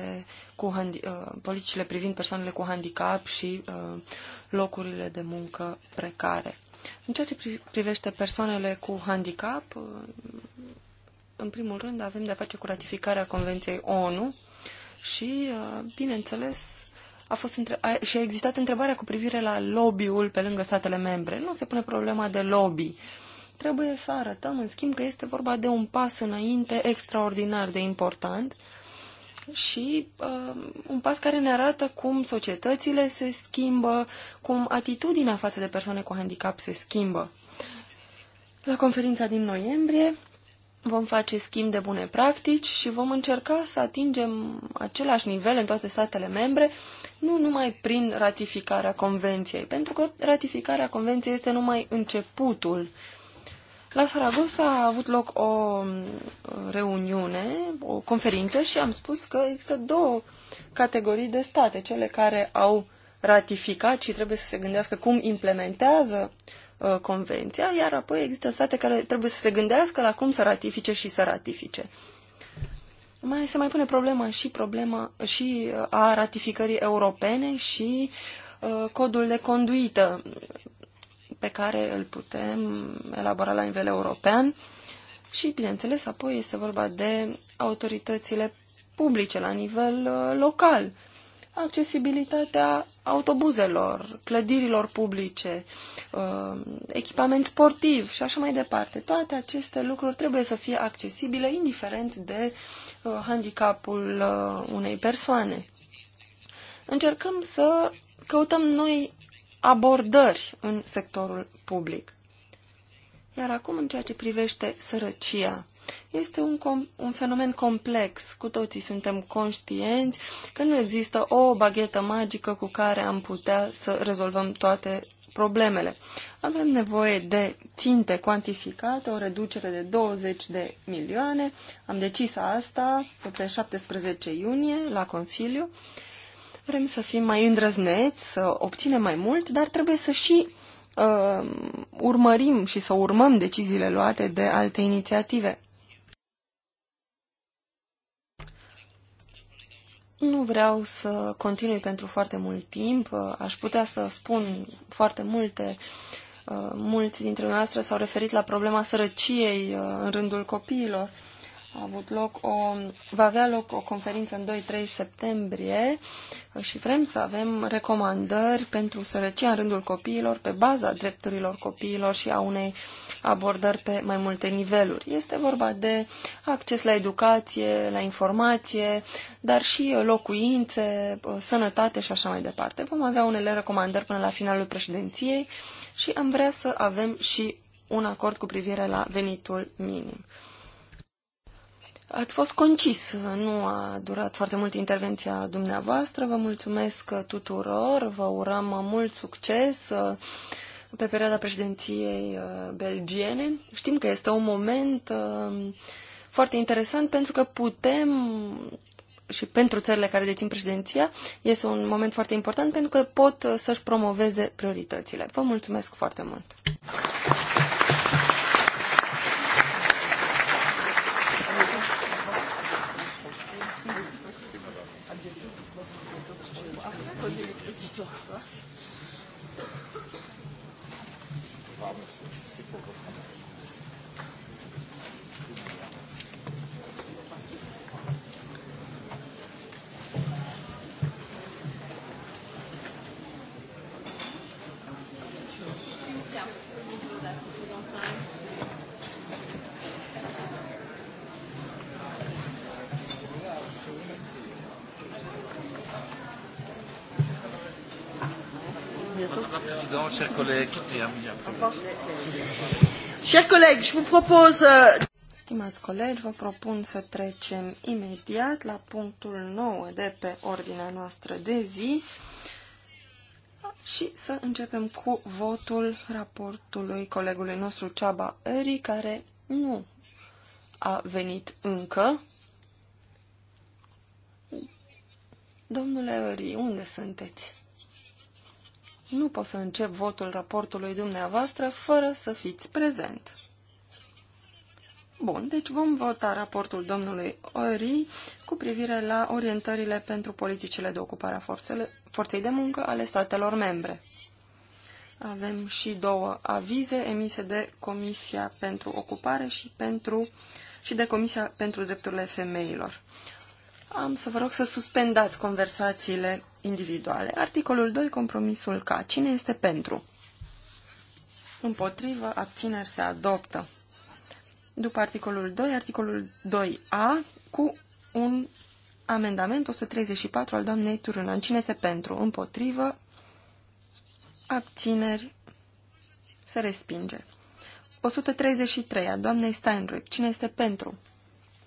[SPEAKER 2] cu uh, politicile privind persoanele cu handicap și uh, locurile de muncă precare. În ceea ce privește persoanele cu handicap, în primul rând avem de-a face cu ratificarea Convenției ONU și, uh, bineînțeles, a fost între... a... și a existat întrebarea cu privire la lobby-ul pe lângă statele membre. Nu se pune problema de lobby. Trebuie să arătăm, în schimb, că este vorba de un pas înainte extraordinar de important și uh, un pas care ne arată cum societățile se schimbă, cum atitudinea față de persoane cu handicap se schimbă. La conferința din noiembrie vom face schimb de bune practici și vom încerca să atingem același nivel în toate statele membre, nu numai prin ratificarea convenției, pentru că ratificarea convenției este numai începutul uh, la Saragossa a avut loc o uh, reuniune, o conferință și am spus că există două categorii de state, cele care au ratificat și trebuie să se gândească cum implementează uh, convenția, iar apoi există state care trebuie să se gândească la cum să ratifice și să ratifice. Mai se mai pune problema și problema și uh, a ratificării europene și uh, codul de conduită pe care îl putem elabora la nivel european și, bineînțeles, apoi este vorba de autoritățile publice la nivel uh, local, accesibilitatea autobuzelor, clădirilor publice, uh, echipament sportiv și așa mai departe. Toate aceste lucruri trebuie să fie accesibile indiferent de uh, handicapul unei persoane. Încercăm să căutăm noi abordări în sectorul public. Iar acum, în ceea ce privește sărăcia, este un, com- un fenomen complex. Cu toții suntem conștienți că nu există o baghetă magică cu care am putea să rezolvăm toate problemele. Avem nevoie de ținte cuantificate, o reducere de 20 de milioane. Am decis asta pe 17 iunie la Consiliu. Uh, Vrem să fim mai îndrăzneți, să obținem mai mult, dar trebuie să și uh, urmărim și să urmăm deciziile luate de alte inițiative. Nu vreau să continui pentru foarte mult timp. Uh, aș putea să spun foarte multe. Uh, mulți dintre noastre s-au referit la problema sărăciei uh, în rândul copiilor. A avut loc o, va avea loc o conferință în 2-3 septembrie și vrem să avem recomandări pentru sărăcia în rândul copiilor pe baza drepturilor copiilor și a unei abordări pe mai multe niveluri. Este vorba de acces la educație, la informație, dar și locuințe, sănătate și așa mai departe. Vom avea unele recomandări până la finalul președinției și am vrea să avem și un acord cu privire la venitul minim. Ați fost concis, nu a durat foarte mult intervenția dumneavoastră. Vă mulțumesc tuturor, vă urăm mult succes uh, pe perioada președinției uh, belgiene. Știm că este un moment uh, foarte interesant pentru că putem și pentru țările care dețin președinția, este un moment foarte important pentru că pot să-și promoveze prioritățile. Vă mulțumesc foarte mult! Chers collègues, je vous propose... Euh, Stimați colegi, vă propun să trecem imediat la punctul 9 de pe ordinea noastră de zi și să începem cu votul raportului colegului nostru Ceaba Eri, care nu a venit încă. Domnule Eri, unde sunteți? Nu pot să încep votul raportului dumneavoastră fără să fiți prezent. Bun, deci vom vota raportul domnului Ori cu privire la orientările pentru politicile de ocupare a forțele, forței de muncă ale statelor membre. Avem și două avize emise de Comisia pentru Ocupare și, pentru, și de Comisia pentru Drepturile Femeilor. Am să vă rog să suspendați conversațiile individuale. Articolul 2, compromisul K. Cine este pentru? Împotrivă, abțineri se adoptă. După articolul 2, articolul 2A, cu un amendament 134 al doamnei Turunan. Cine este pentru? Împotrivă, abțineri se respinge. 133 a doamnei Steinrück. Cine este pentru?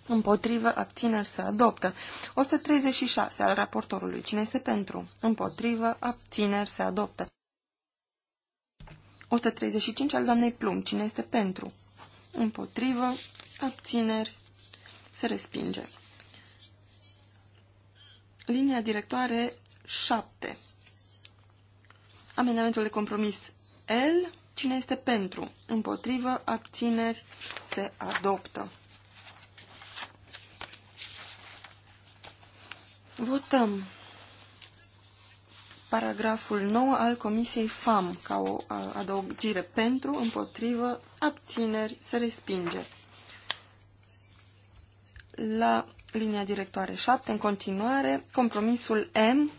[SPEAKER 2] Împotrivă, abțineri se adoptă. 136 al raportorului. Cine este pentru? Împotrivă, abțineri se adoptă. 135 al doamnei Plum. Cine este pentru? Împotrivă, abțineri se respinge. Linia directoare 7. Amendamentul de compromis L. Cine este pentru? Împotrivă, abțineri se adoptă. Votăm paragraful 9 al Comisiei FAM ca o adăugire pentru, împotrivă, abțineri, se respinge. La linia directoare 7, în continuare, compromisul M,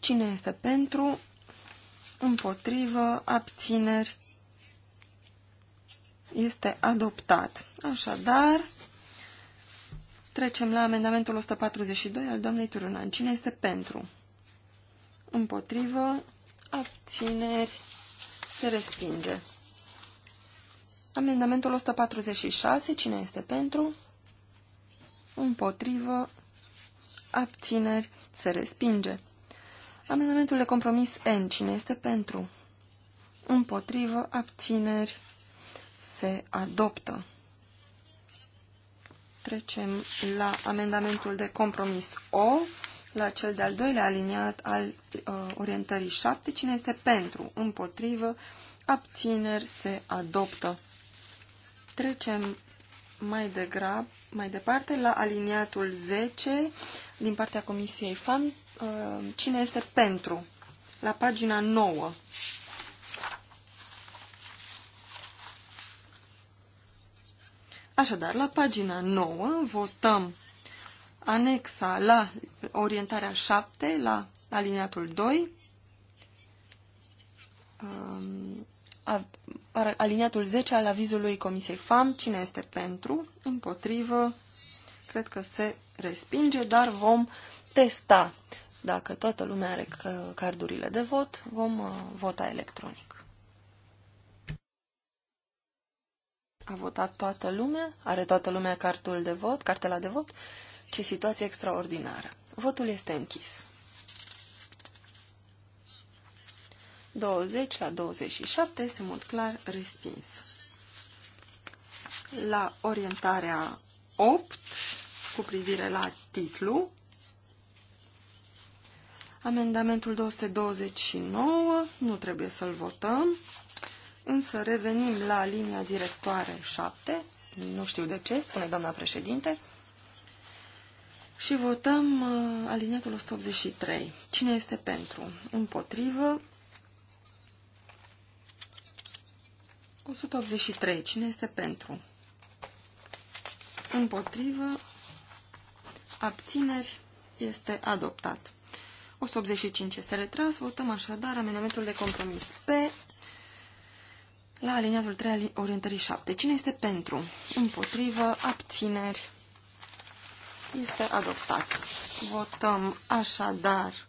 [SPEAKER 2] cine este pentru, împotrivă, abțineri, este adoptat. Așadar, Trecem la amendamentul 142 al doamnei Turunan. Cine este pentru? Împotrivă. Abțineri. Se respinge. Amendamentul 146. Cine este pentru? Împotrivă. Abțineri. Se respinge. Amendamentul de compromis N. Cine este pentru? Împotrivă. Abțineri. Se adoptă. Trecem la amendamentul de compromis O, la cel de-al doilea aliniat al uh, orientării 7. Cine este pentru? Împotrivă? Abțineri se adoptă. Trecem mai degrab, mai departe, la aliniatul 10 din partea Comisiei FAN. Uh, cine este pentru? La pagina 9. Așadar, la pagina 9 votăm anexa la orientarea 7, la aliniatul 2, aliniatul 10 al avizului Comisiei FAM, cine este pentru, împotrivă, cred că se respinge, dar vom testa. Dacă toată lumea are uh, cardurile de vot, vom uh, vota electronic. A votat toată lumea? Are toată lumea cartul de vot, cartela de vot? Ce situație extraordinară. Votul este închis. 20 la 27 se mult clar respins. La orientarea 8, cu privire la titlu, amendamentul 229, nu trebuie să-l votăm, Însă revenim la linia directoare 7, nu știu de ce, spune doamna președinte, și votăm uh, aliniatul 183. Cine este pentru? Împotrivă. 183. Cine este pentru? Împotrivă. Abțineri. Este adoptat. 185 este retras. Votăm așadar amendamentul de compromis P la aliniatul 3 orientării 7. Cine este pentru? Împotrivă, abțineri. Este adoptat. Votăm așadar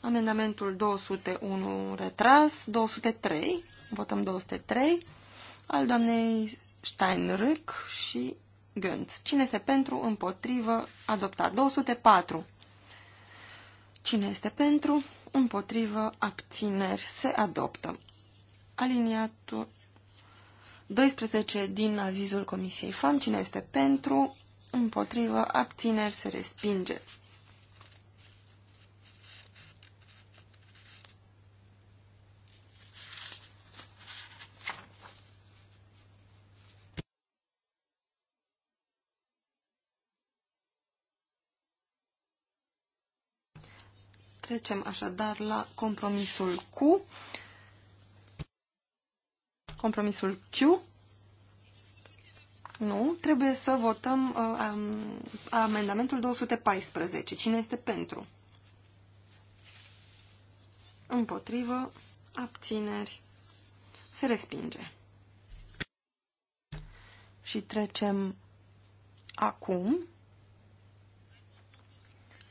[SPEAKER 2] amendamentul 201 retras, 203, votăm 203, al doamnei Steinrück și Gönz. Cine este pentru? Împotrivă, adoptat. 204. Cine este pentru? Împotrivă, abțineri, se adoptă aliniatul 12 din avizul Comisiei FAM. Cine este pentru, împotrivă, abțineri, se respinge. Trecem așadar la compromisul cu Compromisul Q? Nu, trebuie să votăm uh, amendamentul 214. Cine este pentru? Împotrivă, abțineri, se respinge. Și trecem acum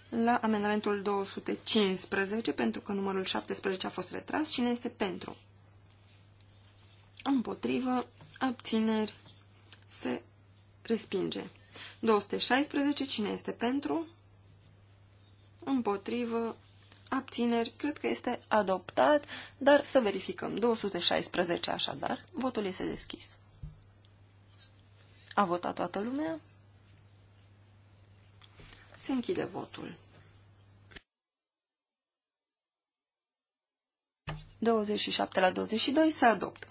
[SPEAKER 2] la amendamentul 215, pentru că numărul 17 a fost retras. Cine este pentru? împotrivă, abțineri, se respinge. 216, cine este pentru, împotrivă, abțineri, cred că este adoptat, dar să verificăm. 216 așadar, votul este deschis. A votat toată lumea? Se închide votul. 27 la 22 se adoptă.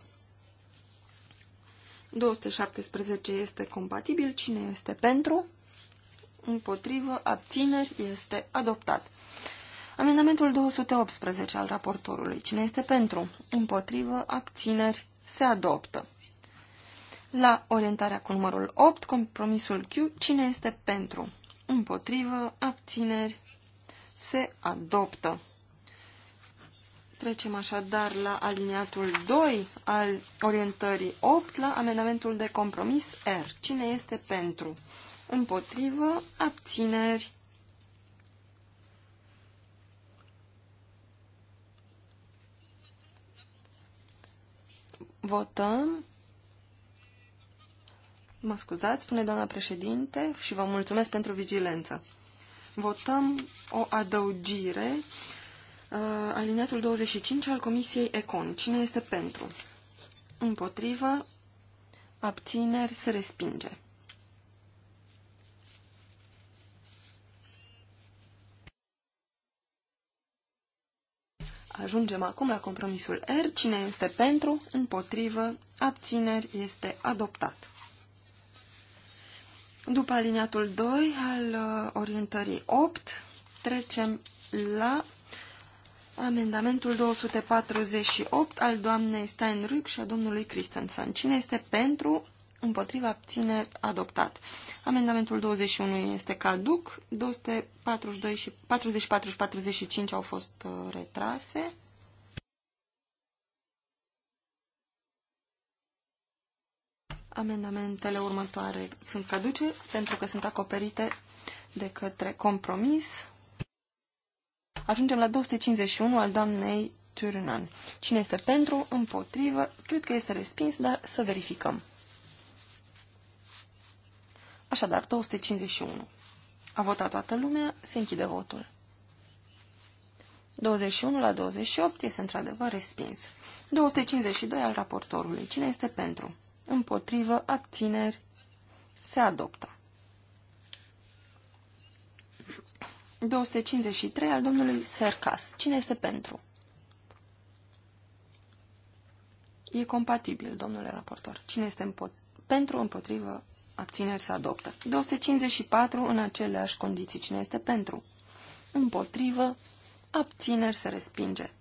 [SPEAKER 2] 217 este compatibil. Cine este pentru? Împotrivă. Abțineri. Este adoptat. Amendamentul 218 al raportorului. Cine este pentru? Împotrivă. Abțineri. Se adoptă. La orientarea cu numărul 8, compromisul Q, cine este pentru? Împotrivă, abțineri, se adoptă. Trecem așadar la aliniatul 2 al orientării 8, la amendamentul de compromis R. Cine este pentru? Împotrivă, abțineri. Votăm. Mă scuzați, spune doamna președinte, și vă mulțumesc pentru vigilență. Votăm o adăugire Uh, aliniatul 25 al Comisiei Econ. Cine este pentru? Împotrivă, abțineri, se respinge. Ajungem acum la compromisul R. Cine este pentru, împotrivă, abțineri, este adoptat. După aliniatul 2 al uh, orientării 8, trecem la Amendamentul 248 al doamnei Steinrück și a domnului Christensen. Cine este pentru, împotriva, abține, adoptat. Amendamentul 21 este caduc, 242 și 44 și 45 au fost uh, retrase. Amendamentele următoare sunt caduce pentru că sunt acoperite de către compromis Ajungem la 251 al doamnei Turnan. Cine este pentru, împotrivă, cred că este respins, dar să verificăm. Așadar, 251. A votat toată lumea, se închide votul. 21 la 28 este într-adevăr respins. 252 al raportorului. Cine este pentru? Împotrivă, abțineri, se adoptă. 253 al domnului Sercas. Cine este pentru? E compatibil, domnule raportor. Cine este împot pentru, împotrivă, abțineri se adoptă. 254 în aceleași condiții. Cine este pentru? Împotrivă, abțineri se respinge.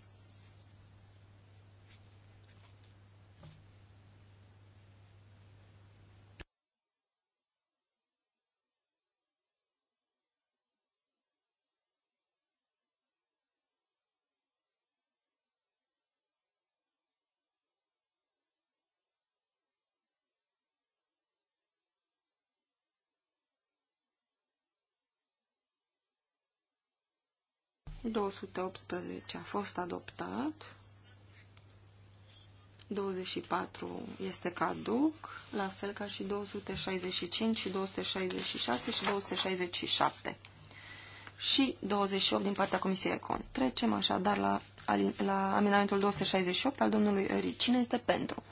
[SPEAKER 2] 218 a fost adoptat. 24 este caduc, la fel ca și 265 și 266 și 267 și 28 din partea Comisiei Econ. Trecem așadar la, la amendamentul 268 al domnului Eri. Cine este pentru?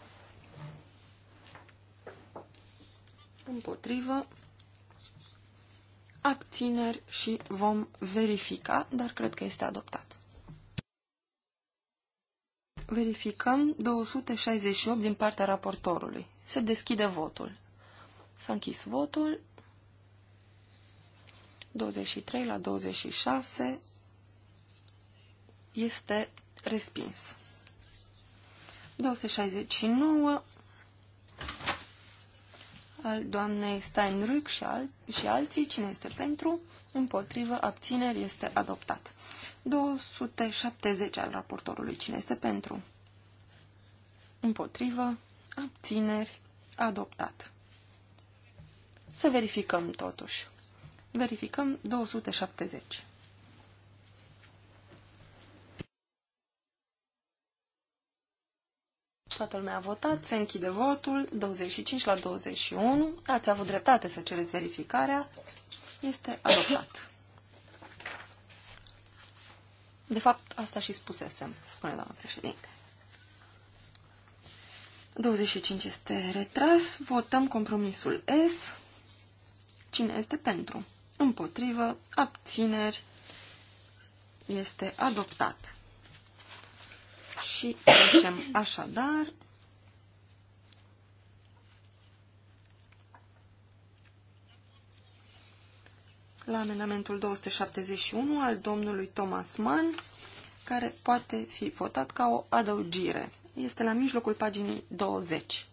[SPEAKER 2] Împotrivă abțineri și vom verifica, dar cred că este adoptat. Verificăm 268 din partea raportorului. Se deschide votul. S-a închis votul. 23 la 26 este respins. 269 al doamnei Steinrück și, al, și alții. Cine este pentru? Împotrivă. Abțineri este adoptat. 270 al raportorului. Cine este pentru? Împotrivă. Abțineri. Adoptat. Să verificăm totuși. Verificăm 270. Toată lumea a votat, se închide votul, 25 la 21. Ați avut dreptate să cereți verificarea. Este adoptat. De fapt, asta și spusesem, spune doamna președinte. 25 este retras. Votăm compromisul S. Cine este pentru? Împotrivă, abțineri, este adoptat. Și facem așadar la amendamentul 271 al domnului Thomas Mann, care poate fi votat ca o adăugire. Este la mijlocul paginii 20.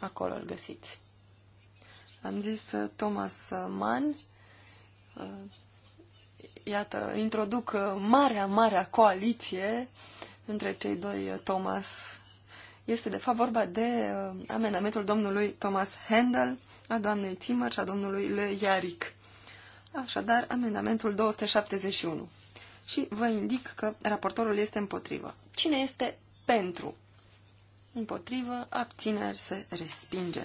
[SPEAKER 2] Acolo îl găsiți. Am zis uh, Thomas Mann. Uh, iată, introduc uh, marea, marea coaliție între cei doi uh, Thomas. Este de fapt vorba de uh, amendamentul domnului Thomas Handel, a doamnei Timăr și a domnului Le Iaric. Așadar, amendamentul 271. Și vă indic că raportorul este împotrivă. Cine este pentru? Împotrivă, abțineri se respinge.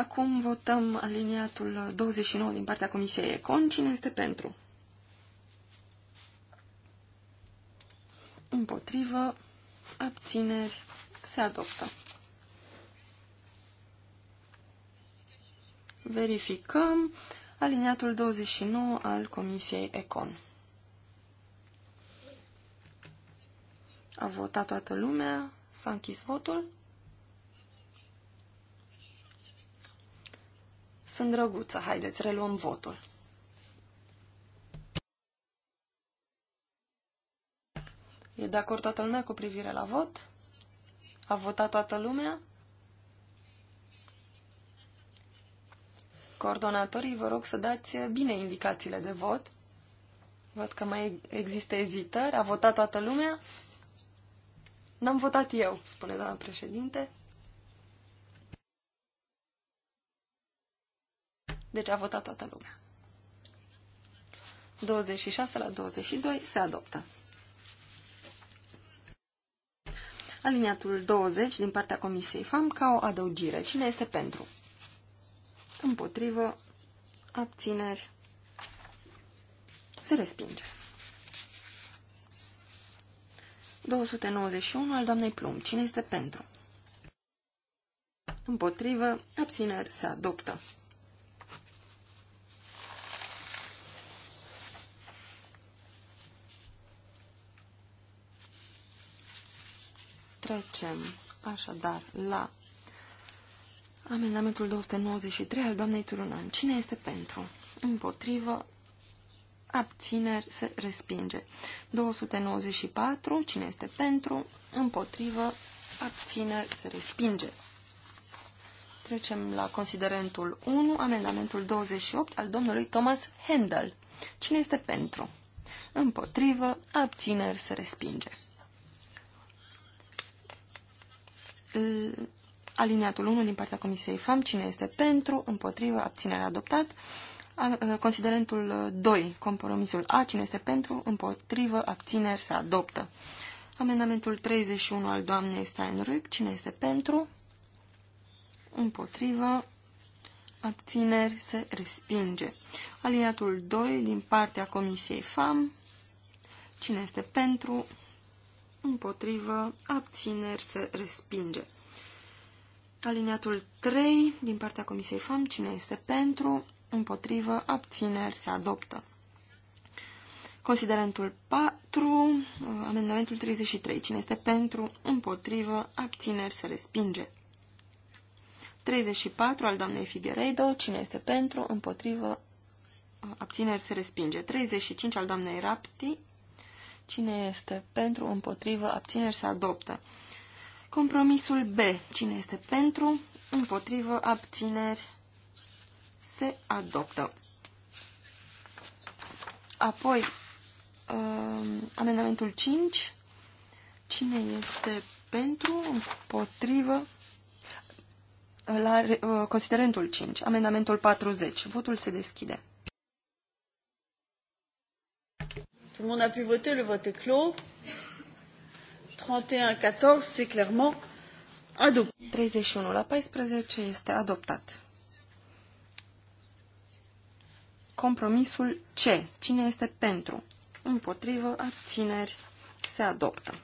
[SPEAKER 2] Acum votăm aliniatul 29 din partea Comisiei Econ. Cine este pentru? Împotrivă. Abțineri. Se adoptă. Verificăm aliniatul 29 al Comisiei Econ. A votat toată lumea. S-a închis votul. sunt drăguță. Haideți, reluăm votul. E de acord toată lumea cu privire la vot? A votat toată lumea? Coordonatorii, vă rog să dați bine indicațiile de vot. Văd că mai există ezitări. A votat toată lumea? N-am votat eu, spune doamna președinte. Deci a votat toată lumea. 26 la 22 se adoptă. Aliniatul 20 din partea Comisiei FAM ca o adăugire. Cine este pentru? Împotrivă. Abțineri. Se respinge. 291 al doamnei Plum. Cine este pentru? Împotrivă. Abțineri. Se adoptă. Trecem așadar la amendamentul 293 al doamnei Turunan. Cine este pentru? Împotrivă. Abțineri se respinge. 294. Cine este pentru? Împotrivă. Abțineri se respinge. Trecem la considerentul 1, amendamentul 28 al domnului Thomas Handel. Cine este pentru? Împotrivă, abțineri se respinge. aliniatul 1 din partea Comisiei FAM, cine este pentru, împotrivă, abținere adoptat. Considerentul 2, compromisul A, cine este pentru, împotrivă, abțineri, se adoptă. Amendamentul 31 al doamnei Steinrück, cine este pentru, împotrivă, abțineri, se respinge. Aliniatul 2 din partea Comisiei FAM, cine este pentru, împotrivă, abțineri, se respinge. Aliniatul 3 din partea Comisiei FAM, cine este pentru, împotrivă, abțineri, se adoptă. Considerentul 4, amendamentul 33, cine este pentru, împotrivă, abțineri, se respinge. 34 al doamnei Figueiredo, cine este pentru, împotrivă, abțineri, se respinge. 35 al doamnei Rapti, Cine este pentru, împotrivă, abțineri se adoptă. Compromisul B. Cine este pentru, împotrivă, abțineri se adoptă. Apoi, um, amendamentul 5. Cine este pentru, împotrivă, la uh, considerentul 5, amendamentul 40. Votul se deschide.
[SPEAKER 1] Tout le monde a pu voter, le vote est clos. 31-14, c'est clairement
[SPEAKER 2] adopté. 31 la 14 este adoptat. Compromisul C. Cine este pentru? Împotrivă, abțineri, se adoptă.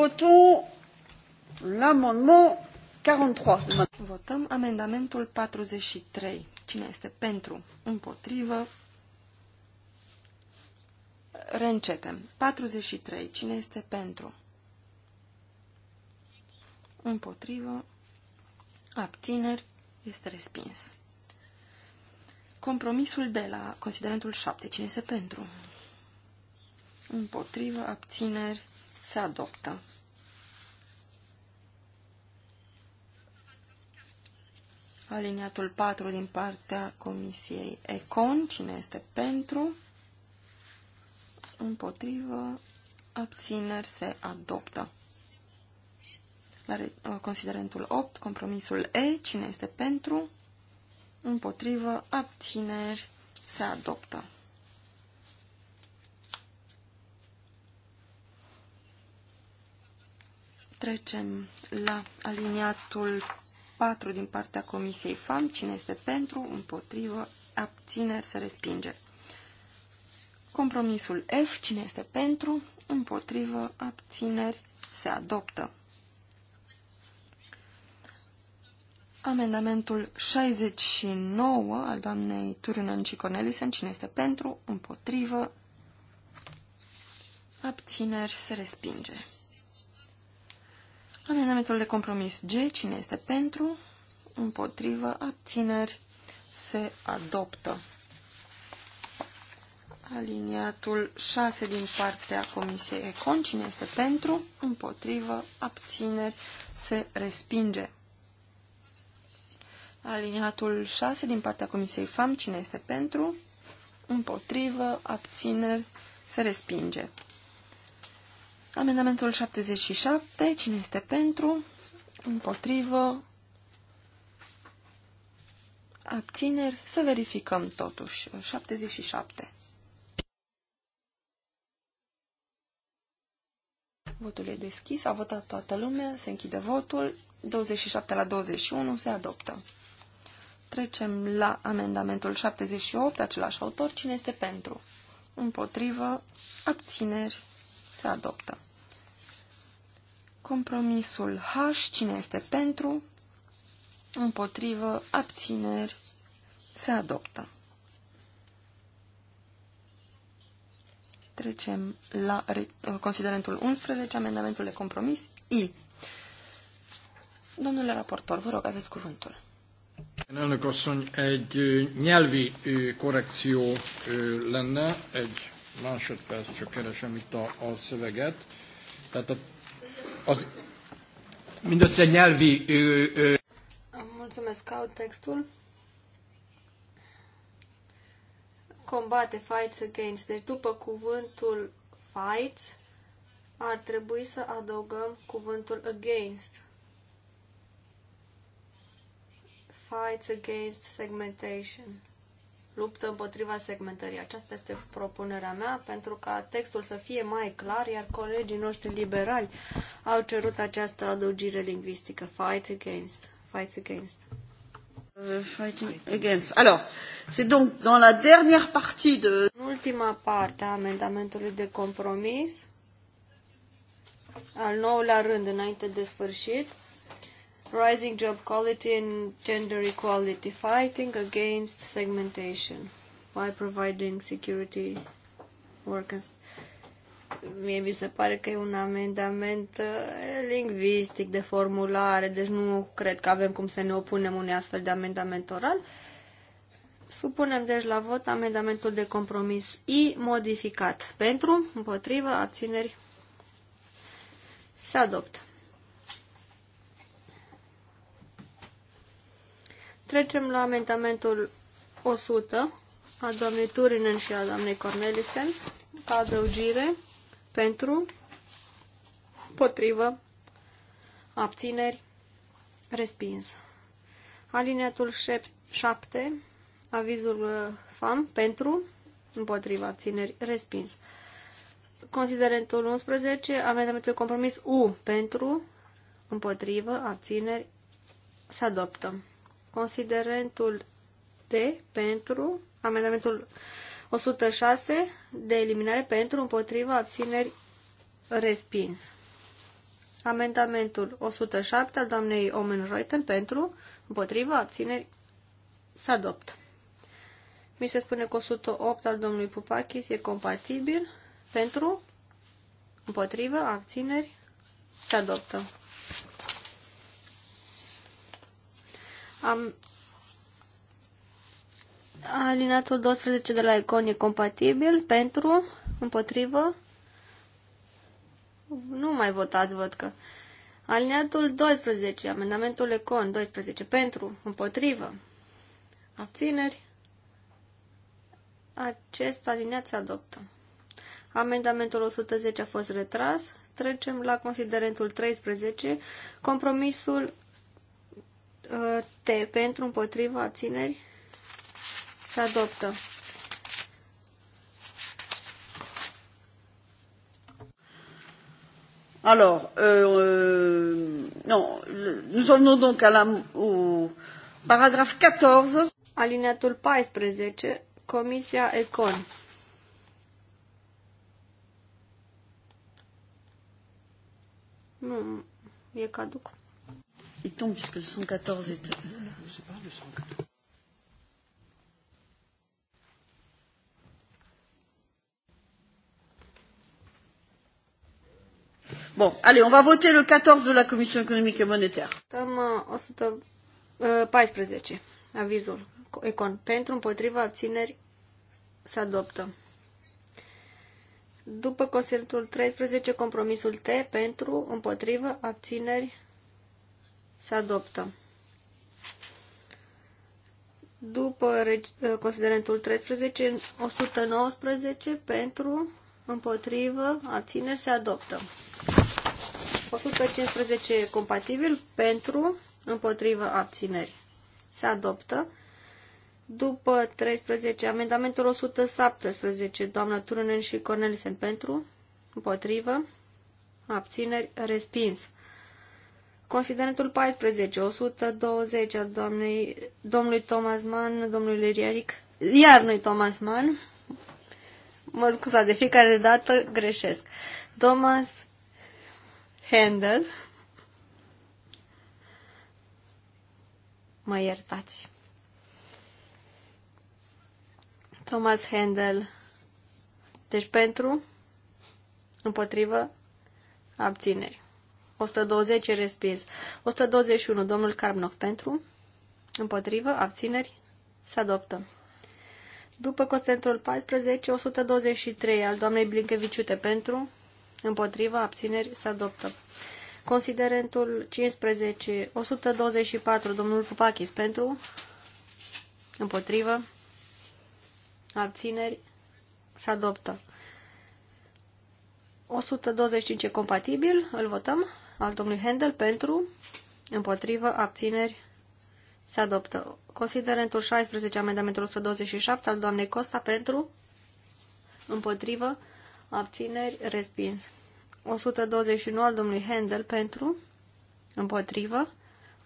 [SPEAKER 2] votons l'amendement 43. Votăm amendamentul 43. Cine este pentru? Împotrivă? Reîncepem. 43. Cine este pentru? Împotrivă? Abțineri? Este respins. Compromisul de la considerentul 7. Cine este pentru? Împotrivă? Abțineri? Se adoptă. Aliniatul 4 din partea Comisiei Econ. Cine este pentru? Împotrivă. Abțineri se adoptă. La uh, considerentul 8, compromisul E. Cine este pentru? Împotrivă. Abțineri se adoptă. Trecem la aliniatul 4 din partea Comisiei FAM. Cine este pentru, împotrivă, abțineri, se respinge. Compromisul F. Cine este pentru, împotrivă, abțineri, se adoptă. Amendamentul 69 al doamnei Turunen și Cornelisen. Cine este pentru, împotrivă, abțineri, se respinge. Amendamentul de compromis G. Cine este pentru? Împotrivă. Abțineri. Se adoptă. Aliniatul 6 din partea Comisiei Econ. Cine este pentru? Împotrivă. Abțineri. Se respinge. Aliniatul 6 din partea Comisiei FAM. Cine este pentru? Împotrivă. Abțineri. Se respinge. Amendamentul 77, cine este pentru? Împotrivă? Abțineri? Să verificăm totuși. 77. Votul e deschis, a votat toată lumea, se închide votul, 27 la 21 se adoptă. Trecem la amendamentul 78, același autor, cine este pentru? Împotrivă, abțineri, se adoptă. Compromisul H, cine este pentru, împotrivă, abțineri, se adoptă. Trecem la considerentul 11, amendamentul de compromis I. Domnule raportor, vă rog, aveți cuvântul.
[SPEAKER 4] Elnök asszony, egy nyelvi korrekció lenne, egy másodperc, csak keresem itt a, a szöveget. Tehát a, az mindössze nyelvi... Ö, ö...
[SPEAKER 3] Mulțumesc, caut textul. Combate, fights against. Deci după cuvântul fights ar trebui să adăugăm cuvântul against. Fights against segmentation luptă împotriva segmentării. Aceasta este propunerea mea pentru ca textul să fie mai clar, iar colegii noștri liberali au cerut această adăugire lingvistică. Fight against. Fight against.
[SPEAKER 1] Uh, fighting against. Alors, c'est donc dans la dernière partie de...
[SPEAKER 3] În ultima parte a amendamentului de compromis, al nouălea rând înainte de sfârșit, rising job quality and gender equality, fighting against segmentation by providing security workers. Mie mi se pare că e un amendament uh, lingvistic de formulare, deci nu cred că avem cum să ne opunem unui astfel de amendament oral. Supunem deci la vot amendamentul de compromis I modificat. Pentru, împotrivă, abțineri, se adoptă. Trecem la amendamentul 100 a doamnei Turinen și a doamnei Cornelisen ca adăugire pentru, potrivă, abțineri, respins. Alineatul 7, avizul uh, FAM, pentru, împotriva, abțineri, respins. Considerentul 11, amendamentul compromis U, pentru, împotrivă, abțineri, se adoptă. Considerentul D pentru amendamentul 106 de eliminare pentru împotriva abțineri respins. Amendamentul 107 al doamnei Omen Reuten pentru împotriva abțineri se adoptă. Mi se spune că 108 al domnului Pupachis e compatibil pentru împotriva abțineri se adoptă. Am alinatul 12 de la Icon e compatibil pentru, împotrivă. Nu mai votați, văd că. Alinatul 12, amendamentul Econ 12, pentru, împotrivă. Abțineri. Acest aliniat se adoptă. Amendamentul 110 a fost retras. Trecem la considerentul 13, compromisul T pentru împotriva abțineri se adoptă.
[SPEAKER 1] Alors, euh, euh, non, nous en venons donc à la, au
[SPEAKER 3] paragraphe 14. Alinatul 14, Comisia Econ. Nu, e caduc.
[SPEAKER 1] Il tombe puisque le 114 est... Je pas, le 114. Bun, allez, on va voter le 14 de la Commission économique et monétaire.
[SPEAKER 3] Dăm 114, uh, uh, avizul Econ. Pentru, împotriva, abțineri, se adoptă. După consentul 13, compromisul T, pentru, împotriva abțineri, se adoptă. După considerentul 13, 119 pentru, împotrivă, abțineri se adoptă. 115 compatibil pentru, împotrivă, abțineri se adoptă. După 13, amendamentul 117, doamna Turunen și Cornelisen pentru, împotrivă, abțineri, respins. Considerentul 14, 120 al doamnei, domnului Thomas Mann, domnului Leriaric, iar noi Thomas Mann, mă scuza, de fiecare dată greșesc. Thomas Handel, mă iertați. Thomas Handel, deci pentru, împotrivă, abțineri. 120 respins. 121, domnul Carmnoc pentru, împotrivă, abțineri, se adoptă. După Constantul 14, 123 al doamnei Blinkeviciute pentru, împotrivă, abțineri, se adoptă. Considerentul 15, 124, domnul Pupachis pentru, împotrivă, abțineri, se adoptă. 125 compatibil, îl votăm al domnului Handel pentru, împotrivă, abțineri, se adoptă. Considerentul 16, amendamentul 127 al doamnei Costa pentru, împotrivă, abțineri, respins. 129 al domnului Handel pentru, împotrivă,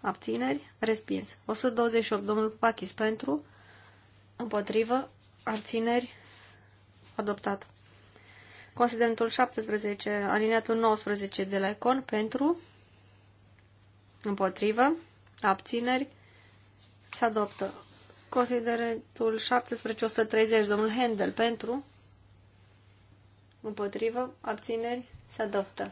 [SPEAKER 3] abțineri, respins. 128 domnul Pachis pentru, împotrivă, abțineri, adoptat. Considerentul 17, alineatul 19 de la icon pentru, împotrivă, abțineri, se adoptă. Considerentul 1730, domnul Handel, pentru, împotrivă, abțineri, se adoptă.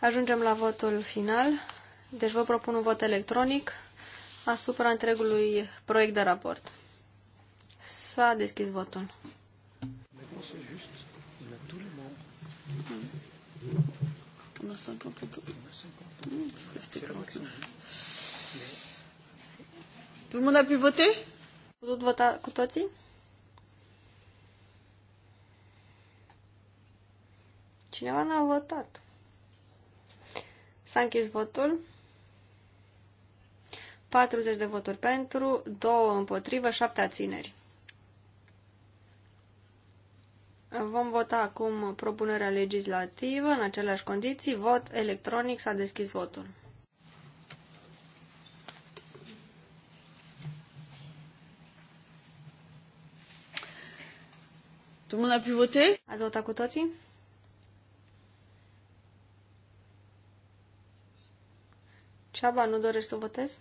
[SPEAKER 3] Ajungem la votul final. Deci vă propun un vot electronic asupra întregului proiect de raport. S-a deschis votul.
[SPEAKER 4] Tout
[SPEAKER 1] le monde a pu voter? Putut vota cu toții?
[SPEAKER 3] Cineva n-a votat. S-a închis votul. 40 de voturi pentru, 2 împotrivă, 7 abțineri. Vom vota acum propunerea legislativă în aceleași condiții. Vot electronic. S-a deschis votul. Tout a pu Ați votat cu toții? Ceaba, nu dorești să votez?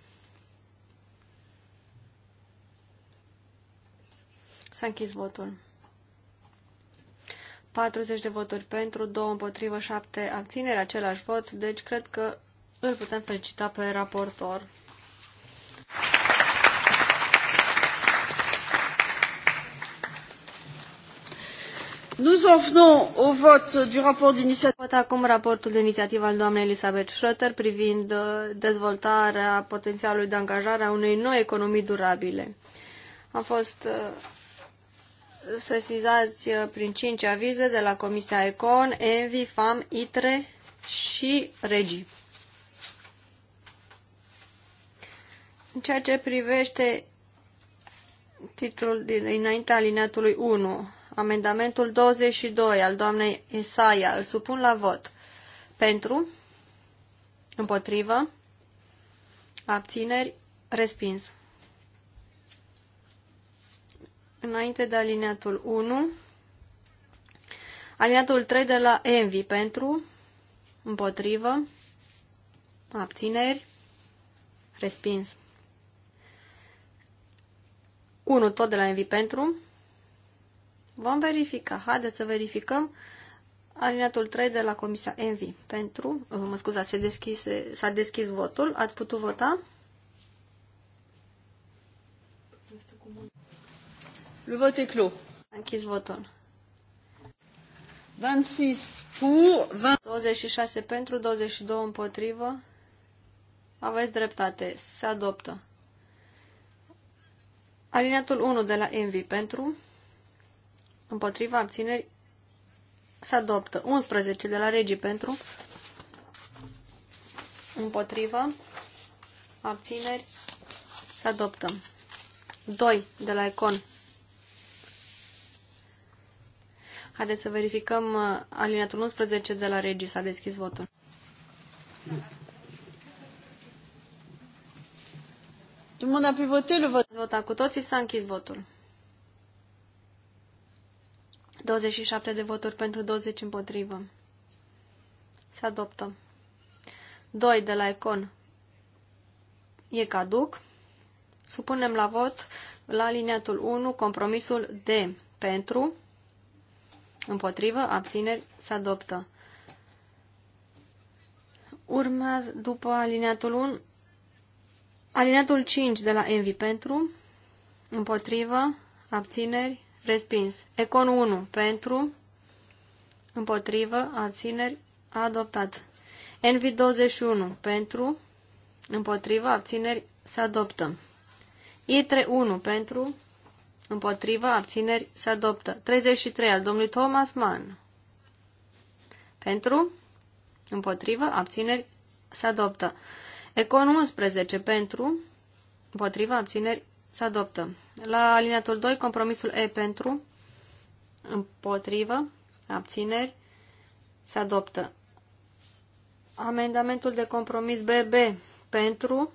[SPEAKER 3] S-a închis votul. 40 de voturi pentru, 2 împotrivă, 7 abțineri, același vot, deci cred că îl putem felicita pe raportor. Nous offrons au vote du rapport d'initiative. Vot acum raportul de inițiativă al doamnei Elisabeth Schröter privind uh, dezvoltarea potențialului de angajare a unei noi economii durabile. Am fost uh, sesizați uh, prin 5 avize de la Comisia Econ, Envi, FAM, ITRE și Regi. În ceea ce privește titlul înaintea alineatului 1, amendamentul 22 al doamnei Isaia, îl supun la vot. Pentru, împotrivă, abțineri, respins. înainte de alineatul 1. Alineatul 3 de la Envy pentru, împotrivă, abțineri, respins. 1 tot de la Envy pentru. Vom verifica. Haideți să verificăm alineatul 3 de la Comisia Envy pentru. Mă scuza, s-a deschis, deschis votul. Ați putut vota? Le vote est clos. Închis votul. 26 pour, 20... 26 pentru, 22 împotrivă. Aveți dreptate. Se adoptă. Alineatul 1 de la Envy pentru, împotriva abțineri, se adoptă. 11 de la Regii pentru, împotriva abțineri, se adoptă. 2 de la Econ Haideți să verificăm uh, alineatul 11 de la Regis. S-a deschis votul. Tout le monde votul pu voter cu toții, s-a închis votul. 27 de voturi pentru 20 împotrivă. Se adoptă. 2 de la Econ. E caduc. Supunem la vot la aliniatul 1 compromisul D pentru Împotrivă, abțineri, se adoptă. Urmează după alineatul 1, alineatul 5 de la Envi pentru, împotrivă, abțineri, respins. Econ 1 pentru, împotrivă, abțineri, adoptat. Envi 21 pentru, împotrivă, abțineri, se adoptă. i 1 pentru, Împotriva abțineri se adoptă. 33 al domnului Thomas Mann. Pentru? Împotrivă abțineri se adoptă. Econ 11 pentru? Împotriva abțineri se adoptă. La alineatul 2, compromisul E pentru? Împotrivă abțineri se adoptă. Amendamentul de compromis BB pentru?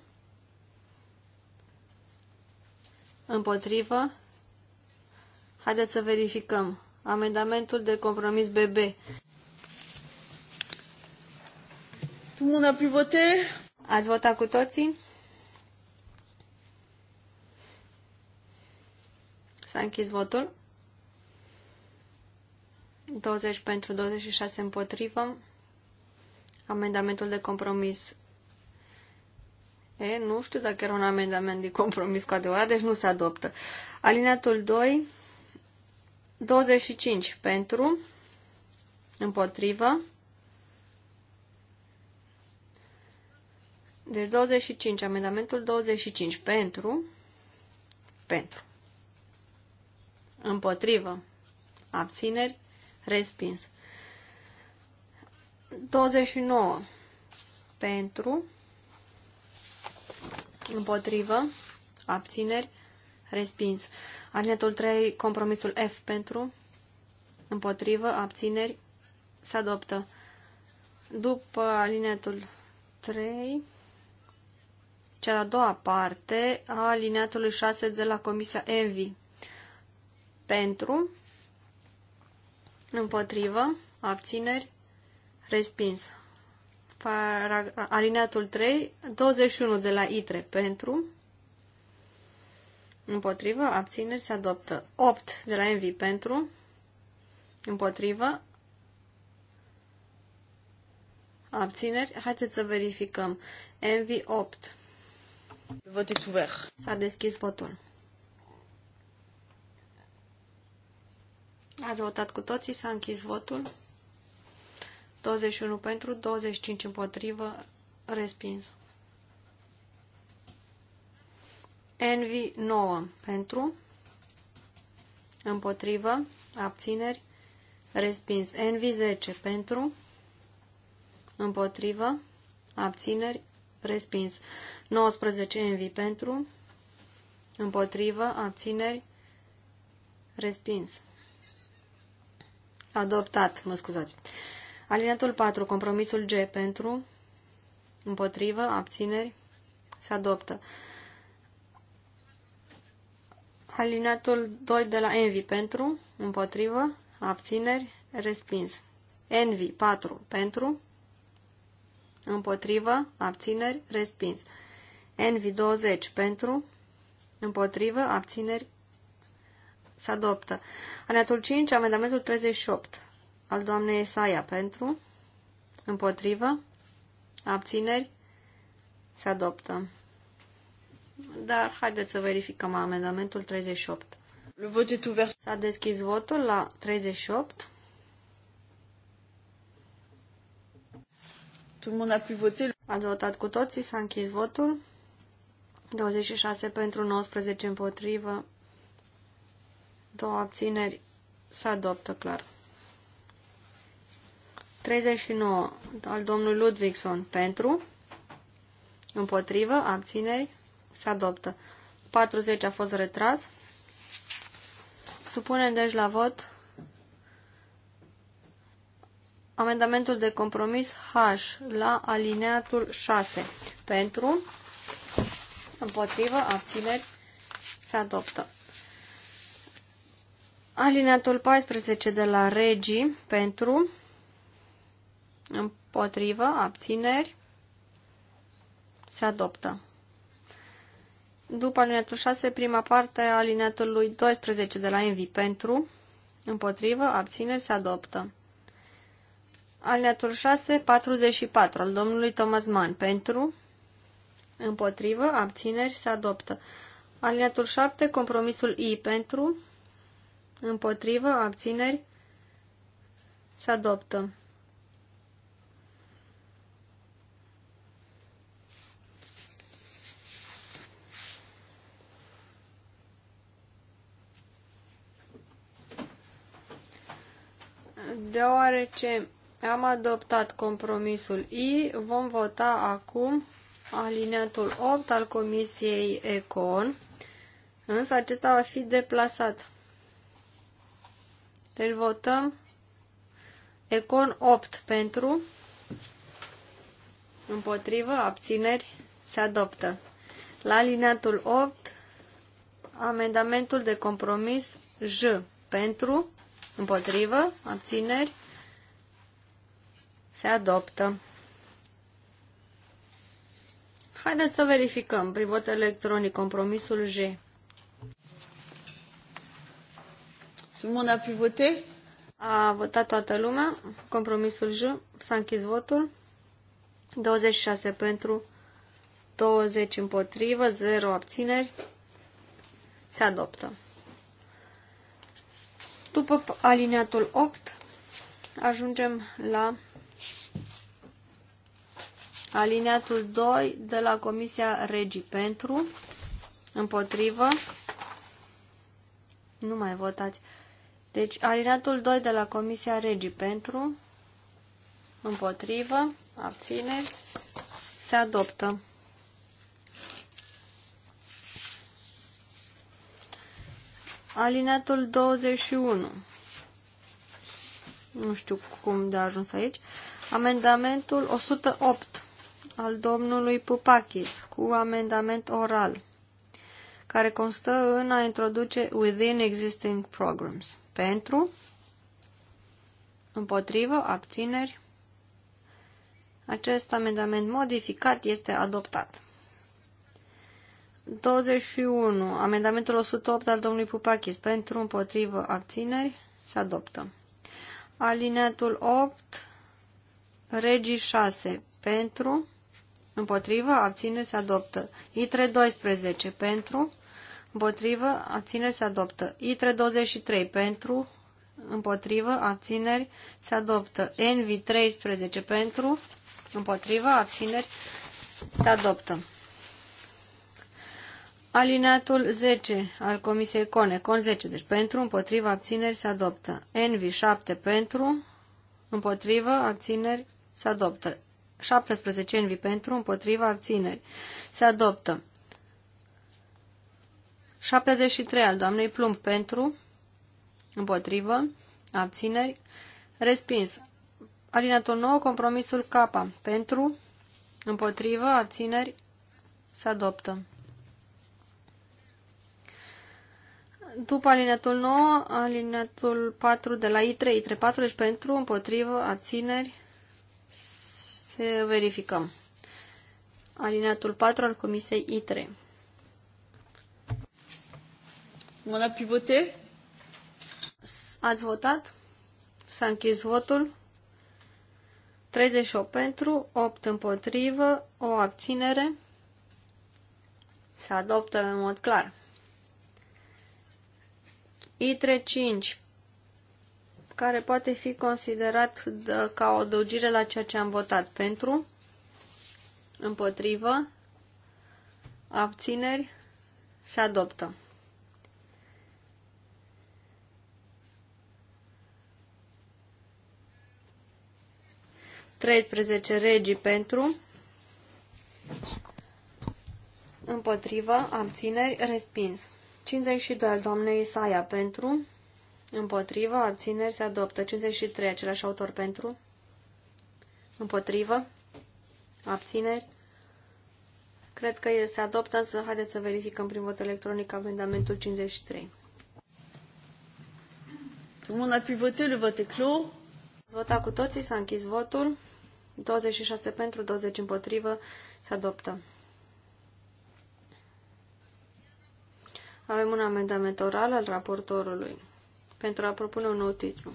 [SPEAKER 3] Împotrivă Haideți să verificăm. Amendamentul de compromis BB. Tout le a Ați votat cu toții? S-a închis votul. 20 pentru 26 împotrivă. Amendamentul de compromis. E, nu știu dacă era un amendament de compromis cu adevărat, deci nu se adoptă. Alineatul 2, 25 pentru, împotrivă. Deci 25, amendamentul 25 pentru, pentru, împotrivă, abțineri, respins. 29 pentru, împotrivă, abțineri, respins. Alineatul 3, compromisul F pentru, împotrivă, abțineri, se adoptă. După alineatul 3, cea a doua parte a alineatului 6 de la Comisia ENVI. Pentru, împotrivă, abțineri, respins. Alineatul 3, 21 de la ITRE pentru, Împotrivă, abțineri, se adoptă. 8 de la Envy pentru. Împotrivă. Abțineri. Haideți să verificăm. Envy 8. Vot ouvert. S-a deschis votul. Ați votat cu toții, s-a închis votul. 21 pentru, 25 împotrivă, respins. Envy 9 pentru, împotrivă, abțineri, respins. Envy 10 pentru, împotrivă, abțineri, respins. 19 Envy pentru, împotrivă, abțineri, respins. Adoptat, mă scuzați. Alineatul 4, compromisul G pentru, împotrivă, abțineri, se adoptă. Alineatul 2 de la Envy pentru, împotrivă, abțineri, respins. Envy 4 pentru, împotrivă, abțineri, respins. Envy 20 pentru, împotrivă, abțineri, se adoptă. Alineatul 5, amendamentul 38 al doamnei Esaia pentru, împotrivă, abțineri, se adoptă dar haideți să verificăm amendamentul 38. Le vot est ouvert. S-a deschis votul la 38. Tout le monde a pu voter. Ați votat cu toții, s-a închis votul. 26 pentru 19 împotrivă. Două abțineri. Se adoptă clar. 39 al domnului Ludvigson pentru. Împotrivă, abțineri, se adoptă. 40 a fost retras. Supunem deci la vot amendamentul de compromis H la alineatul 6. Pentru, împotrivă, abțineri, se adoptă. Alineatul 14 de la regii pentru, împotrivă, abțineri, se adoptă. După alineatul 6, prima parte a alineatului 12 de la Envi pentru, împotrivă, abțineri, se adoptă. Alineatul 6, 44 al domnului Thomas Mann pentru, împotrivă, abțineri, se adoptă. Alineatul 7, compromisul I pentru, împotrivă, abțineri, se adoptă. Deoarece am adoptat compromisul I, vom vota acum alineatul 8 al Comisiei Econ, însă acesta va fi deplasat. Deci votăm Econ 8 pentru, împotrivă, abțineri, se adoptă. La alineatul 8, amendamentul de compromis J pentru, Împotrivă? Abțineri? Se adoptă. Haideți să verificăm prin vot electronic compromisul G. Tout le monde a pu voter? A votat toată lumea. Compromisul J. S-a închis votul. 26 pentru, 20 împotrivă, 0 abțineri. Se adoptă. După alineatul 8, ajungem la alineatul 2 de la Comisia Regii pentru, împotrivă, nu mai votați. Deci, alineatul 2 de la Comisia Regii pentru, împotrivă, abțineri, se adoptă. Alinatul 21. Nu știu cum de a ajuns aici. Amendamentul 108 al domnului Pupakis cu amendament oral care constă în a introduce within existing programs. Pentru, împotrivă, abțineri. Acest amendament modificat este adoptat. 21. Amendamentul 108 al domnului Pupachis. Pentru, împotrivă, abțineri. Se adoptă. Alineatul 8. Regii 6. Pentru, împotrivă, abțineri. Se adoptă. ITRE 12. Pentru, împotrivă, abțineri. Se adoptă. ITRE 23. Pentru, împotrivă, abțineri. Se adoptă. ENVI 13. Pentru, împotrivă, abțineri. Se adoptă. Alineatul 10 al Comisiei Cone, con 10, deci pentru, împotriva, abțineri, se adoptă. Envi 7 pentru, împotrivă, abțineri, se adoptă. 17 envi pentru, împotriva, abțineri, se adoptă. 73 al doamnei Plumb pentru, împotrivă, abțineri, respins. Alineatul 9, compromisul K, pentru, împotrivă, abțineri, se adoptă. După alineatul 9, alineatul 4 de la I3, I3 4, deci pentru, împotrivă, abțineri, se verificăm. Alineatul 4 al Comisiei I3. On pivote. Ați votat? S-a închis votul. 38 pentru, 8 împotrivă, o abținere. Se adoptă în mod clar. ITRE 5, care poate fi considerat ca o adăugire la ceea ce am votat pentru, împotrivă, abțineri, se adoptă. Treisprezece regii pentru, împotrivă, abțineri, respins. 52 al doamnei Isaia pentru, împotrivă, abțineri se adoptă. 53 același autor pentru, împotrivă, abțineri. Cred că se adoptă, însă haideți să verificăm prin vot electronic amendamentul 53. Tout le monde a pu voter, le vote est clos. Ați votat cu toții, s închis votul. 26 pentru, 20 împotrivă, se adoptă. Avem un amendament oral al raportorului pentru a propune un nou titlu.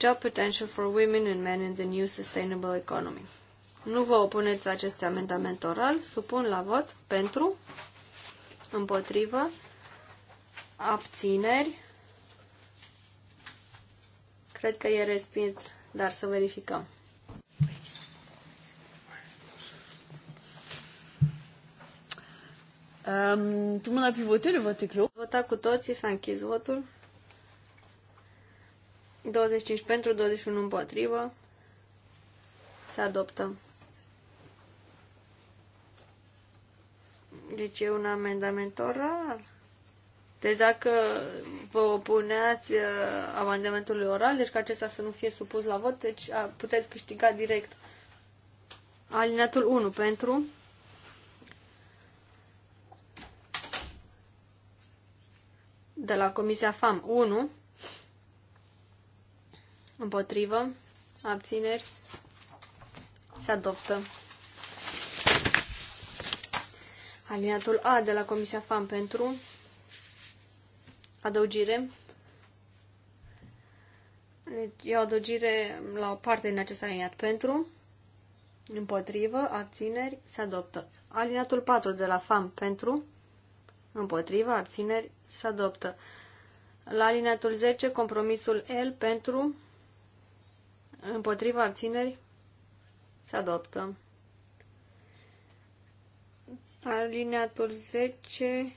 [SPEAKER 3] Job Potential for Women and Men in the New Sustainable Economy. Nu vă opuneți acest amendament oral, supun la vot pentru, împotrivă, abțineri. Cred că e respins, dar să verificăm. Um, tout le a pu voter, le vote est clos. Vota cu toții, s-a închis votul. 25 pentru, 21 împotrivă. Se adoptă. Deci e un amendament oral. Deci dacă vă opuneați uh, amendamentului oral, deci ca acesta să nu fie supus la vot, deci a, puteți câștiga direct alineatul 1 pentru de la Comisia FAM 1 împotrivă abțineri se adoptă. Aliniatul A de la Comisia FAM pentru adăugire. Deci e o adăugire la o parte din acest aliniat pentru, împotrivă, abțineri, se adoptă. Aliniatul 4 de la FAM pentru, Împotriva abțineri se adoptă. La alineatul 10, compromisul L pentru împotriva abțineri se adoptă. Alineatul 10,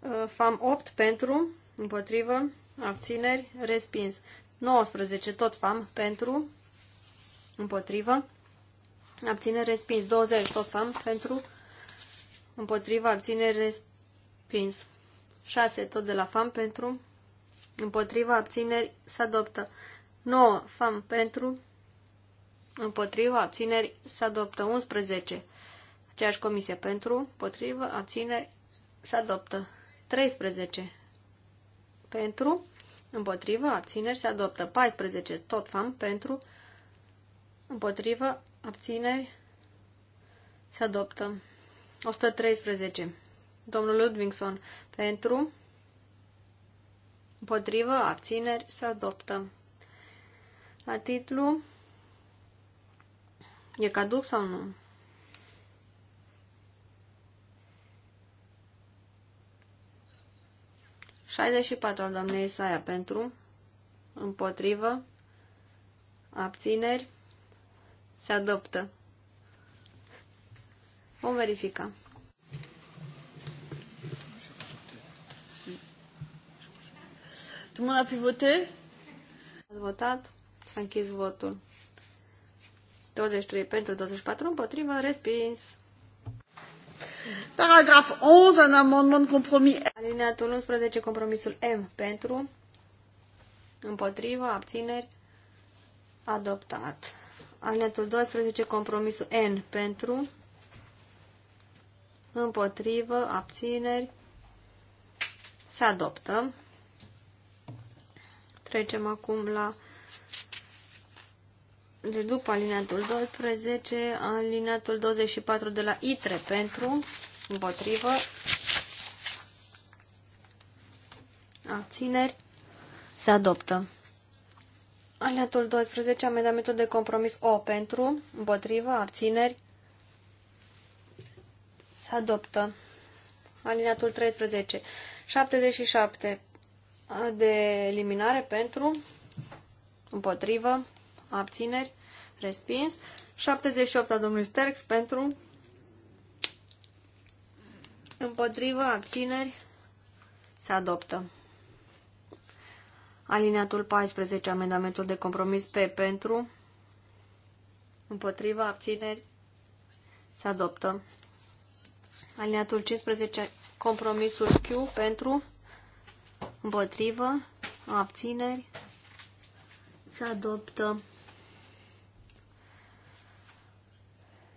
[SPEAKER 3] uh, FAM 8 pentru împotriva abțineri respins. 19, tot FAM pentru împotriva abțineri respins. 20, tot FAM pentru împotriva abțineri respins. 6. Tot de la FAM pentru, împotriva abțineri se adoptă. 9. FAM pentru, împotriva abțineri se adoptă. 11. Aceeași comisie pentru, împotriva abțineri se adoptă. 13. Pentru, împotriva abțineri se adoptă. 14. Tot FAM pentru, împotriva abțineri se adoptă. 113. Domnul Ludvingson. Pentru. Împotrivă. Abțineri. Se adoptă. La titlu. E caduc sau nu? Șaizeci și patru al doamnei Isaia pentru, împotrivă, abțineri, se adoptă. Vom verifica. Tu le monde a Ați votat? S-a închis votul. 23 pentru, 24 împotrivă, respins. Paragraf 11, un amendament compromis. Alineatul 11, compromisul M pentru, împotrivă, abțineri, adoptat. Alineatul 12, compromisul N pentru, împotrivă, abțineri, se adoptă. Trecem acum la deci după alineatul 12, alineatul 24 de la ITRE pentru, împotrivă, abțineri, se adoptă. Alineatul 12, amendamentul de compromis O pentru, împotrivă, abțineri, se adoptă. Alineatul 13. 77 de eliminare pentru, împotrivă, abțineri, respins. 78 a domnului Sterx pentru, împotrivă, abțineri, se adoptă. Alineatul 14, amendamentul de compromis P pentru, împotrivă, abțineri, se adoptă. Alineatul 15, compromisul Q pentru, împotrivă, abțineri, se adoptă.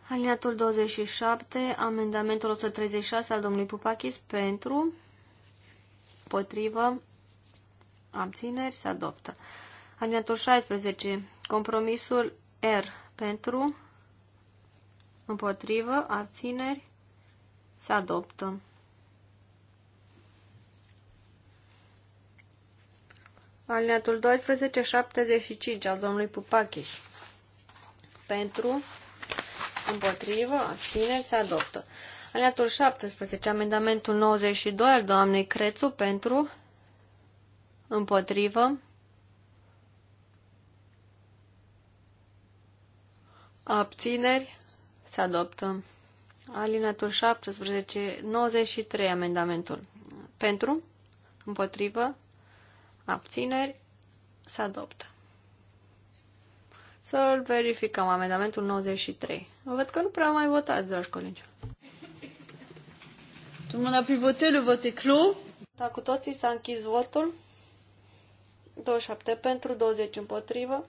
[SPEAKER 3] Alineatul 27, amendamentul 136 al domnului Pupachis pentru, împotrivă, abțineri, se adoptă. Alineatul 16, compromisul R pentru, împotrivă, abțineri, se adoptă. Alineatul 1275 al domnului Pupachis. Pentru, împotrivă, abține, se adoptă. Alineatul 17, amendamentul 92 al doamnei Crețu pentru, împotrivă, abțineri, se adoptă. Alinatul 17, 93 amendamentul. Pentru, împotrivă, abțineri, se adoptă. Să-l verificăm, amendamentul 93. Văd că nu prea mai votați, dragi colegi.
[SPEAKER 1] Tu mă monde a pu le vote clou. clos.
[SPEAKER 3] Da, cu toții s-a închis votul. 27 pentru, 20 împotrivă.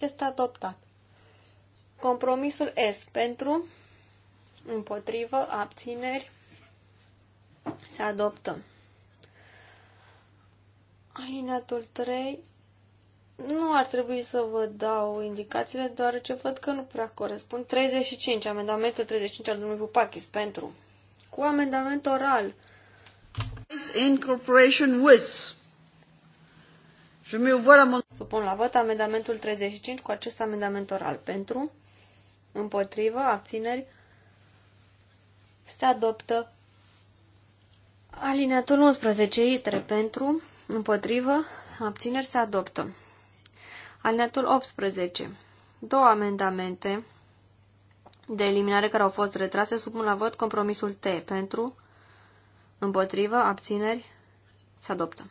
[SPEAKER 3] Este adoptat. Compromisul S pentru, împotrivă, abțineri, se adoptă. Alineatul 3. Nu ar trebui să vă dau indicațiile, deoarece văd că nu prea corespund. 35, amendamentul 35 al domnului Pupachis, pentru. Cu amendament oral. In corporation with. Je mets au Supun la vot amendamentul 35 cu acest amendament oral. Pentru. Împotrivă, abțineri, se adoptă. Alineatul 11, itre, pentru, împotrivă, abțineri, se adoptă. Alineatul 18, două amendamente de eliminare care au fost retrase, supun la vot compromisul T, pentru, împotrivă, abțineri, se adoptă.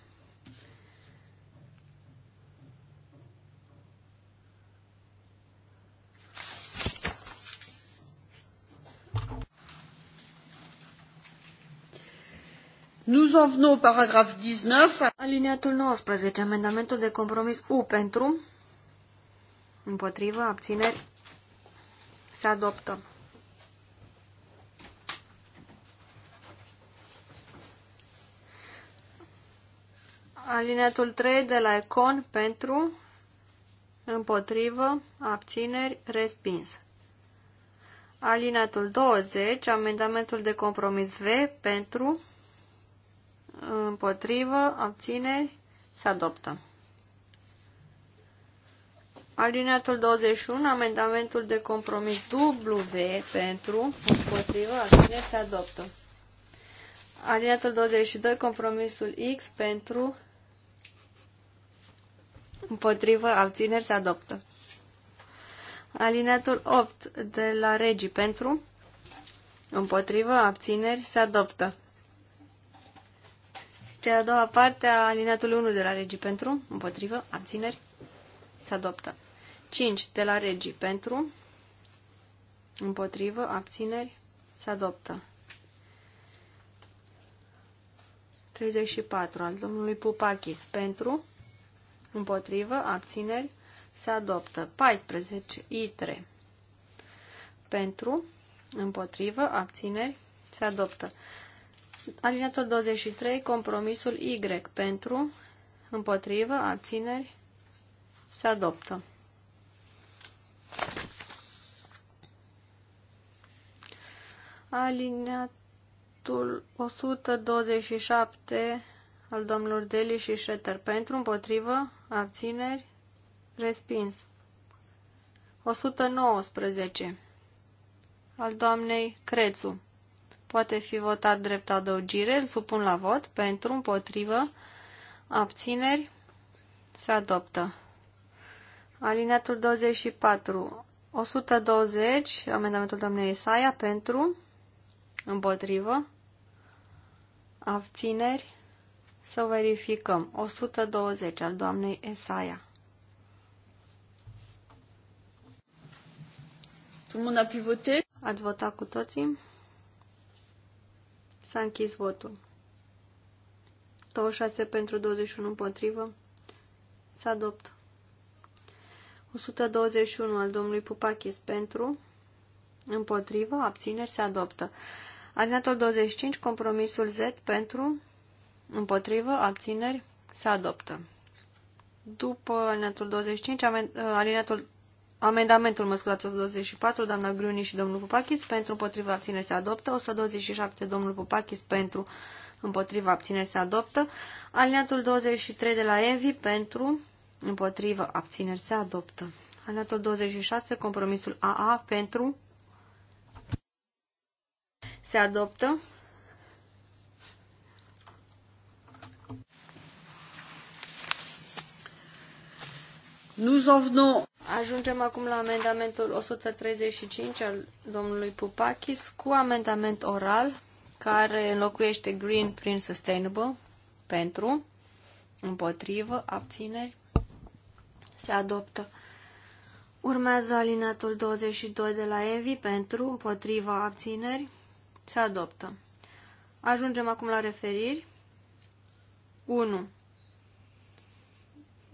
[SPEAKER 3] Nous en venons au paragraphe 19. Aliniatul 19, amendamentul de compromis U pentru, împotrivă, abțineri, se adoptă. Alineatul 3 de la Econ pentru, împotrivă, abțineri, respins. Alineatul 20, amendamentul de compromis V pentru, împotrivă, abțineri, se adoptă. Alineatul 21, amendamentul de compromis W pentru, împotrivă, abțineri, se adoptă. Alineatul 22, compromisul X pentru, împotrivă, abțineri, se adoptă. Alineatul 8 de la regii pentru, împotrivă, abțineri, se adoptă. Cea a doua parte a alineatului 1 de la regii pentru, împotrivă, abțineri, se adoptă. 5 de la regii pentru, împotrivă, abțineri, se adoptă. 34 al domnului Pupachis pentru, împotrivă, abțineri, se adoptă. 14 itre pentru, împotrivă, abțineri, se adoptă. Aliniatul 23, compromisul Y pentru, împotrivă, abțineri, se adoptă. Aliniatul 127 al domnilor Deli și Shetter, pentru, împotrivă, abțineri, respins. 119 al doamnei Crețu poate fi votat drept adăugire, îl supun la vot, pentru, împotrivă, abțineri, se adoptă. Alineatul 24, 120, amendamentul domnului Isaia, pentru, împotrivă, abțineri, să verificăm, 120 al doamnei Esaia. Tu le a Ați votat cu toții? S-a închis votul. 26 pentru 21 împotrivă. S-a adopt. 121 al domnului Pupachis pentru, împotrivă, abțineri, se adoptă. Alinatul 25, compromisul Z pentru, împotrivă, abțineri, se adoptă. După alinatul 25, alinatul Amendamentul, mă 124, doamna Gruni și domnul Pupachis, pentru împotriva abțineri se adoptă. 127, domnul Pupachis, pentru împotriva abțineri se adoptă. Alineatul 23 de la Envi, pentru împotriva abțineri se adoptă. Alineatul 26, compromisul AA, pentru se adoptă. Nous en venons. Ajungem acum la amendamentul 135 al domnului Pupakis cu amendament oral care înlocuiește green prin sustainable pentru, împotrivă, abțineri. Se adoptă. Urmează alinatul 22 de la Evi pentru, împotriva, abțineri. Se adoptă. Ajungem acum la referiri. 1.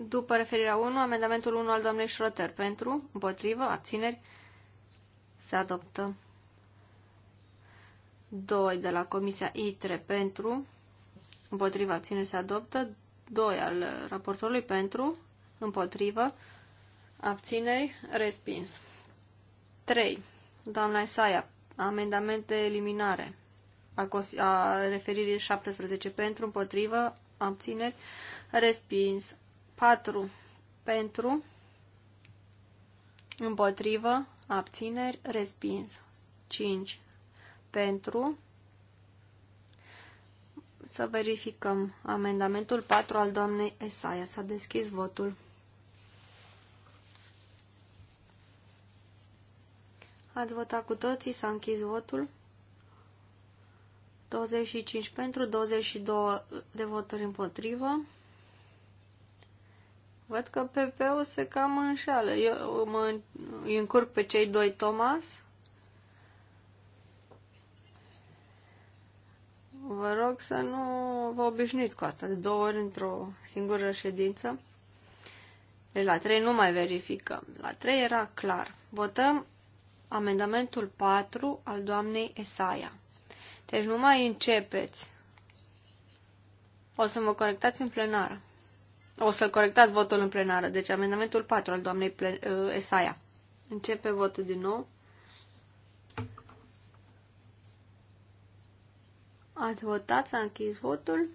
[SPEAKER 3] După referirea 1, amendamentul 1 al doamnei Schroter. Pentru, împotrivă, abțineri, se adoptă. 2 de la Comisia ITRE pentru, împotrivă, abțineri, se adoptă. 2 al raportorului pentru, împotrivă, abțineri, respins. 3. Doamna Isaia, de eliminare a, a referirii 17 pentru, împotrivă, abțineri, respins. 4 pentru, împotrivă, abțineri, respins. 5 pentru, să verificăm amendamentul 4 al doamnei Esaia. S-a deschis votul. Ați votat cu toții, s-a închis votul. 25 pentru, 22 de voturi împotrivă. Văd că PP-ul se cam înșală. Eu mă îi încurc pe cei doi Thomas. Vă rog să nu vă obișnuiți cu asta de două ori într-o singură ședință. Deci la 3 nu mai verificăm. La 3 era clar. Votăm amendamentul 4 al doamnei Esaia. Deci nu mai începeți. O să mă corectați în plenară. O să-l corectați votul în plenară. Deci amendamentul 4 al doamnei plen- uh, Esaia. Începe votul din nou. Ați votat, s-a închis votul.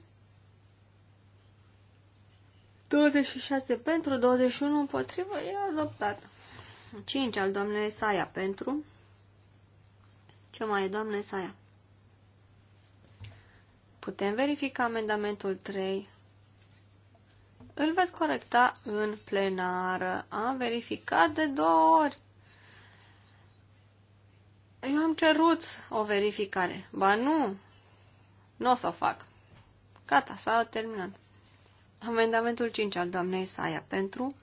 [SPEAKER 3] 26 pentru, 21 împotrivă, e adoptat. 5 al doamnei Esaia pentru. Ce mai e, doamne Esaia? Putem verifica amendamentul 3 îl veți corecta în plenară. Am verificat de două ori. Eu am cerut o verificare. Ba nu, nu o să o fac. Gata, s-a terminat. Amendamentul 5 al doamnei Saia pentru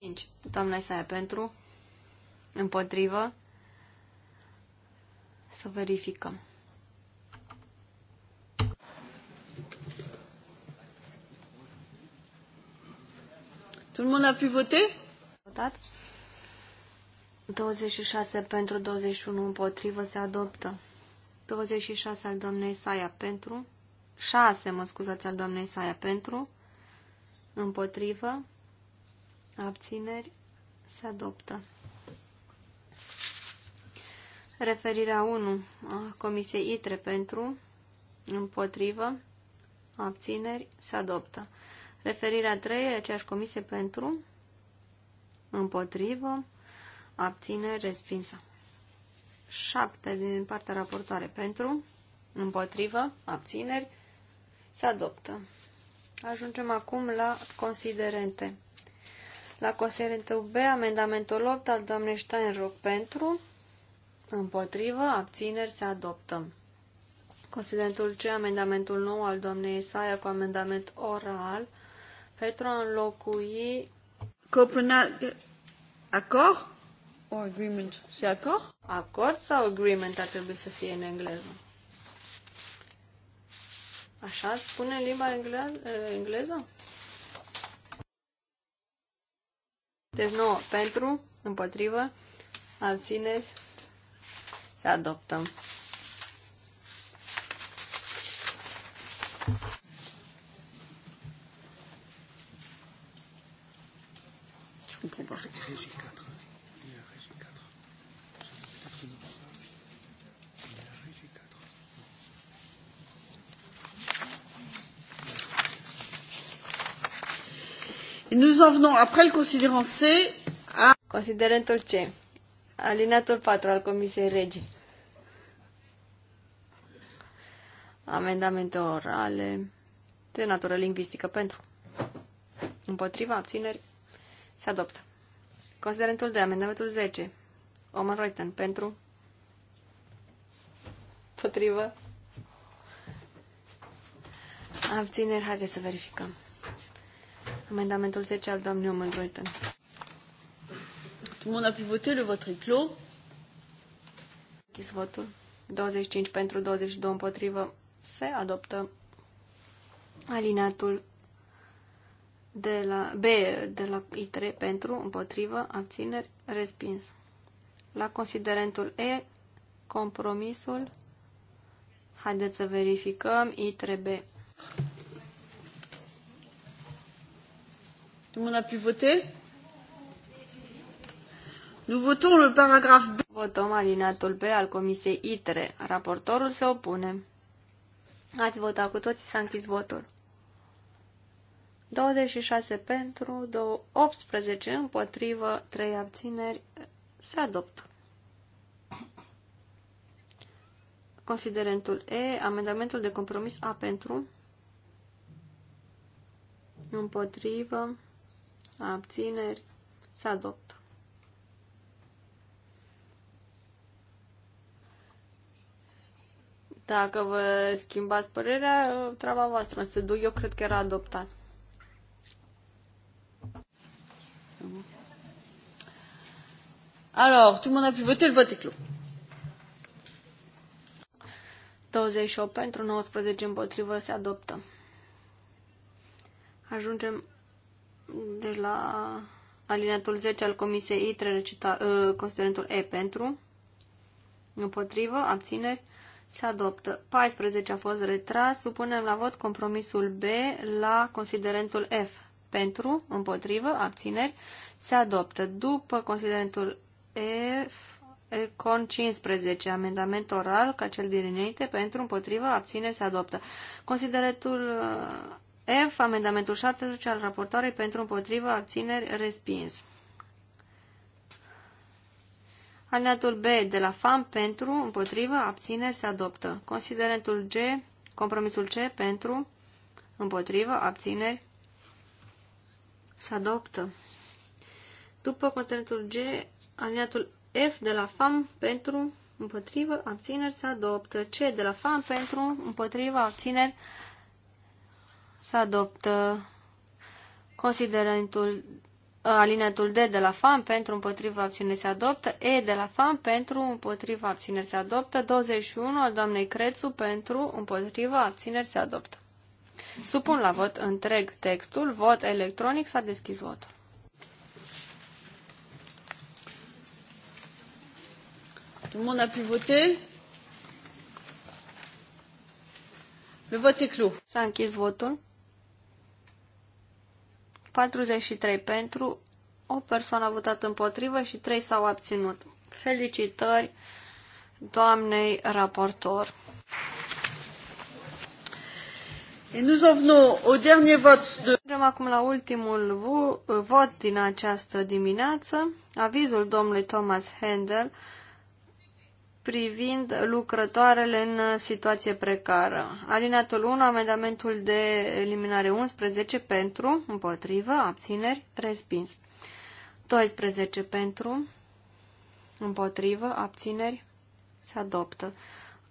[SPEAKER 3] Cinci. Doamna Isaia pentru. Împotrivă. Să verificăm. Tout le monde a pu voter? Votat. 26 pentru, 21 împotrivă, se adoptă. 26 al doamnei Saia pentru, 6, mă scuzați, al doamnei Saia pentru, împotrivă, abțineri, se adoptă. Referirea 1 a Comisiei ITRE pentru, împotrivă, abțineri, se adoptă. Referirea 3, aceeași comisie pentru, împotrivă, abțineri, respinsă. 7 din partea raportoare pentru, împotrivă, abțineri, se adoptă. Ajungem acum la considerente. La considerente UB, amendamentul 8 al doamnei Steinrock pentru, Împotrivă, abțineri, se adoptă. Considentul C, amendamentul nou al doamnei Isaia cu amendament oral pentru a înlocui... Copenhagen... Acord? Or agreement. Se acord? Acord sau agreement ar trebui să fie în engleză? Așa spune limba engleză? Deci nu, pentru, împotrivă, abțineri, se adoptă. 4.
[SPEAKER 4] 4. 4.
[SPEAKER 1] Nous en venons
[SPEAKER 3] après le considérant C à... Considérentul C. Alineatul 4 al Comisiei Regii. Amendamente orale de natură lingvistică pentru. Împotriva abțineri se adoptă. Considerentul de amendamentul 10. Oman Reuten pentru. Împotrivă. Abțineri, haideți să verificăm. Amendamentul 10 al domnului Oman Reuten.
[SPEAKER 1] Tout le monde a pu voter, le vote est clos.
[SPEAKER 3] se vote 25 pentru, 22 împotrivă. Se adoptă alineatul de la B de la I3 pentru, împotrivă, abțineri, respins. La considerentul E, compromisul, haideți să verificăm, I3B. Tout le monde a pu voter Nous votons le paragraphe B. Votăm alineatul B al Comisiei ITRE. Raportorul se opune. Ați votat cu toții, s-a închis votul. 26 pentru, 18 împotrivă, 3 abțineri. Se adoptă. Considerentul E, amendamentul de compromis A pentru, împotrivă, abțineri, se adoptă. Dacă vă schimbați părerea, treaba voastră. Se duc, eu cred că era adoptat. Alors, tout le monde a pu voter, le vote est clos. 28 pentru, 19 împotrivă, se adoptă. Ajungem deci la alineatul 10 al Comisiei I, recita, uh, considerentul E pentru, împotrivă, abțineri, se adoptă. 14 a fost retras. Supunem la vot compromisul B la considerentul F. Pentru, împotrivă, abțineri. Se adoptă. După considerentul F, Con 15, amendament oral ca cel din înainte, pentru, împotrivă, abțineri, se adoptă. Considerentul uh, F, amendamentul 17 al raportoarei pentru, împotrivă, abțineri, respins. Alineatul B de la FAM pentru, împotrivă, abțineri se adoptă. Considerentul G, compromisul C pentru, împotrivă, abțineri se adoptă. După considerentul G, alineatul F de la FAM pentru, împotrivă, abțineri se adoptă. C de la FAM pentru, împotrivă, abțineri se adoptă. Considerentul Alina D de la FAM pentru împotriva abțineri se adoptă, E de la FAM pentru împotriva abțineri se adoptă, 21 al doamnei Crețu pentru împotriva abțineri se adoptă. Supun la vot întreg textul, vot electronic, s-a deschis votul.
[SPEAKER 1] Tout le monde a pu voter. Le vote est
[SPEAKER 3] clos. S-a închis votul. 43 pentru, o persoană a votat împotrivă și 3 s-au abținut. Felicitări doamnei raportor. Et nous en venons au dernier vote de... Ajungem acum la ultimul vot din această dimineață, avizul domnului Thomas Handel privind lucrătoarele în situație precară. Alineatul 1, amendamentul de eliminare 11 pentru, împotrivă, abțineri, respins. 12 pentru, împotrivă, abțineri, se adoptă.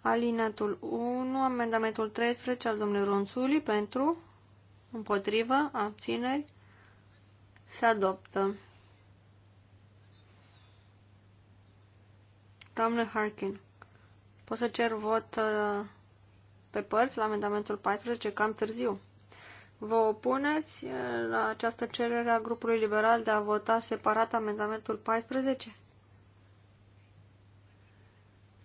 [SPEAKER 3] Alineatul 1, amendamentul 13 al domnului Ronsuli pentru, împotrivă, abțineri, se adoptă. Doamne Harkin, pot să cer vot uh, pe părți la amendamentul 14, cam târziu. Vă opuneți uh, la această cerere a grupului liberal de a vota separat amendamentul 14?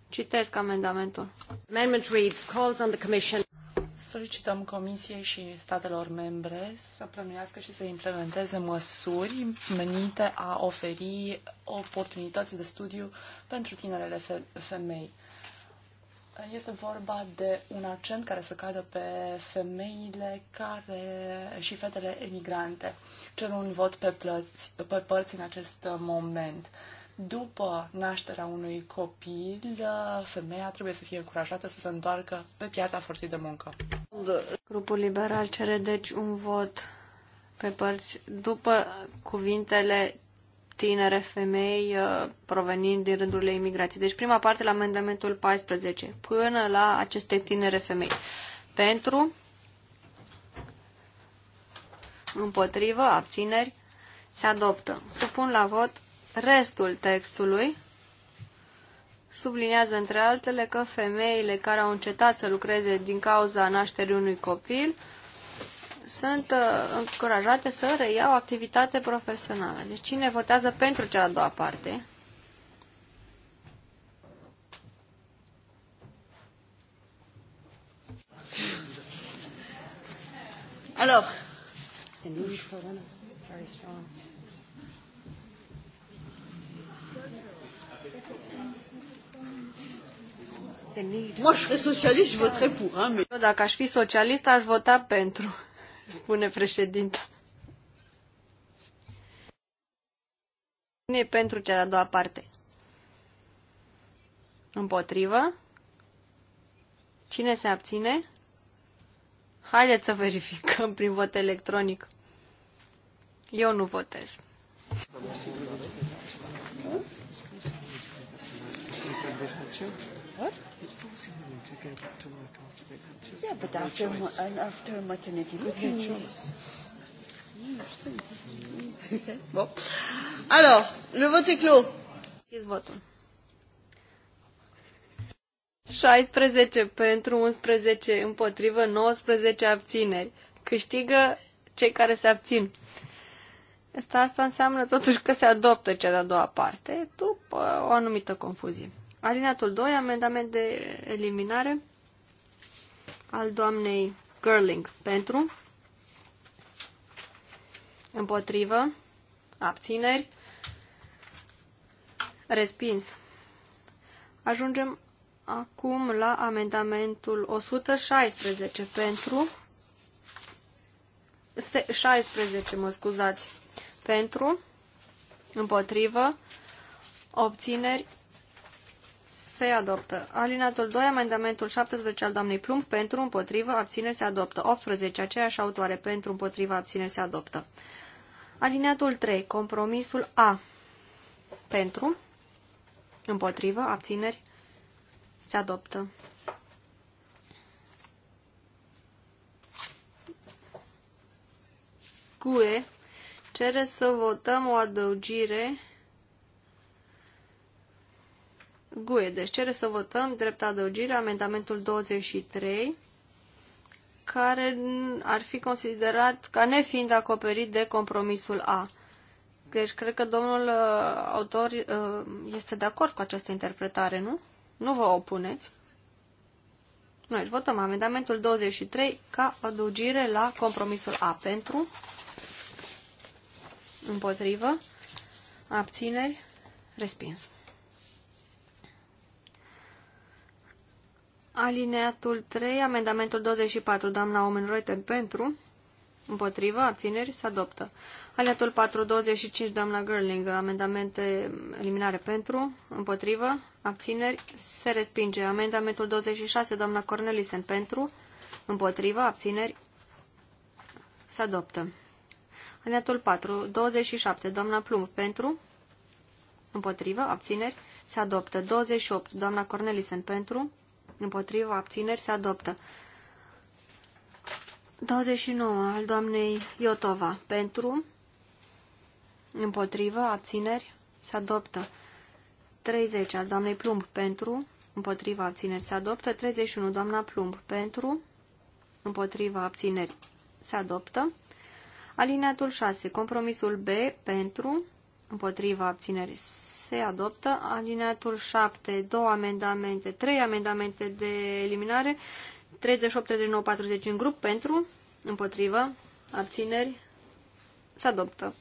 [SPEAKER 3] Citesc amendamentul.
[SPEAKER 5] Amendment reads, calls on the Commission. Solicităm Comisiei și statelor membre să plănuiască și să implementeze măsuri menite a oferi oportunități de studiu pentru tinerele femei. Este vorba de un accent care să cadă pe femeile care și fetele emigrante. Cer un vot pe, plăți, pe părți în acest moment după nașterea unui copil, femeia trebuie să fie încurajată să se întoarcă pe piața forței de muncă.
[SPEAKER 3] Grupul Liberal cere deci un vot pe părți după cuvintele tinere femei uh, provenind din rândurile imigrației. Deci prima parte la amendamentul 14 până la aceste tinere femei. Pentru, împotrivă, abțineri, se adoptă. Supun la vot restul textului subliniază între altele că femeile care au încetat să lucreze din cauza nașterii unui copil sunt uh, încurajate să reiau activitate profesională. Deci cine votează pentru cea a doua parte? Alors, Moi, je serais socialiste, je voterais pour, hein, mais... dacă aș fi socialist, aș vota pentru, spune președinta. Nu e pentru cea de-a doua parte? Împotrivă? Cine se abține? Haideți să verificăm prin vot electronic. Eu nu votez.
[SPEAKER 1] Thank you. What? It's forcing me to go back to work after Yeah, but no and after maternity leave. choice.
[SPEAKER 3] bon. Alors, le vote est clos. Închis votul. 16 pentru 11 împotrivă, 19 abțineri. Câștigă cei care se abțin. Asta, asta înseamnă totuși că se adoptă cea de-a doua parte după o anumită confuzie. Alineatul 2, amendament de eliminare al doamnei Girling. Pentru. Împotrivă. Abțineri. Respins. Ajungem acum la amendamentul 116 pentru 16, mă scuzați, pentru, împotrivă, obțineri, se adoptă. Alinatul 2, amendamentul 17 al doamnei Plumb, pentru, împotrivă, abține, se adoptă. 18, aceeași autoare, pentru, împotrivă, abține, se adoptă. Alineatul 3, compromisul A, pentru, împotrivă, abțineri, se adoptă. GUE cere să votăm o adăugire GUE. Deci cere să votăm drept adăugire amendamentul 23 care ar fi considerat ca nefiind acoperit de compromisul A. Deci cred că domnul uh, autor uh, este de acord cu această interpretare, nu? Nu vă opuneți. Noi votăm amendamentul 23 ca adăugire la compromisul A pentru, împotrivă, abțineri, respins. Alineatul 3, amendamentul 24, doamna Omen Reuter pentru, împotrivă, abțineri, se adoptă. Alineatul 4, 25, doamna Gerling, amendamente eliminare pentru, împotrivă, abțineri, se respinge. Amendamentul 26, doamna Cornelisen pentru, împotrivă, abțineri, se adoptă. Alineatul 4, 27, doamna Plumb pentru, împotrivă, abțineri, se adoptă. 28, doamna Cornelisen pentru, Împotriva abțineri se adoptă. 29 al doamnei Iotova. Pentru. Împotriva abțineri se adoptă. 30 al doamnei Plumb. Pentru. Împotriva abțineri se adoptă. 31 doamna Plumb. Pentru. Împotriva abțineri se adoptă. Alineatul 6. Compromisul B pentru împotriva abținerii se adoptă. Alineatul 7, două amendamente, trei amendamente de eliminare, 38, 39, 40 în grup pentru, împotrivă, abțineri, se adoptă.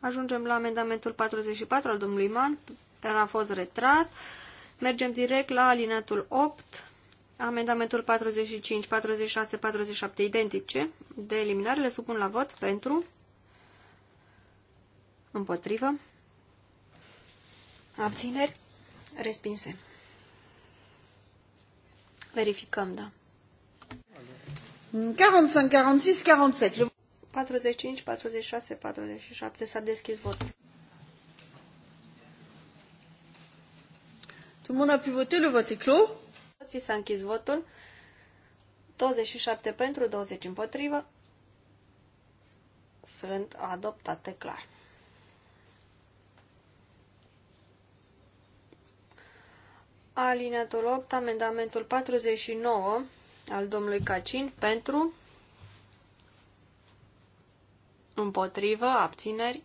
[SPEAKER 3] Ajungem la amendamentul 44 al domnului Man, care a fost retras. Mergem direct la alineatul 8, amendamentul 45, 46, 47 identice de eliminare, le supun la vot pentru, Împotrivă. Abțineri. Respinse. Verificăm, da.
[SPEAKER 1] 45, 46, 47. 45, 46, 47. S-a deschis votul. Tu le monde a pu voter, le
[SPEAKER 3] s-a închis votul. 27 pentru, 20 împotrivă. Sunt adoptate clar. Alineatul 8, amendamentul 49 al domnului Cacin pentru împotrivă, abțineri,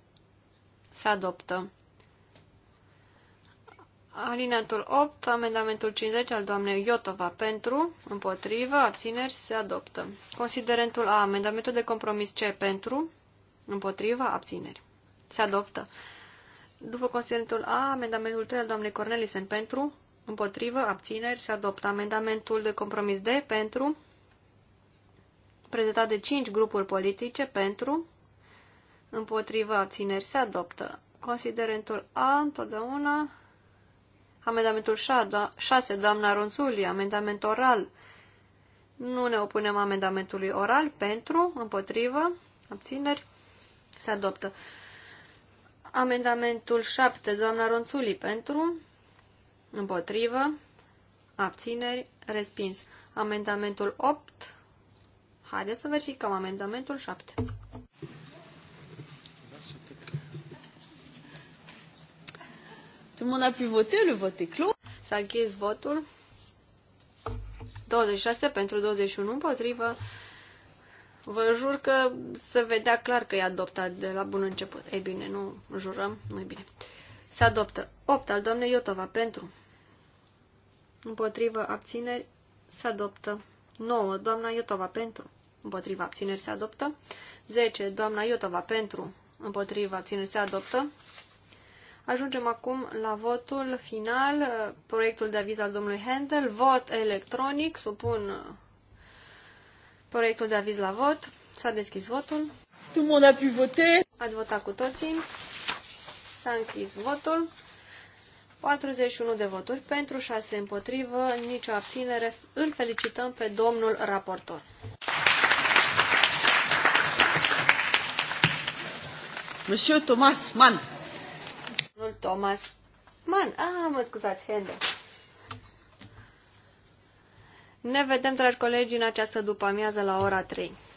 [SPEAKER 3] se adoptă. Alineatul 8, amendamentul 50 al doamnei Iotova pentru, împotrivă, abțineri, se adoptă. Considerentul A, amendamentul de compromis C pentru, împotrivă, abțineri, se adoptă. După considerentul A, amendamentul 3 al doamnei Cornelisen pentru, Împotrivă, abțineri, se adoptă amendamentul de compromis D pentru, prezentat de 5 grupuri politice pentru, împotrivă, abțineri, se adoptă. Considerentul A, întotdeauna, amendamentul 6, doamna Ronzuli, amendament oral, nu ne opunem amendamentului oral, pentru, împotrivă, abțineri, se adoptă. Amendamentul 7, doamna Ronțuli, pentru, Împotrivă. Abțineri. Respins. Amendamentul 8. Haideți să verificăm amendamentul 7. Tu mă n a pivotat, le vote est clos. S-a închis votul. 26 pentru 21 împotrivă. Vă jur că se vedea clar că e adoptat de la bun început. Ei bine, nu jurăm, nu e bine. Se adoptă. 8 al doamnei Iotova pentru. Împotrivă abțineri se adoptă. 9. Doamna Iotova pentru. Împotriva abțineri se adoptă. 10. Doamna Iotova pentru. Împotriva abțineri se adoptă. Ajungem acum la votul final. Uh, proiectul de aviz al domnului Handel. Vot electronic. Supun uh, proiectul de aviz la vot. S-a deschis votul. Tu m a pu vota Ați votat cu toții. S-a închis votul. 41 de voturi pentru, 6 împotrivă, nicio abținere. Îl felicităm pe domnul raportor.
[SPEAKER 1] Monsieur Thomas Mann.
[SPEAKER 3] Domnul Thomas Mann. Ah, mă scuzați, Hende. Ne vedem, dragi colegi, în această după-amiază la ora 3.